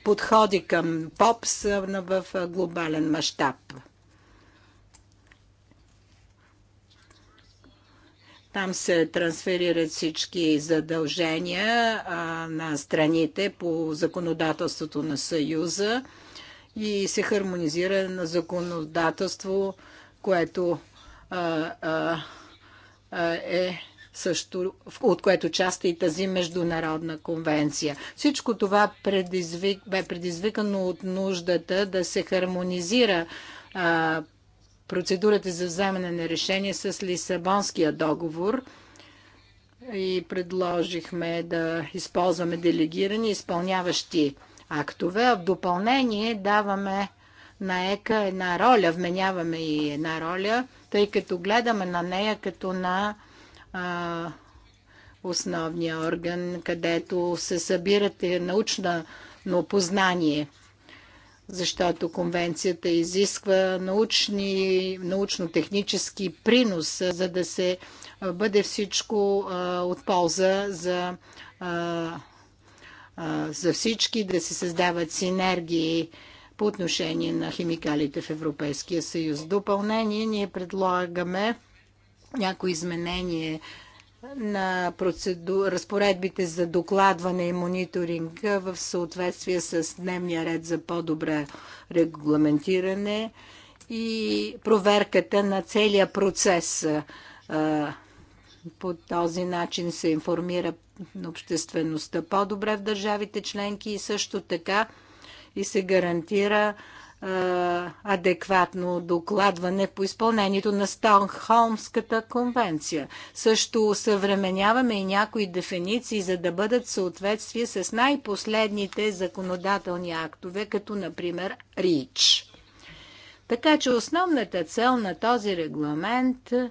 подходи към ПОПС в глобален мащаб. Там се трансферират всички задължения а, на страните по законодателството на Съюза и се хармонизира на законодателство, което а, а, е също, от което част е и тази международна конвенция. Всичко това предизвик, бе предизвикано от нуждата да се хармонизира а, процедурата за вземане на решение с Лисабонския договор и предложихме да използваме делегирани изпълняващи актове, а в допълнение даваме на ЕКА една роля, вменяваме и една роля, тъй като гледаме на нея като на а, основния орган, където се събирате научно познание – защото конвенцията изисква научни, научно-технически принос, за да се бъде всичко от полза за, за всички, да се създават синергии по отношение на химикалите в Европейския съюз. Допълнение ние предлагаме някои изменение на процеду... разпоредбите за докладване и мониторинг в съответствие с дневния ред за по-добре регламентиране и проверката на целия процес. По този начин се информира обществеността по-добре в държавите членки и също така и се гарантира адекватно докладване по изпълнението на Стокхолмската конвенция. Също съвременяваме и някои дефиниции, за да бъдат в съответствие с най-последните законодателни актове, като например РИЧ. Така че основната цел на този регламент е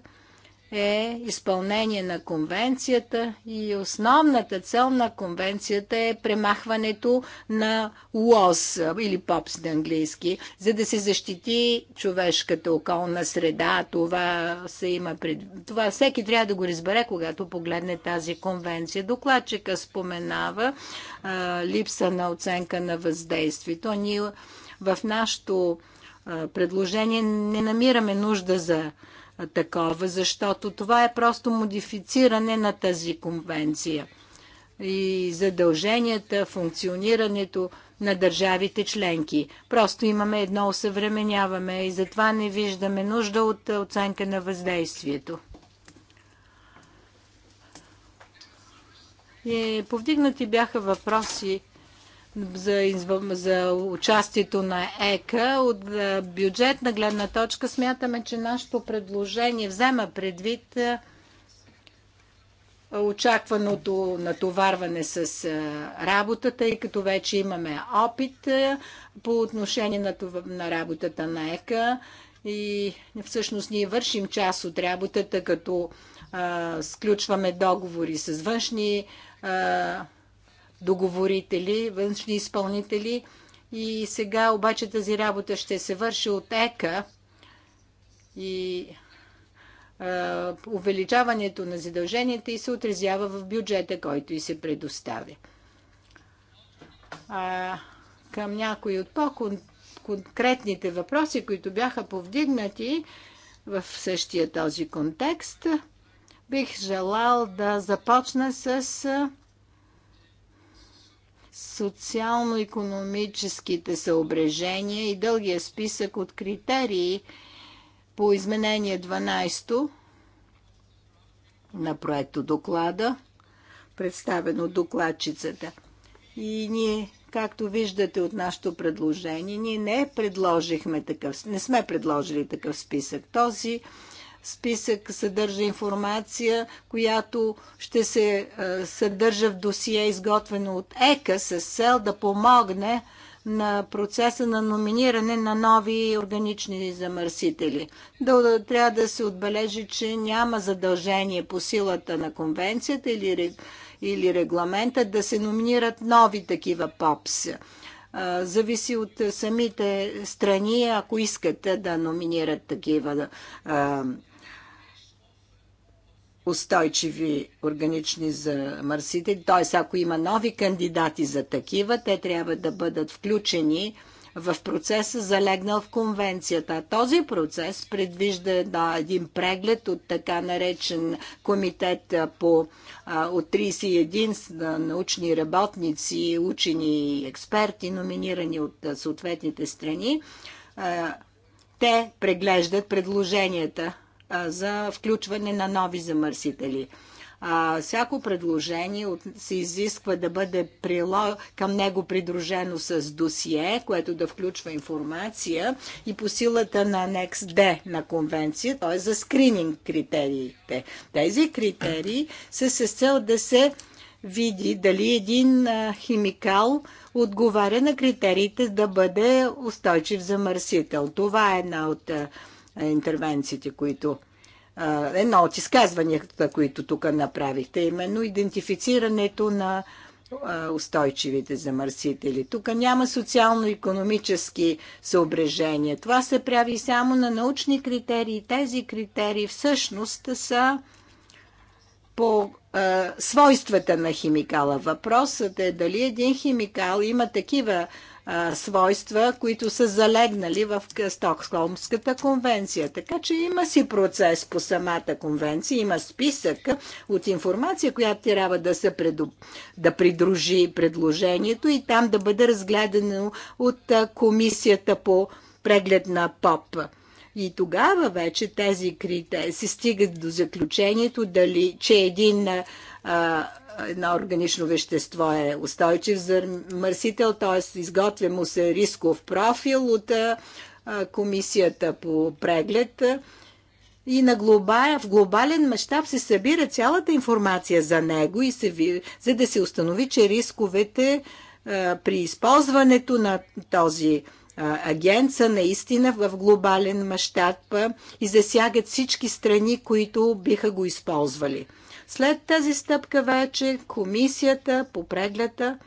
е изпълнение на конвенцията и основната цел на конвенцията е премахването на лос или попс на английски, за да се защити човешката околна среда. Това се има пред... Това всеки трябва да го разбере, когато погледне тази конвенция. Докладчика споменава а, липса на оценка на въздействието. Ние в нашото а, предложение не намираме нужда за такова, защото това е просто модифициране на тази конвенция и задълженията, функционирането на държавите членки. Просто имаме едно усъвременяваме и затова не виждаме нужда от оценка на въздействието. И повдигнати бяха въпроси за, за участието на ЕКА. От бюджетна гледна точка смятаме, че нашето предложение взема предвид очакваното натоварване с работата, и като вече имаме опит по отношение на, това, на работата на ЕКА. И всъщност ние вършим част от работата, като а, сключваме договори с външни а, договорители, външни изпълнители. И сега обаче тази работа ще се върши от ЕКА и а, увеличаването на задълженията и се отразява в бюджета, който и се предоставя. А, към някои от по-конкретните въпроси, които бяха повдигнати в същия този контекст, бих желал да започна с социално-економическите съображения и дългия списък от критерии по изменение 12 на проекто доклада, представен от докладчицата. И ние, както виждате от нашето предложение, ние не предложихме такъв, не сме предложили такъв списък. Този списък съдържа информация, която ще се е, съдържа в досие, изготвено от ЕКА, с цел да помогне на процеса на номиниране на нови органични замърсители. Да, трябва да се отбележи, че няма задължение по силата на конвенцията или, или регламента да се номинират нови такива ПОПС. Е, зависи от самите страни, ако искат да номинират такива а, е, устойчиви органични замърсители, т.е. ако има нови кандидати за такива, те трябва да бъдат включени в процеса, залегнал в конвенцията. Този процес предвижда да, един преглед от така наречен комитет по, а, от 31 на научни работници, учени и експерти, номинирани от съответните страни. А, те преглеждат предложенията за включване на нови замърсители. А, всяко предложение от, се изисква да бъде прило, към него придружено с досие, което да включва информация и по силата на анекс Д на конвенция, т.е. за скрининг критериите. Тези критерии са с цел да се види дали един а, химикал отговаря на критериите да бъде устойчив замърсител. Това е една от а, е, интервенциите, които едно от изказванията, които тук направихте, именно идентифицирането на устойчивите замърсители. Тук няма социално-економически съображения. Това се прави само на научни критерии. Тези критерии всъщност са по е, свойствата на химикала. Въпросът е дали един химикал има такива а, свойства, които са залегнали в Стокхолмската конвенция. Така че има си процес по самата конвенция, има списък от информация, която трябва да се преду... да придружи предложението и там да бъде разгледано от комисията по преглед на ПОП. И тогава вече тези критерии се стигат до заключението дали, че един а, едно органично вещество е устойчив за мърсител, т.е. изготвя му се рисков профил от комисията по преглед и на глоба, в глобален мащаб се събира цялата информация за него, и се, за да се установи, че рисковете а, при използването на този а, агент са наистина в глобален мащаб и засягат всички страни, които биха го използвали. След тази стъпка вече комисията по прегледа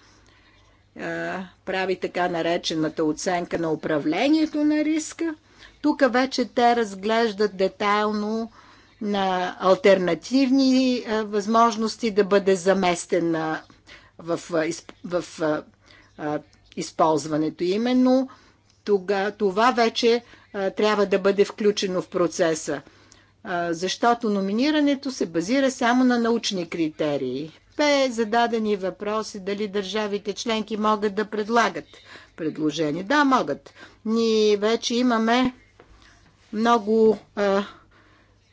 прави така наречената оценка на управлението на риска. Тук вече те разглеждат детайлно на альтернативни възможности да бъде заместена в, в, в използването. Именно тога, това вече трябва да бъде включено в процеса защото номинирането се базира само на научни критерии. П зададени въпроси дали държавите членки могат да предлагат предложения. Да, могат. Ние вече имаме много а,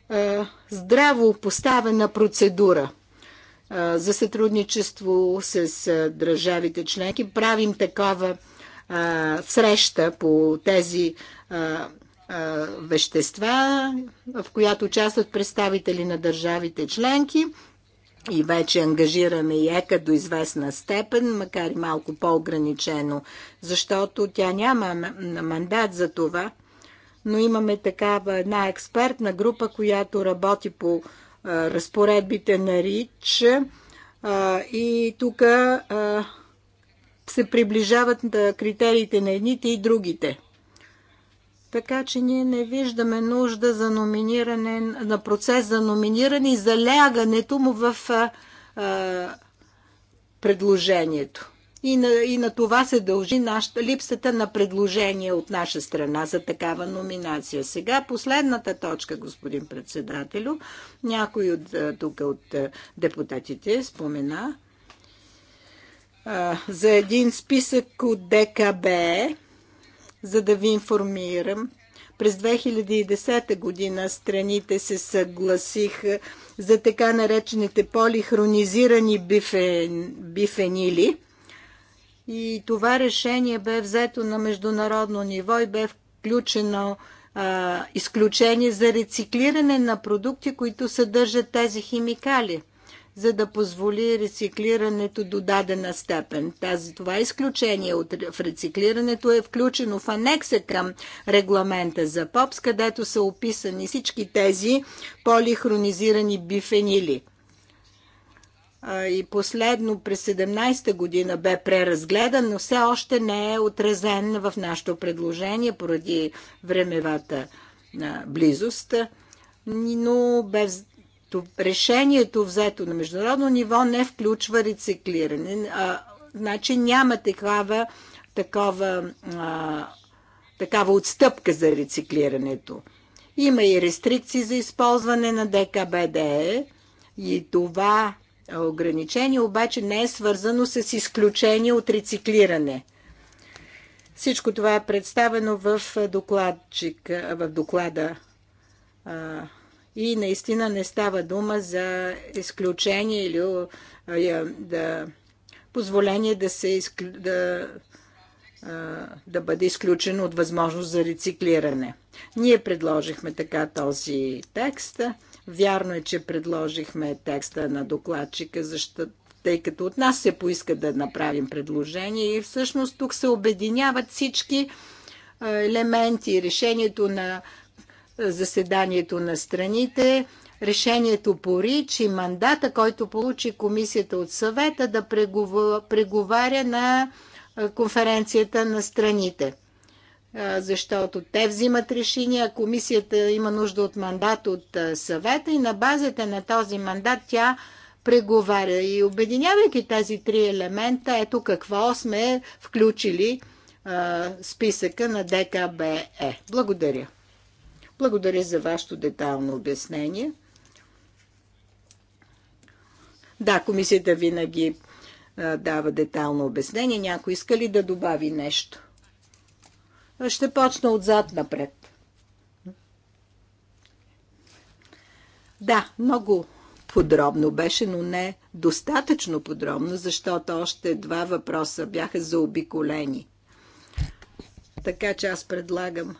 а, здраво поставена процедура а, за сътрудничество с а, държавите членки. Правим такава а, среща по тези а, вещества, в която участват представители на държавите членки и вече ангажираме и ЕКА до известна степен, макар и малко по-ограничено, защото тя няма мандат за това, но имаме такава една експертна група, която работи по разпоредбите на РИЧ и тук се приближават критериите на едните и другите. Така че ние не виждаме нужда за номиниране, на процес за номиниране и залягането му в а, а, предложението. И на, и на това се дължи нашата, липсата на предложение от наша страна за такава номинация. Сега последната точка, господин председателю. Някой от, тук от депутатите спомена а, за един списък от ДКБ, за да ви информирам. През 2010 година страните се съгласиха за така наречените полихронизирани бифен, бифенили. И това решение бе взето на международно ниво и бе включено а, изключение за рециклиране на продукти, които съдържат тези химикали за да позволи рециклирането до дадена степен. Тази, това е изключение от, в рециклирането е включено в анекса към регламента за ПОПС, където са описани всички тези полихронизирани бифенили. И последно през 17-та година бе преразгледан, но все още не е отразен в нашето предложение поради времевата близост но бе решението взето на международно ниво не включва рециклиране. А, значи няма такава, такова, а, такава отстъпка за рециклирането. Има и рестрикции за използване на ДКБД и това ограничение обаче не е свързано с изключение от рециклиране. Всичко това е представено в, докладчик, в доклада и наистина не става дума за изключение или да, позволение да се изклю... да, да бъде изключен от възможност за рециклиране. Ние предложихме така този текст. Вярно е, че предложихме текста на докладчика, защото тъй като от нас се поиска да направим предложение и всъщност тук се обединяват всички елементи. Решението на заседанието на страните, решението по РИЧ и мандата, който получи комисията от съвета да преговаря на конференцията на страните. Защото те взимат решения, комисията има нужда от мандат от съвета и на базата на този мандат тя преговаря. И обединявайки тези три елемента, ето какво сме включили списъка на ДКБЕ. Благодаря. Благодаря за вашето детайлно обяснение. Да, комисията винаги дава детайлно обяснение. Някой иска ли да добави нещо? Ще почна отзад напред. Да, много подробно беше, но не достатъчно подробно, защото още два въпроса бяха заобиколени. Така че аз предлагам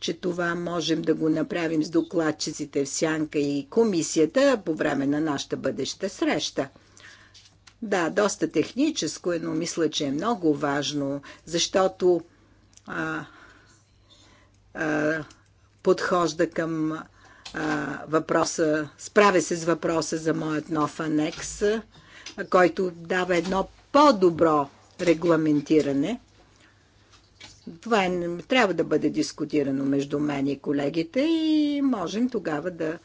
че това можем да го направим с докладчиците в Сянка и комисията по време на нашата бъдеща среща. Да, доста техническо е, но мисля, че е много важно, защото а, а, подхожда към а, въпроса, справя се с въпроса за моят нов анекс, а, който дава едно по-добро регламентиране – това е, трябва да бъде дискутирано между мен и колегите и можем тогава да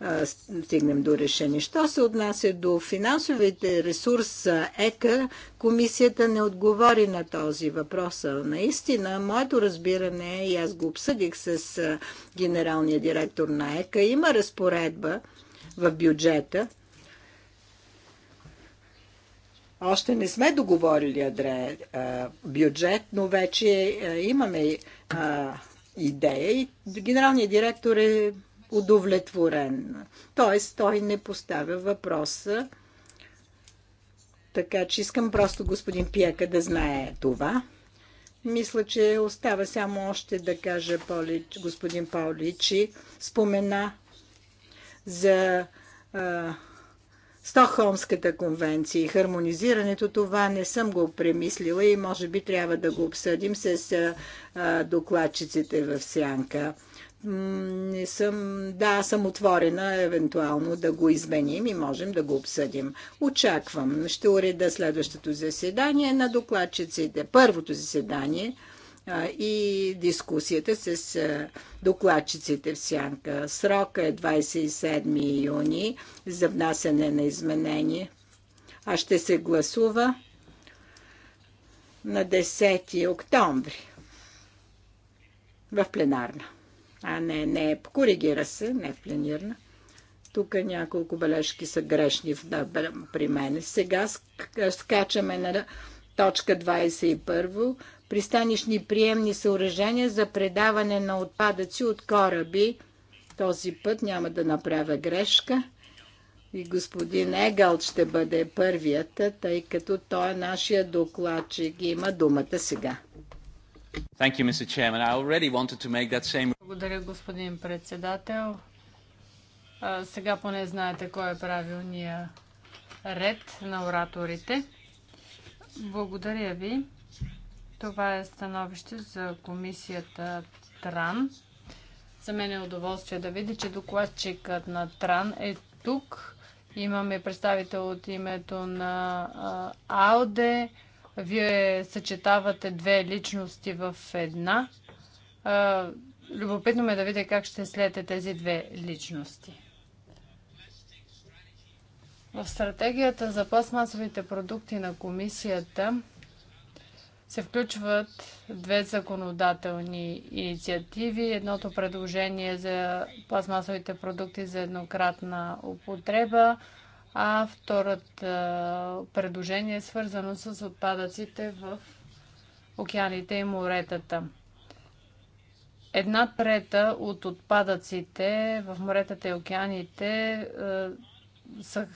а, стигнем до решение. Що се отнася до финансовите ресурса ЕКА, комисията не отговори на този въпрос. Наистина, моето разбиране, и аз го обсъдих с генералния директор на ЕКА, има разпоредба в бюджета – още не сме договорили адре, а, е, бюджет, но вече а, е, имаме а, е, идея и генералният директор е удовлетворен. Тоест, той не поставя въпроса. Така че искам просто господин Пиека да знае това. Мисля, че остава само още да кажа Полич, господин Пауличи. Спомена за а, Стокхолмската конвенция и хармонизирането, това не съм го премислила и може би трябва да го обсъдим с докладчиците в сянка. Не съм, да, съм отворена евентуално да го изменим и можем да го обсъдим. Очаквам. Ще уреда следващото заседание на докладчиците. Първото заседание – и дискусията с докладчиците в Сянка. Срока е 27 юни за внасяне на изменение, а ще се гласува на 10 октомври в пленарна. А не, не, коригира се, не в пленирна. Тук няколко бележки са грешни да, при мен. Сега скачаме на точка 21 пристанищни приемни съоръжения за предаване на отпадъци от кораби. Този път няма да направя грешка. И господин Егалт ще бъде първият, тъй като той е нашия докладчик и има думата сега. You, same... Благодаря, господин председател. А, сега поне знаете кой е правилния ред на ораторите. Благодаря ви. Това е становище за комисията Тран. За мен е удоволствие да видя, че докладчикът на Тран е тук. Имаме представител от името на АОДЕ. Вие съчетавате две личности в една. Любопитно ме е да видя как ще слете тези две личности. В стратегията за пластмасовите продукти на комисията – се включват две законодателни инициативи. Едното предложение за пластмасовите продукти за еднократна употреба, а второто предложение е свързано с отпадъците в океаните и моретата. Една трета от отпадъците в моретата и океаните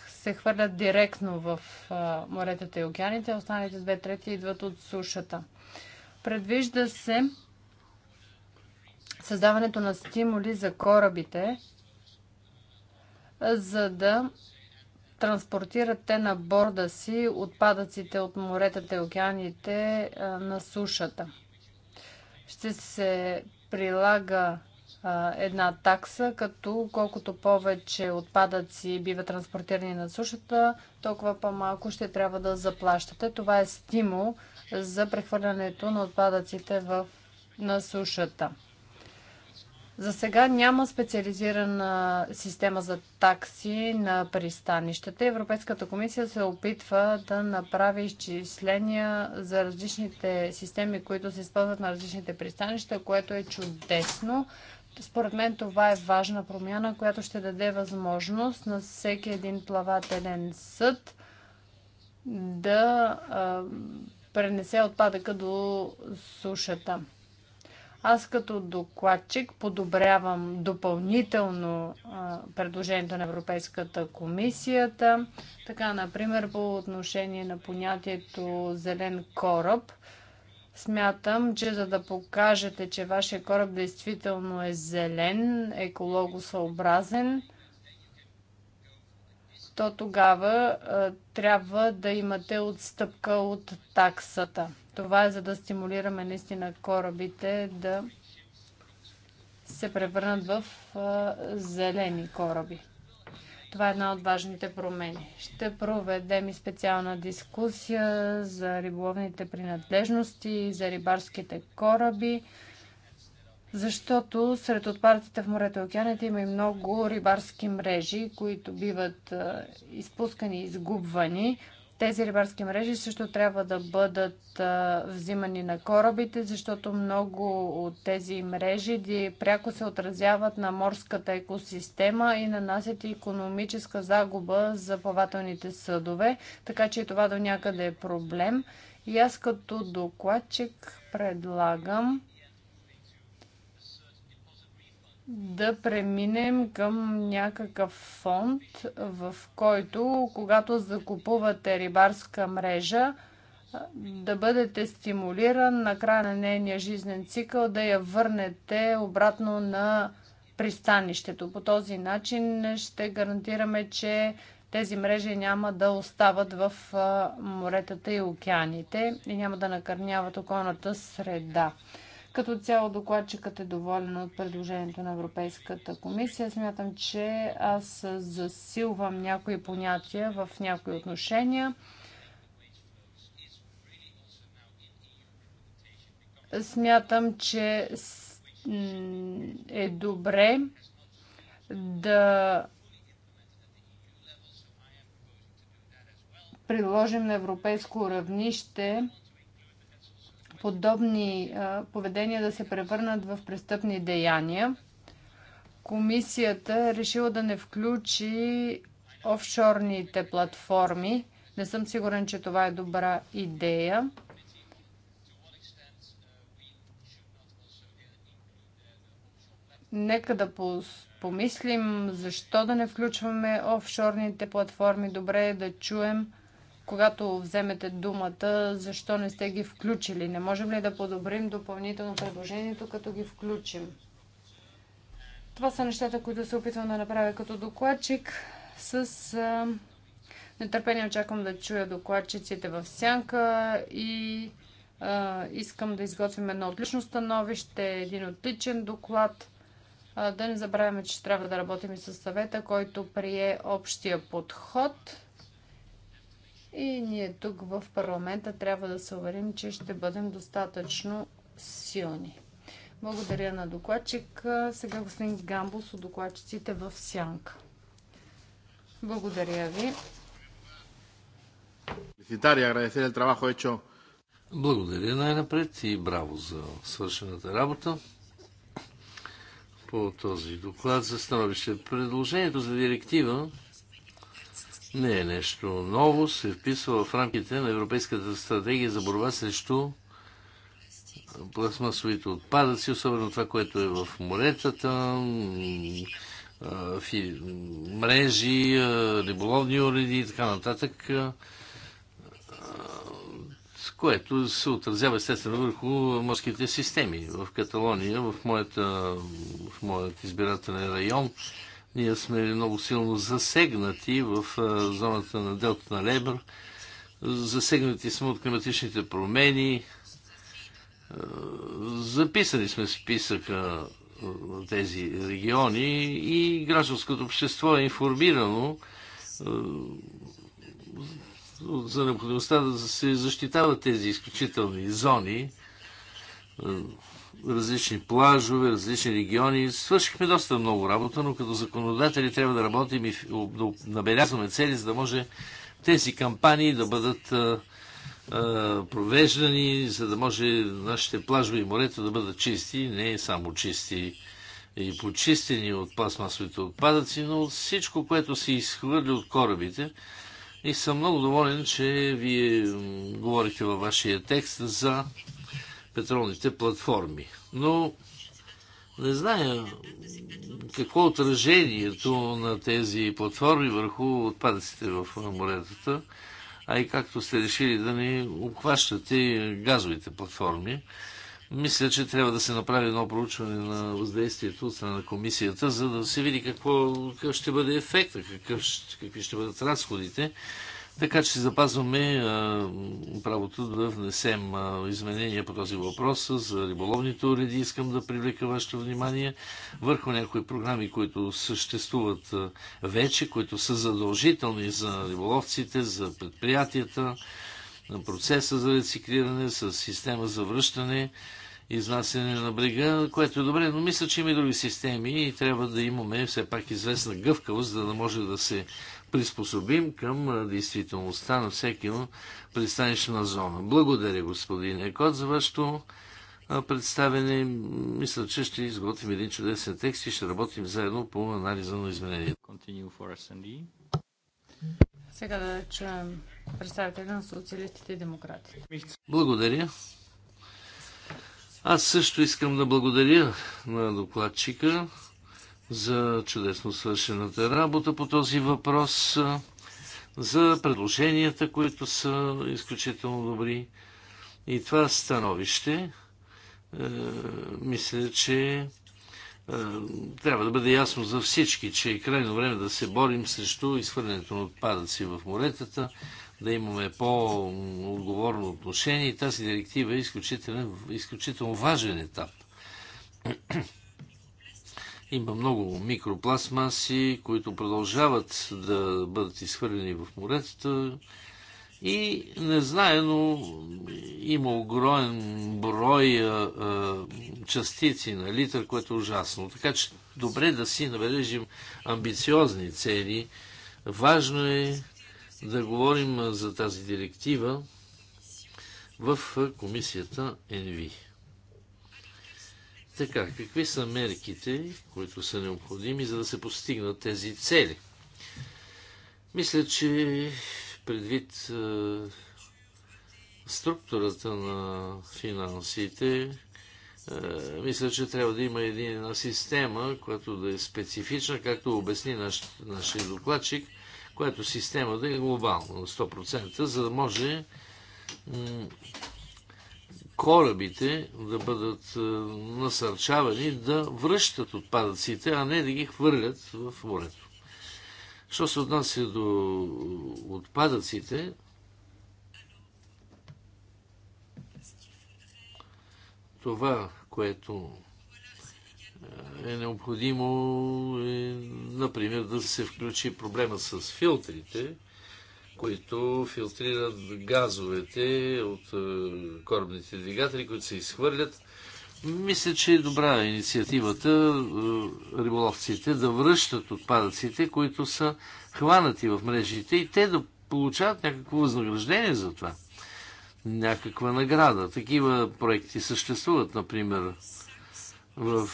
се хвърлят директно в моретата и океаните, останалите две трети идват от сушата. Предвижда се създаването на стимули за корабите, за да транспортират те на борда си отпадъците от моретата и океаните на сушата. Ще се прилага една такса, като колкото повече отпадъци биват транспортирани на сушата, толкова по-малко ще трябва да заплащате. Това е стимул за прехвърлянето на отпадъците в, на сушата. За сега няма специализирана система за такси на пристанищата. Европейската комисия се опитва да направи изчисления за различните системи, които се използват на различните пристанища, което е чудесно. Според мен това е важна промяна, която ще даде възможност на всеки един плавателен съд да а, пренесе отпадъка до сушата. Аз като докладчик подобрявам допълнително а, предложението на Европейската комисията. Така, например, по отношение на понятието зелен кораб – Смятам, че за да покажете, че вашия кораб действително е зелен, екологосъобразен, то тогава трябва да имате отстъпка от таксата. Това е за да стимулираме наистина корабите да се превърнат в зелени кораби. Това е една от важните промени. Ще проведем и специална дискусия за риболовните принадлежности, за рибарските кораби, защото сред отпадъците в морето и океаните има и много рибарски мрежи, които биват изпускани и изгубвани. Тези рибарски мрежи също трябва да бъдат взимани на корабите, защото много от тези мрежи пряко се отразяват на морската екосистема и нанасят економическа загуба за плавателните съдове, така че и това до някъде е проблем. И аз като докладчик предлагам да преминем към някакъв фонд, в който, когато закупувате рибарска мрежа, да бъдете стимулиран на края на нейния жизнен цикъл да я върнете обратно на пристанището. По този начин ще гарантираме, че тези мрежи няма да остават в моретата и океаните и няма да накърняват околната среда. Като цяло докладчикът е доволен от предложението на Европейската комисия. Смятам, че аз засилвам някои понятия в някои отношения. Смятам, че е добре да приложим на европейско равнище подобни поведения да се превърнат в престъпни деяния. Комисията решила да не включи офшорните платформи. Не съм сигурен, че това е добра идея. Нека да помислим защо да не включваме офшорните платформи. Добре е да чуем когато вземете думата, защо не сте ги включили? Не можем ли да подобрим допълнително предложението, като ги включим? Това са нещата, които се опитвам да направя като докладчик. С а, нетърпение очаквам да чуя докладчиците в сянка и а, искам да изготвим едно отлично становище, един отличен доклад. А, да не забравяме, че трябва да работим и с съвета, който прие общия подход – и ние тук в парламента трябва да се уверим, че ще бъдем достатъчно силни. Благодаря на докладчик. Сега господин Гамбус от докладчиците в Сянка. Благодаря ви. Благодаря най-напред и браво за свършената работа по този доклад за становище. Предложението за директива не е нещо ново, се вписва в рамките на Европейската стратегия за борба срещу пластмасовите отпадъци, особено това, което е в моретата, мрежи, риболовни уреди и така нататък, с което се отразява естествено върху морските системи. В Каталония, в, моята, в моят избирателен район, ние сме много силно засегнати в зоната на Делта на Лебър. Засегнати сме от климатичните промени. Записани сме в списъка на тези региони и гражданското общество е информирано за необходимостта да се защитават тези изключителни зони различни плажове, различни региони. Свършихме доста много работа, но като законодатели трябва да работим и да набелязваме цели, за да може тези кампании да бъдат провеждани, за да може нашите плажове и морето да бъдат чисти, не само чисти и почистени от пластмасовите отпадъци, но от всичко, което се изхвърли от корабите. И съм много доволен, че вие говорите във вашия текст за петролните платформи. Но не зная какво отражението на тези платформи върху отпадъците в моретата, а и както сте решили да ни обхващате газовите платформи. Мисля, че трябва да се направи едно проучване на въздействието от страна на комисията, за да се види какво, какъв ще бъде ефекта, какъв, какви ще бъдат разходите така че запазваме правото да внесем изменения по този въпрос за риболовните уреди. Искам да привлека вашето внимание върху някои програми, които съществуват вече, които са задължителни за риболовците, за предприятията, процеса за рециклиране, с система за връщане изнасяне на брега, което е добре, но мисля, че има и други системи и трябва да имаме все пак известна гъвкавост, за да може да се приспособим към действителността на всеки пристанищна зона. Благодаря, господин Екот, за вашето представене. Мисля, че ще изготвим един чудесен текст и ще работим заедно по анализа на изменението. Сега да чуем представителя на социалистите и демократите. Благодаря. Аз също искам да благодаря на докладчика за чудесно свършената работа по този въпрос, за предложенията, които са изключително добри. И това становище, е, мисля, че е, трябва да бъде ясно за всички, че е крайно време да се борим срещу изхвърлянето на отпадъци в моретата, да имаме по-отговорно отношение и тази директива е изключително, изключително важен етап. Има много микропластмаси, които продължават да бъдат изхвърлени в моретата. И не знае, но има огромен брой а, а, частици на литър, което е ужасно. Така че добре да си набележим амбициозни цели. Важно е да говорим за тази директива в комисията ЕНВИ. Така, какви са мерките, които са необходими, за да се постигнат тези цели? Мисля, че предвид е, структурата на финансите, е, мисля, че трябва да има една система, която да е специфична, както обясни наш, нашия докладчик, която система да е глобална на 100%, за да може корабите да бъдат е, насърчавани да връщат отпадъците, а не да ги хвърлят в морето. Що се отнася до отпадъците, това, което е, е необходимо, е, например, да се включи проблема с филтрите, които филтрират газовете от е, корабните двигатели, които се изхвърлят. Мисля, че е добра инициативата е, риболовците да връщат отпадъците, които са хванати в мрежите и те да получават някакво възнаграждение за това. Някаква награда. Такива проекти съществуват, например, в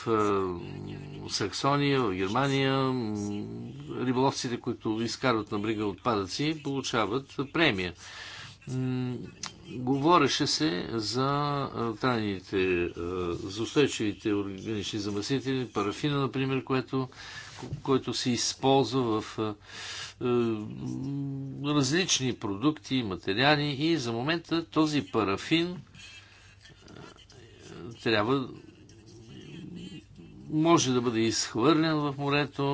е, Саксония, в Германия, риболовците, които изкарват на брига отпадъци, получават премия. Говореше се за е, тайните, е, за устойчивите органични замърсители, парафина, например, което, който се използва в различни продукти, материали и за момента този парафин трябва може да бъде изхвърлен в морето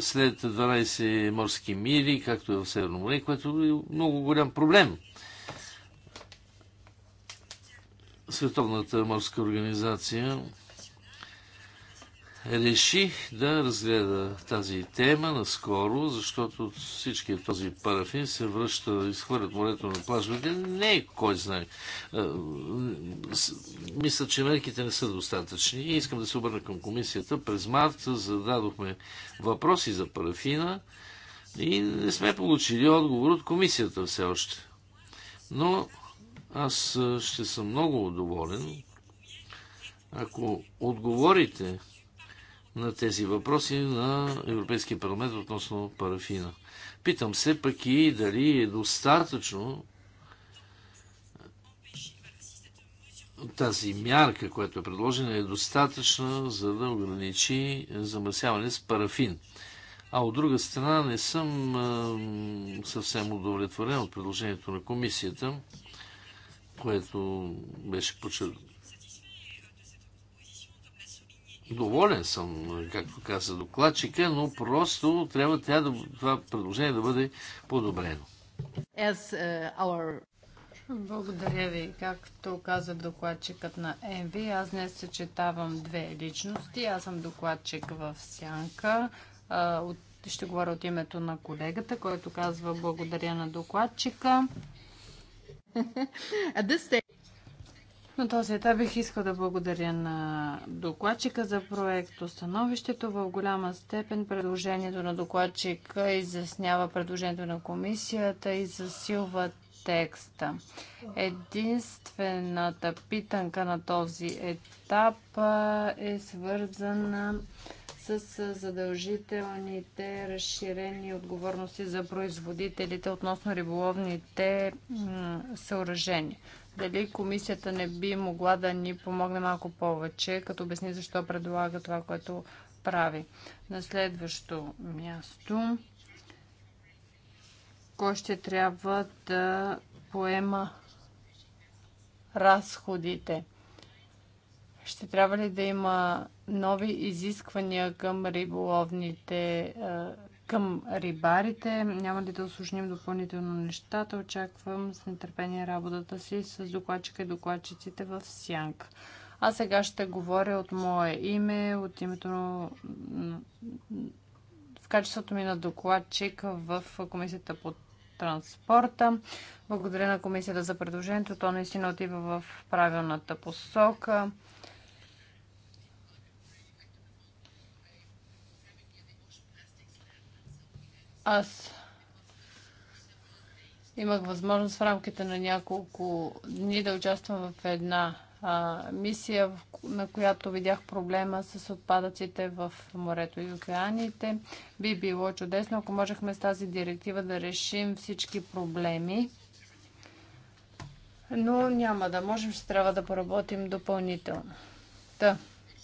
след 12 морски мили, както е в Северно море, което е много голям проблем. Световната морска организация реши да разгледа тази тема наскоро, защото всички този парафин се връща, изхвърлят морето на плажовете. Не е кой знае. Мисля, че мерките не са достатъчни. И искам да се обърна към комисията. През март зададохме въпроси за парафина и не сме получили отговор от комисията все още. Но аз ще съм много доволен, ако отговорите на тези въпроси на Европейския парламент относно парафина. Питам се пък и дали е достатъчно тази мярка, която е предложена, е достатъчна за да ограничи замърсяване с парафин. А от друга страна не съм съвсем удовлетворен от предложението на комисията, което беше подчертано доволен съм, както каза докладчика, но просто трябва, тя да, това предложение да бъде подобрено. Е, our... Благодаря ви. Както каза докладчикът на МВ, аз не съчетавам две личности. Аз съм докладчик в Сянка. ще говоря от името на колегата, който казва благодаря на докладчика. На този етап бих искал да благодаря на докладчика за проект. Остановището в голяма степен предложението на докладчика изяснява предложението на комисията и засилва текста. Единствената питанка на този етап е свързана с задължителните разширени отговорности за производителите относно риболовните съоръжения дали комисията не би могла да ни помогне малко повече, като обясни защо предлага това, което прави. На следващо място, кой ще трябва да поема разходите? Ще трябва ли да има нови изисквания към риболовните към рибарите. Няма ли да осложним допълнително нещата? Очаквам с нетърпение работата си с докладчика и докладчиците в Сянка. А сега ще говоря от мое име, от името в качеството ми на докладчик в Комисията по транспорта. Благодаря на Комисията за предложението. То наистина отива в правилната посока. Аз имах възможност в рамките на няколко дни да участвам в една а, мисия, на която видях проблема с отпадъците в морето и океаните. Би било чудесно, ако можехме с тази директива да решим всички проблеми. Но няма да можем, ще трябва да поработим допълнително. Та,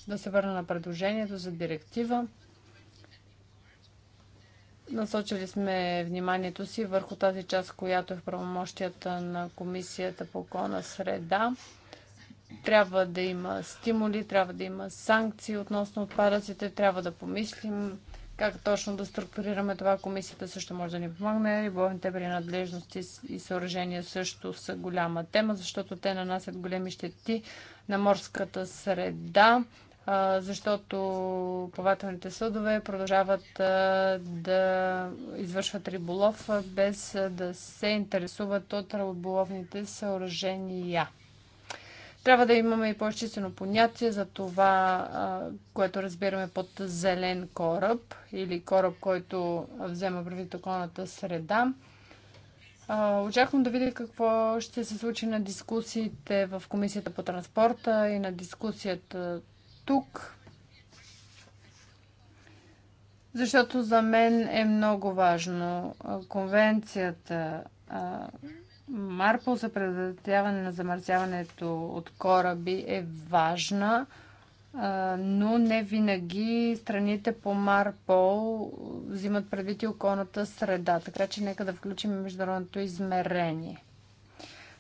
да се върна на предложението за директива. Насочили сме вниманието си върху тази част, която е в правомощията на Комисията по околна среда. Трябва да има стимули, трябва да има санкции относно отпадъците, трябва да помислим как точно да структурираме това. Комисията също може да ни помогне. Рибовните принадлежности и съоръжения също са голяма тема, защото те нанасят големи щети на морската среда, защото плавателните съдове продължават да извършват риболов без да се интересуват от риболовните съоръжения. Трябва да имаме и по-изчистено понятие за това, което разбираме под зелен кораб или кораб, който взема предвид околната среда. Очаквам да видя какво ще се случи на дискусиите в Комисията по транспорта и на дискусията тук, защото за мен е много важно конвенцията Марпо за предотвратяване на замърсяването от кораби е важна, но не винаги страните по Марпол взимат предвид и околната среда, така че нека да включим международното измерение.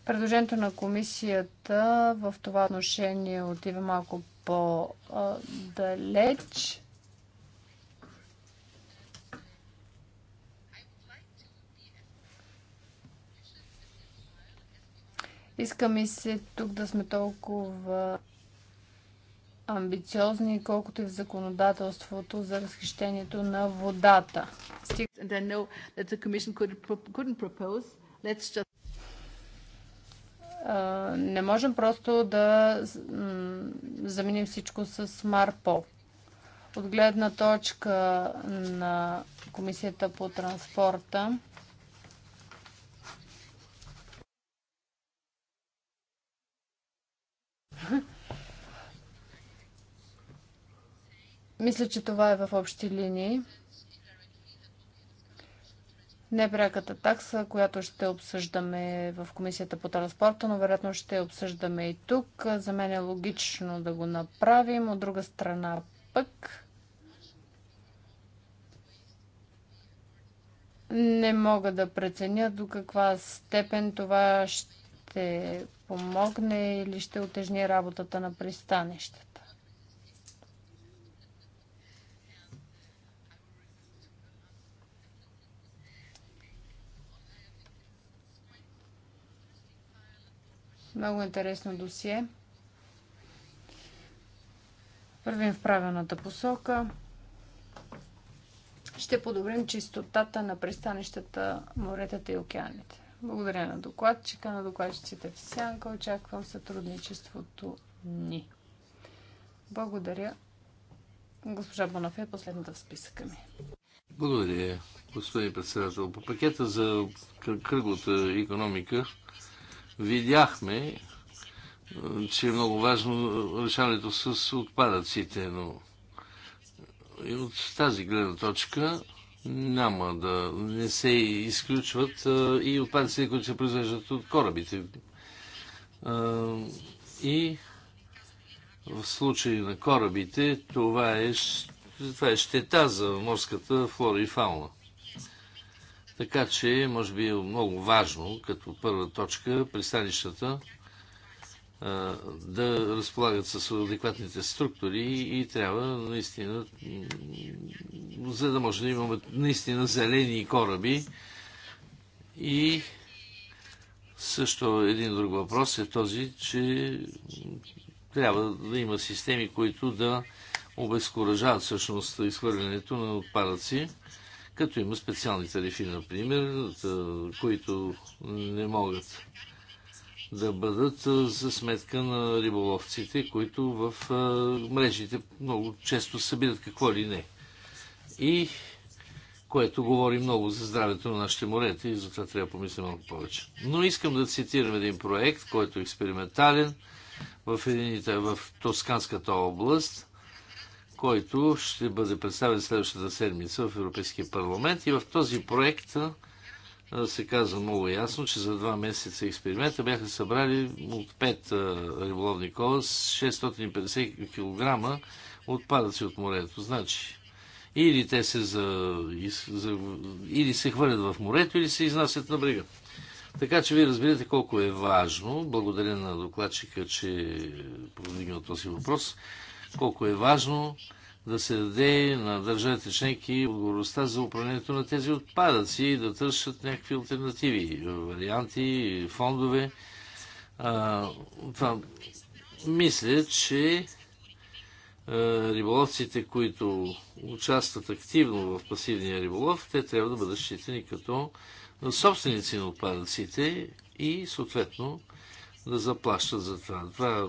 Предложението на комисията в това отношение отива малко по-далеч. Иска ми се тук да сме толкова амбициозни, колкото и в законодателството за разхищението на водата. Just не можем просто да заменим всичко с МАРПО. От гледна точка на Комисията по транспорта, мисля, че това е в общи линии непряката такса, която ще обсъждаме в Комисията по транспорта, но вероятно ще обсъждаме и тук. За мен е логично да го направим. От друга страна пък не мога да преценя до каква степен това ще помогне или ще отежни работата на пристанищата. Много интересно досие. Вървим в правилната посока. Ще подобрим чистотата на пристанищата, моретата и океаните. Благодаря на докладчика, на докладчиците в Сянка. Очаквам сътрудничеството ни. Благодаря. Госпожа Бонафе е последната в списъка ми. Благодаря, господин председател. По пакета за кръглата економика Видяхме, е, че е много важно решаването с отпадъците, но и е, от тази гледна точка няма да не се изключват е, и отпадъците, които се произвеждат от корабите. и в случай на корабите това е, това е щета за морската флора и фауна. Така че, може би е много важно, като първа точка, пристанищата да разполагат с адекватните структури и трябва наистина, за да може да имаме наистина зелени кораби. И също един друг въпрос е този, че трябва да има системи, които да обезкуражават всъщност изхвърлянето на отпадъци като има специални тарифи, например, които не могат да бъдат за сметка на риболовците, които в мрежите много често събират какво ли не. И което говори много за здравето на нашите морета и затова трябва да помисля малко повече. Но искам да цитирам един проект, който е експериментален в, едините, в Тосканската област – който ще бъде представен следващата седмица в Европейския парламент. И в този проект се казва много ясно, че за два месеца експеримента бяха събрали от пет риболовни кола с 650 кг отпадъци от морето. Значи, или те се за, за, или се хвърлят в морето, или се изнасят на брега. Така че вие разбирате колко е важно, благодаря на докладчика, че повдигна този въпрос, колко е важно да се даде на държавите членки отговорността за управлението на тези отпадъци и да търсят някакви альтернативи, варианти, фондове. А, това, мисля, че риболовците, които участват активно в пасивния риболов, те трябва да бъдат считани като собственици на отпадъците и съответно да заплащат за това. Това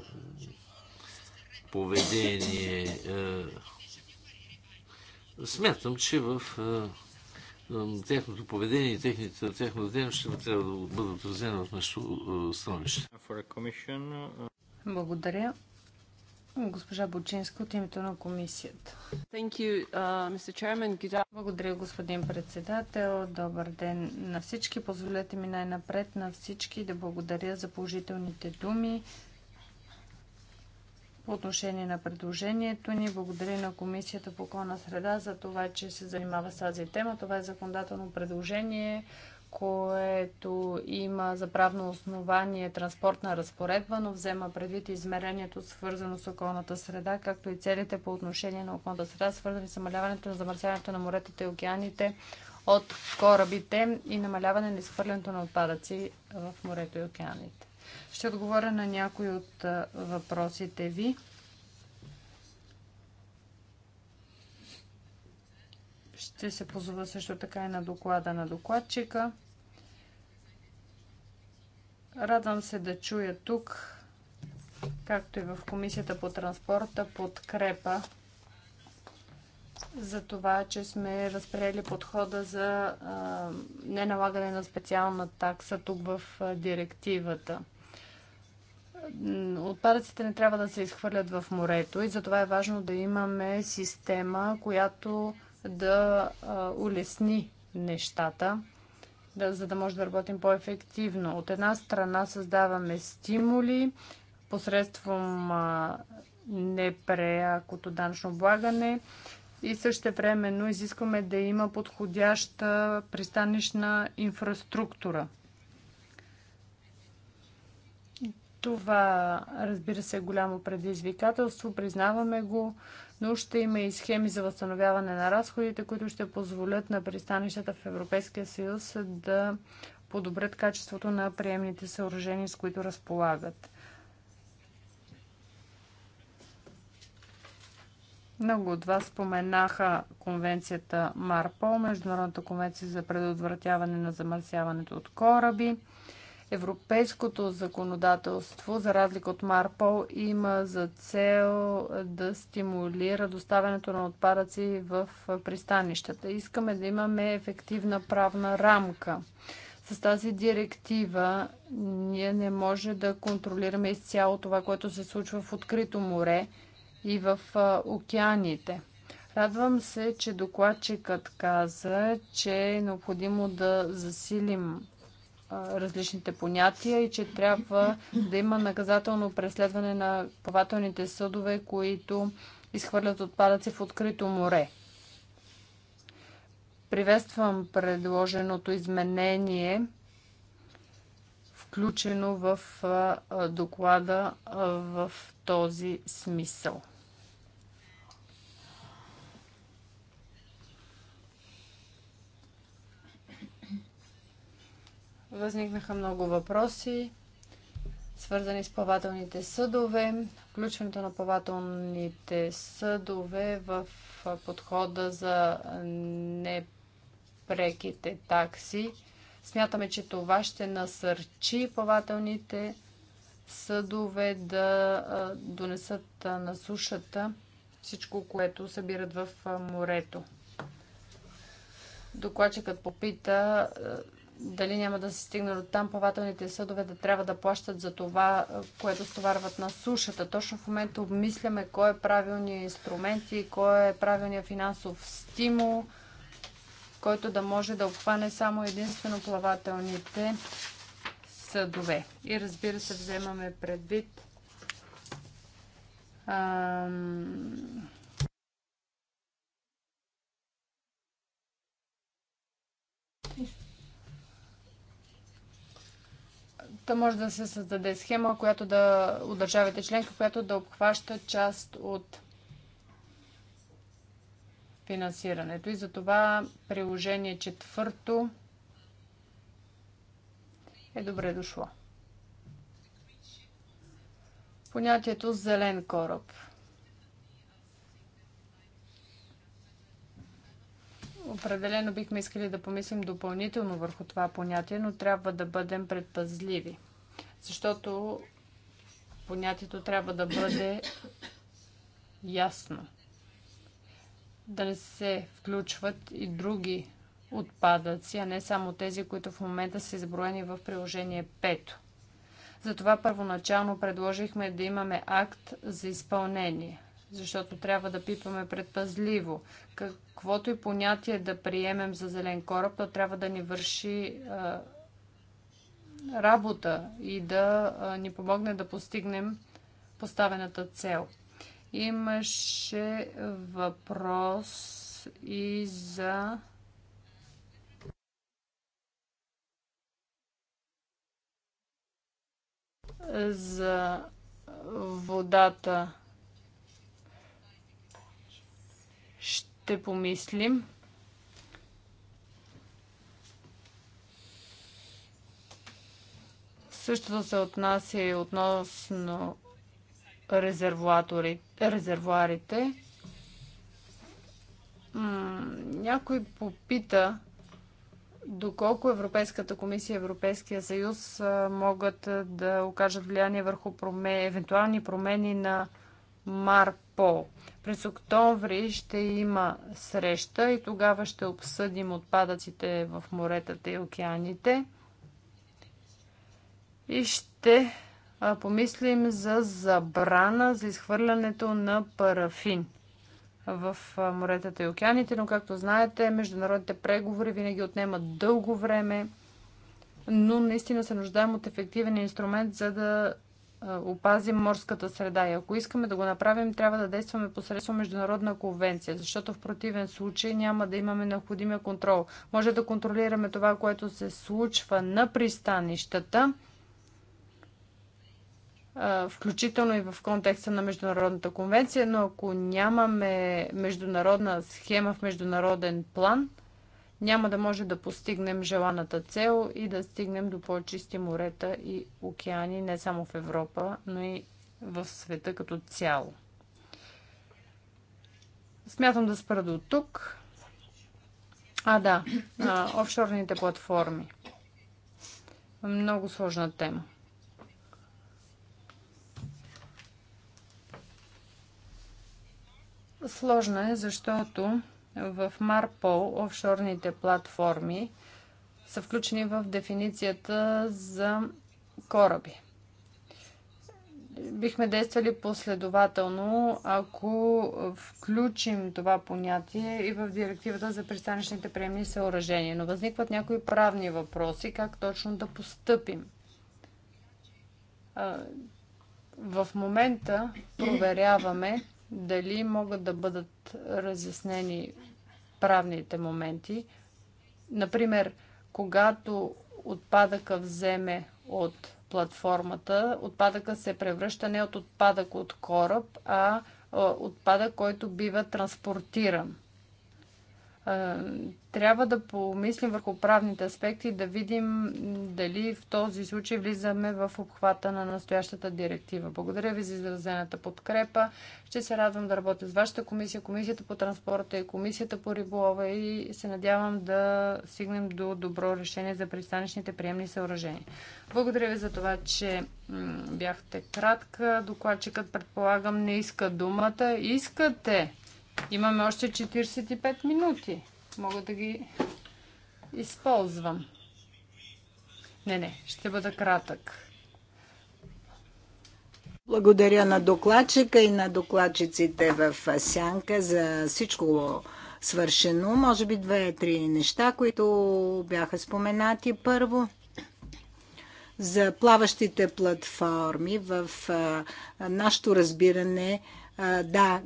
поведение. Е, смятам, че в е, е, техното поведение и техните, техното дейност ще трябва да бъдат отразени в нашето становище. Благодаря. Госпожа Бочинска от името на комисията. You, uh, Благодаря, господин председател. Добър ден на всички. Позволете ми най-напред на всички да благодаря за положителните думи, по отношение на предложението ни. Благодаря на Комисията по околна среда за това, че се занимава с тази тема. Това е законодателно предложение, което има за правно основание транспортна разпоредба, но взема предвид измерението свързано с околната среда, както и целите по отношение на околната среда, свързани с намаляването на замърсяването на моретата и океаните, от корабите и намаляване на изхвърлянето на отпадъци в морето и океаните. Ще отговоря на някои от въпросите ви. Ще се позова също така и на доклада на докладчика. Радвам се да чуя тук, както и в Комисията по транспорта, подкрепа за това, че сме възприели подхода за а, неналагане на специална такса тук в директивата. Отпадъците не трябва да се изхвърлят в морето и затова е важно да имаме система, която да а, улесни нещата, да, за да може да работим по-ефективно. От една страна създаваме стимули посредством а, данъчно облагане, и също времено изискваме да има подходяща пристанищна инфраструктура. Това, разбира се, е голямо предизвикателство, признаваме го, но ще има и схеми за възстановяване на разходите, които ще позволят на пристанищата в Европейския съюз да подобрят качеството на приемните съоръжения, с които разполагат. Много от вас споменаха конвенцията МАРПО, Международната конвенция за предотвратяване на замърсяването от кораби. Европейското законодателство, за разлика от Марпол, има за цел да стимулира доставянето на отпадъци в пристанищата. Искаме да имаме ефективна правна рамка. С тази директива ние не може да контролираме изцяло това, което се случва в открито море и в океаните. Радвам се, че докладчикът каза, че е необходимо да засилим различните понятия и че трябва да има наказателно преследване на плавателните съдове, които изхвърлят отпадъци в открито море. Приветствам предложеното изменение, включено в доклада в този смисъл. Възникнаха много въпроси, свързани с плавателните съдове, включването на плавателните съдове в подхода за непреките такси. Смятаме, че това ще насърчи плавателните съдове да донесат на сушата всичко, което събират в морето. Докладчикът попита дали няма да се стигне до там плавателните съдове да трябва да плащат за това, е, което стоварват на сушата. Точно в момента обмисляме кой е правилният инструмент и кой е правилният финансов стимул, който да може да обхване само единствено плавателните съдове. И разбира се, вземаме предвид ам Та може да се създаде схема, която да от държавите членка, която да обхваща част от финансирането. И за това приложение четвърто е добре дошло. Понятието зелен кораб – Определено бихме искали да помислим допълнително върху това понятие, но трябва да бъдем предпазливи, защото понятието трябва да бъде ясно. Да не се включват и други отпадъци, а не само тези, които в момента са изброени в приложение 5. Затова първоначално предложихме да имаме акт за изпълнение – защото трябва да пипаме предпазливо. Каквото и понятие да приемем за зелен кораб, то трябва да ни върши а, работа и да а, ни помогне да постигнем поставената цел. Имаше въпрос и за за водата ще помислим. Същото се отнася и относно резервуарите. някой попита доколко Европейската комисия и Европейския съюз могат да окажат влияние върху евентуални промени на Марпо. През октомври ще има среща и тогава ще обсъдим отпадъците в моретата и океаните и ще помислим за забрана за изхвърлянето на парафин в моретата и океаните, но както знаете, международните преговори винаги отнемат дълго време, но наистина се нуждаем от ефективен инструмент, за да опазим морската среда. И ако искаме да го направим, трябва да действаме посредством международна конвенция, защото в противен случай няма да имаме необходимия контрол. Може да контролираме това, което се случва на пристанищата, включително и в контекста на Международната конвенция, но ако нямаме международна схема в международен план – няма да може да постигнем желаната цел и да стигнем до по-чисти морета и океани не само в Европа, но и в света като цяло. Смятам да спра до тук. А, да, офшорните платформи. Много сложна тема. Сложна е, защото в Марпол офшорните платформи са включени в дефиницията за кораби. Бихме действали последователно, ако включим това понятие и в директивата за пристанищните приемни съоръжения. Но възникват някои правни въпроси, как точно да постъпим. В момента проверяваме дали могат да бъдат разяснени правните моменти. Например, когато отпадъка вземе от платформата, отпадъка се превръща не от отпадък от кораб, а отпадък, който бива транспортиран. Е, трябва да помислим върху правните аспекти, да видим дали в този случай влизаме в обхвата на настоящата директива. Благодаря ви за изразената подкрепа. Ще се радвам да работя с вашата комисия, комисията по транспорта и комисията по риболова и се надявам да стигнем до добро решение за пристанищните приемни съоръжения. Благодаря ви за това, че бяхте кратка. Докладчикът, предполагам, не иска думата. Искате! Имаме още 45 минути. Мога да ги използвам. Не, не, ще бъда кратък. Благодаря на докладчика и на докладчиците в Сянка за всичко свършено. Може би две-три неща, които бяха споменати. Първо, за плаващите платформи в нашето разбиране – да,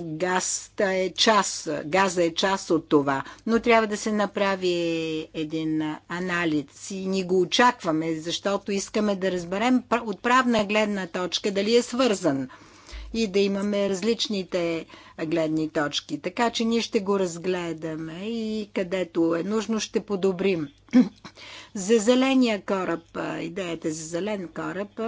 газта е част, газа е част от това, но трябва да се направи един анализ и ни го очакваме, защото искаме да разберем от правна гледна точка дали е свързан и да имаме различните гледни точки. Така че ние ще го разгледаме и където е нужно ще подобрим. За зеления кораб, идеята за зелен кораб,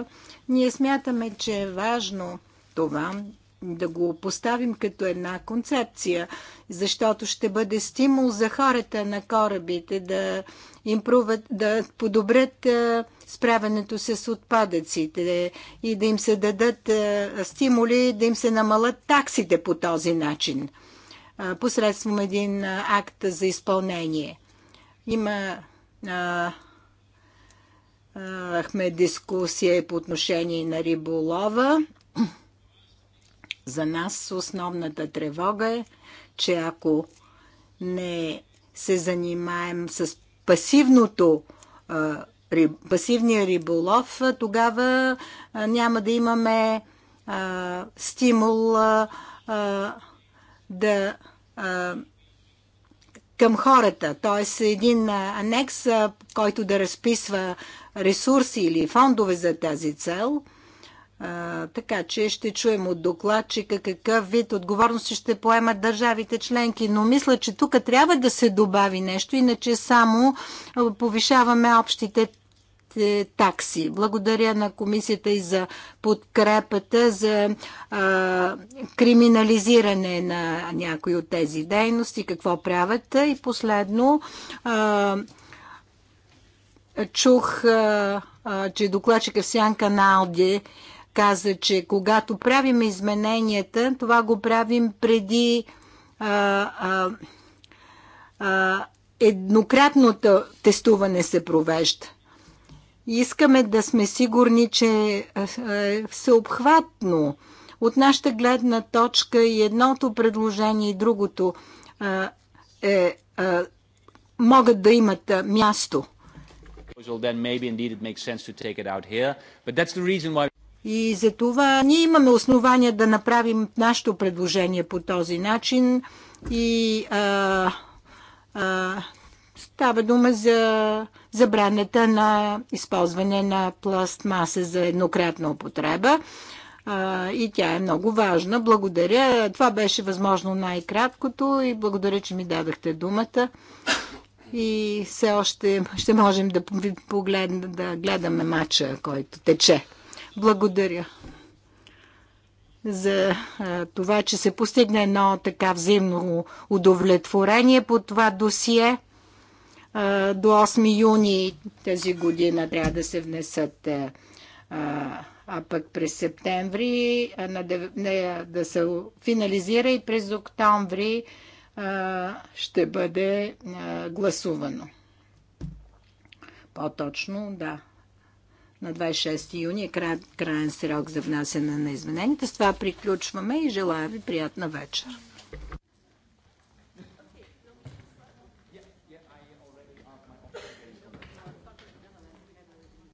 ние смятаме, че е важно това да го поставим като една концепция, защото ще бъде стимул за хората на корабите да импруват, да подобрят справянето се с отпадъците и да им се дадат стимули, да им се намалят таксите по този начин, посредством един акт за изпълнение. Има имахме дискусия по отношение на риболова за нас основната тревога е, че ако не се занимаем с пасивното пасивния риболов, тогава няма да имаме стимул да към хората. Т.е. един анекс, който да разписва ресурси или фондове за тази цел – а, така че ще чуем от докладчика какъв вид отговорности ще поемат държавите членки. Но мисля, че тук трябва да се добави нещо, иначе само повишаваме общите е, такси. Благодаря на комисията и за подкрепата за а, криминализиране на някои от тези дейности, какво правят. И последно, а, чух, а, че докладчика в Сянка на каза, че когато правим измененията, това го правим преди а, а, а, еднократното тестуване се провежда. Искаме да сме сигурни, че е всеобхватно. От нашата гледна точка и едното предложение и другото е, е, могат да имат място. И за това ние имаме основания да направим нашето предложение по този начин и а, а, става дума за забраната на използване на пластмаса за еднократна употреба. А, и тя е много важна. Благодаря. Това беше възможно най-краткото и благодаря, че ми дадахте думата. И все още ще можем да погледна, да гледаме матча, който тече. Благодаря за това, че се постигне едно така взаимно удовлетворение по това досие. До 8 юни тази година трябва да се внесат а пък през септември да се финализира и през октомври ще бъде гласувано. По-точно, да, на 26 юни е кра... краен срок за внасяне на измененията. С това приключваме и желая ви приятна вечер.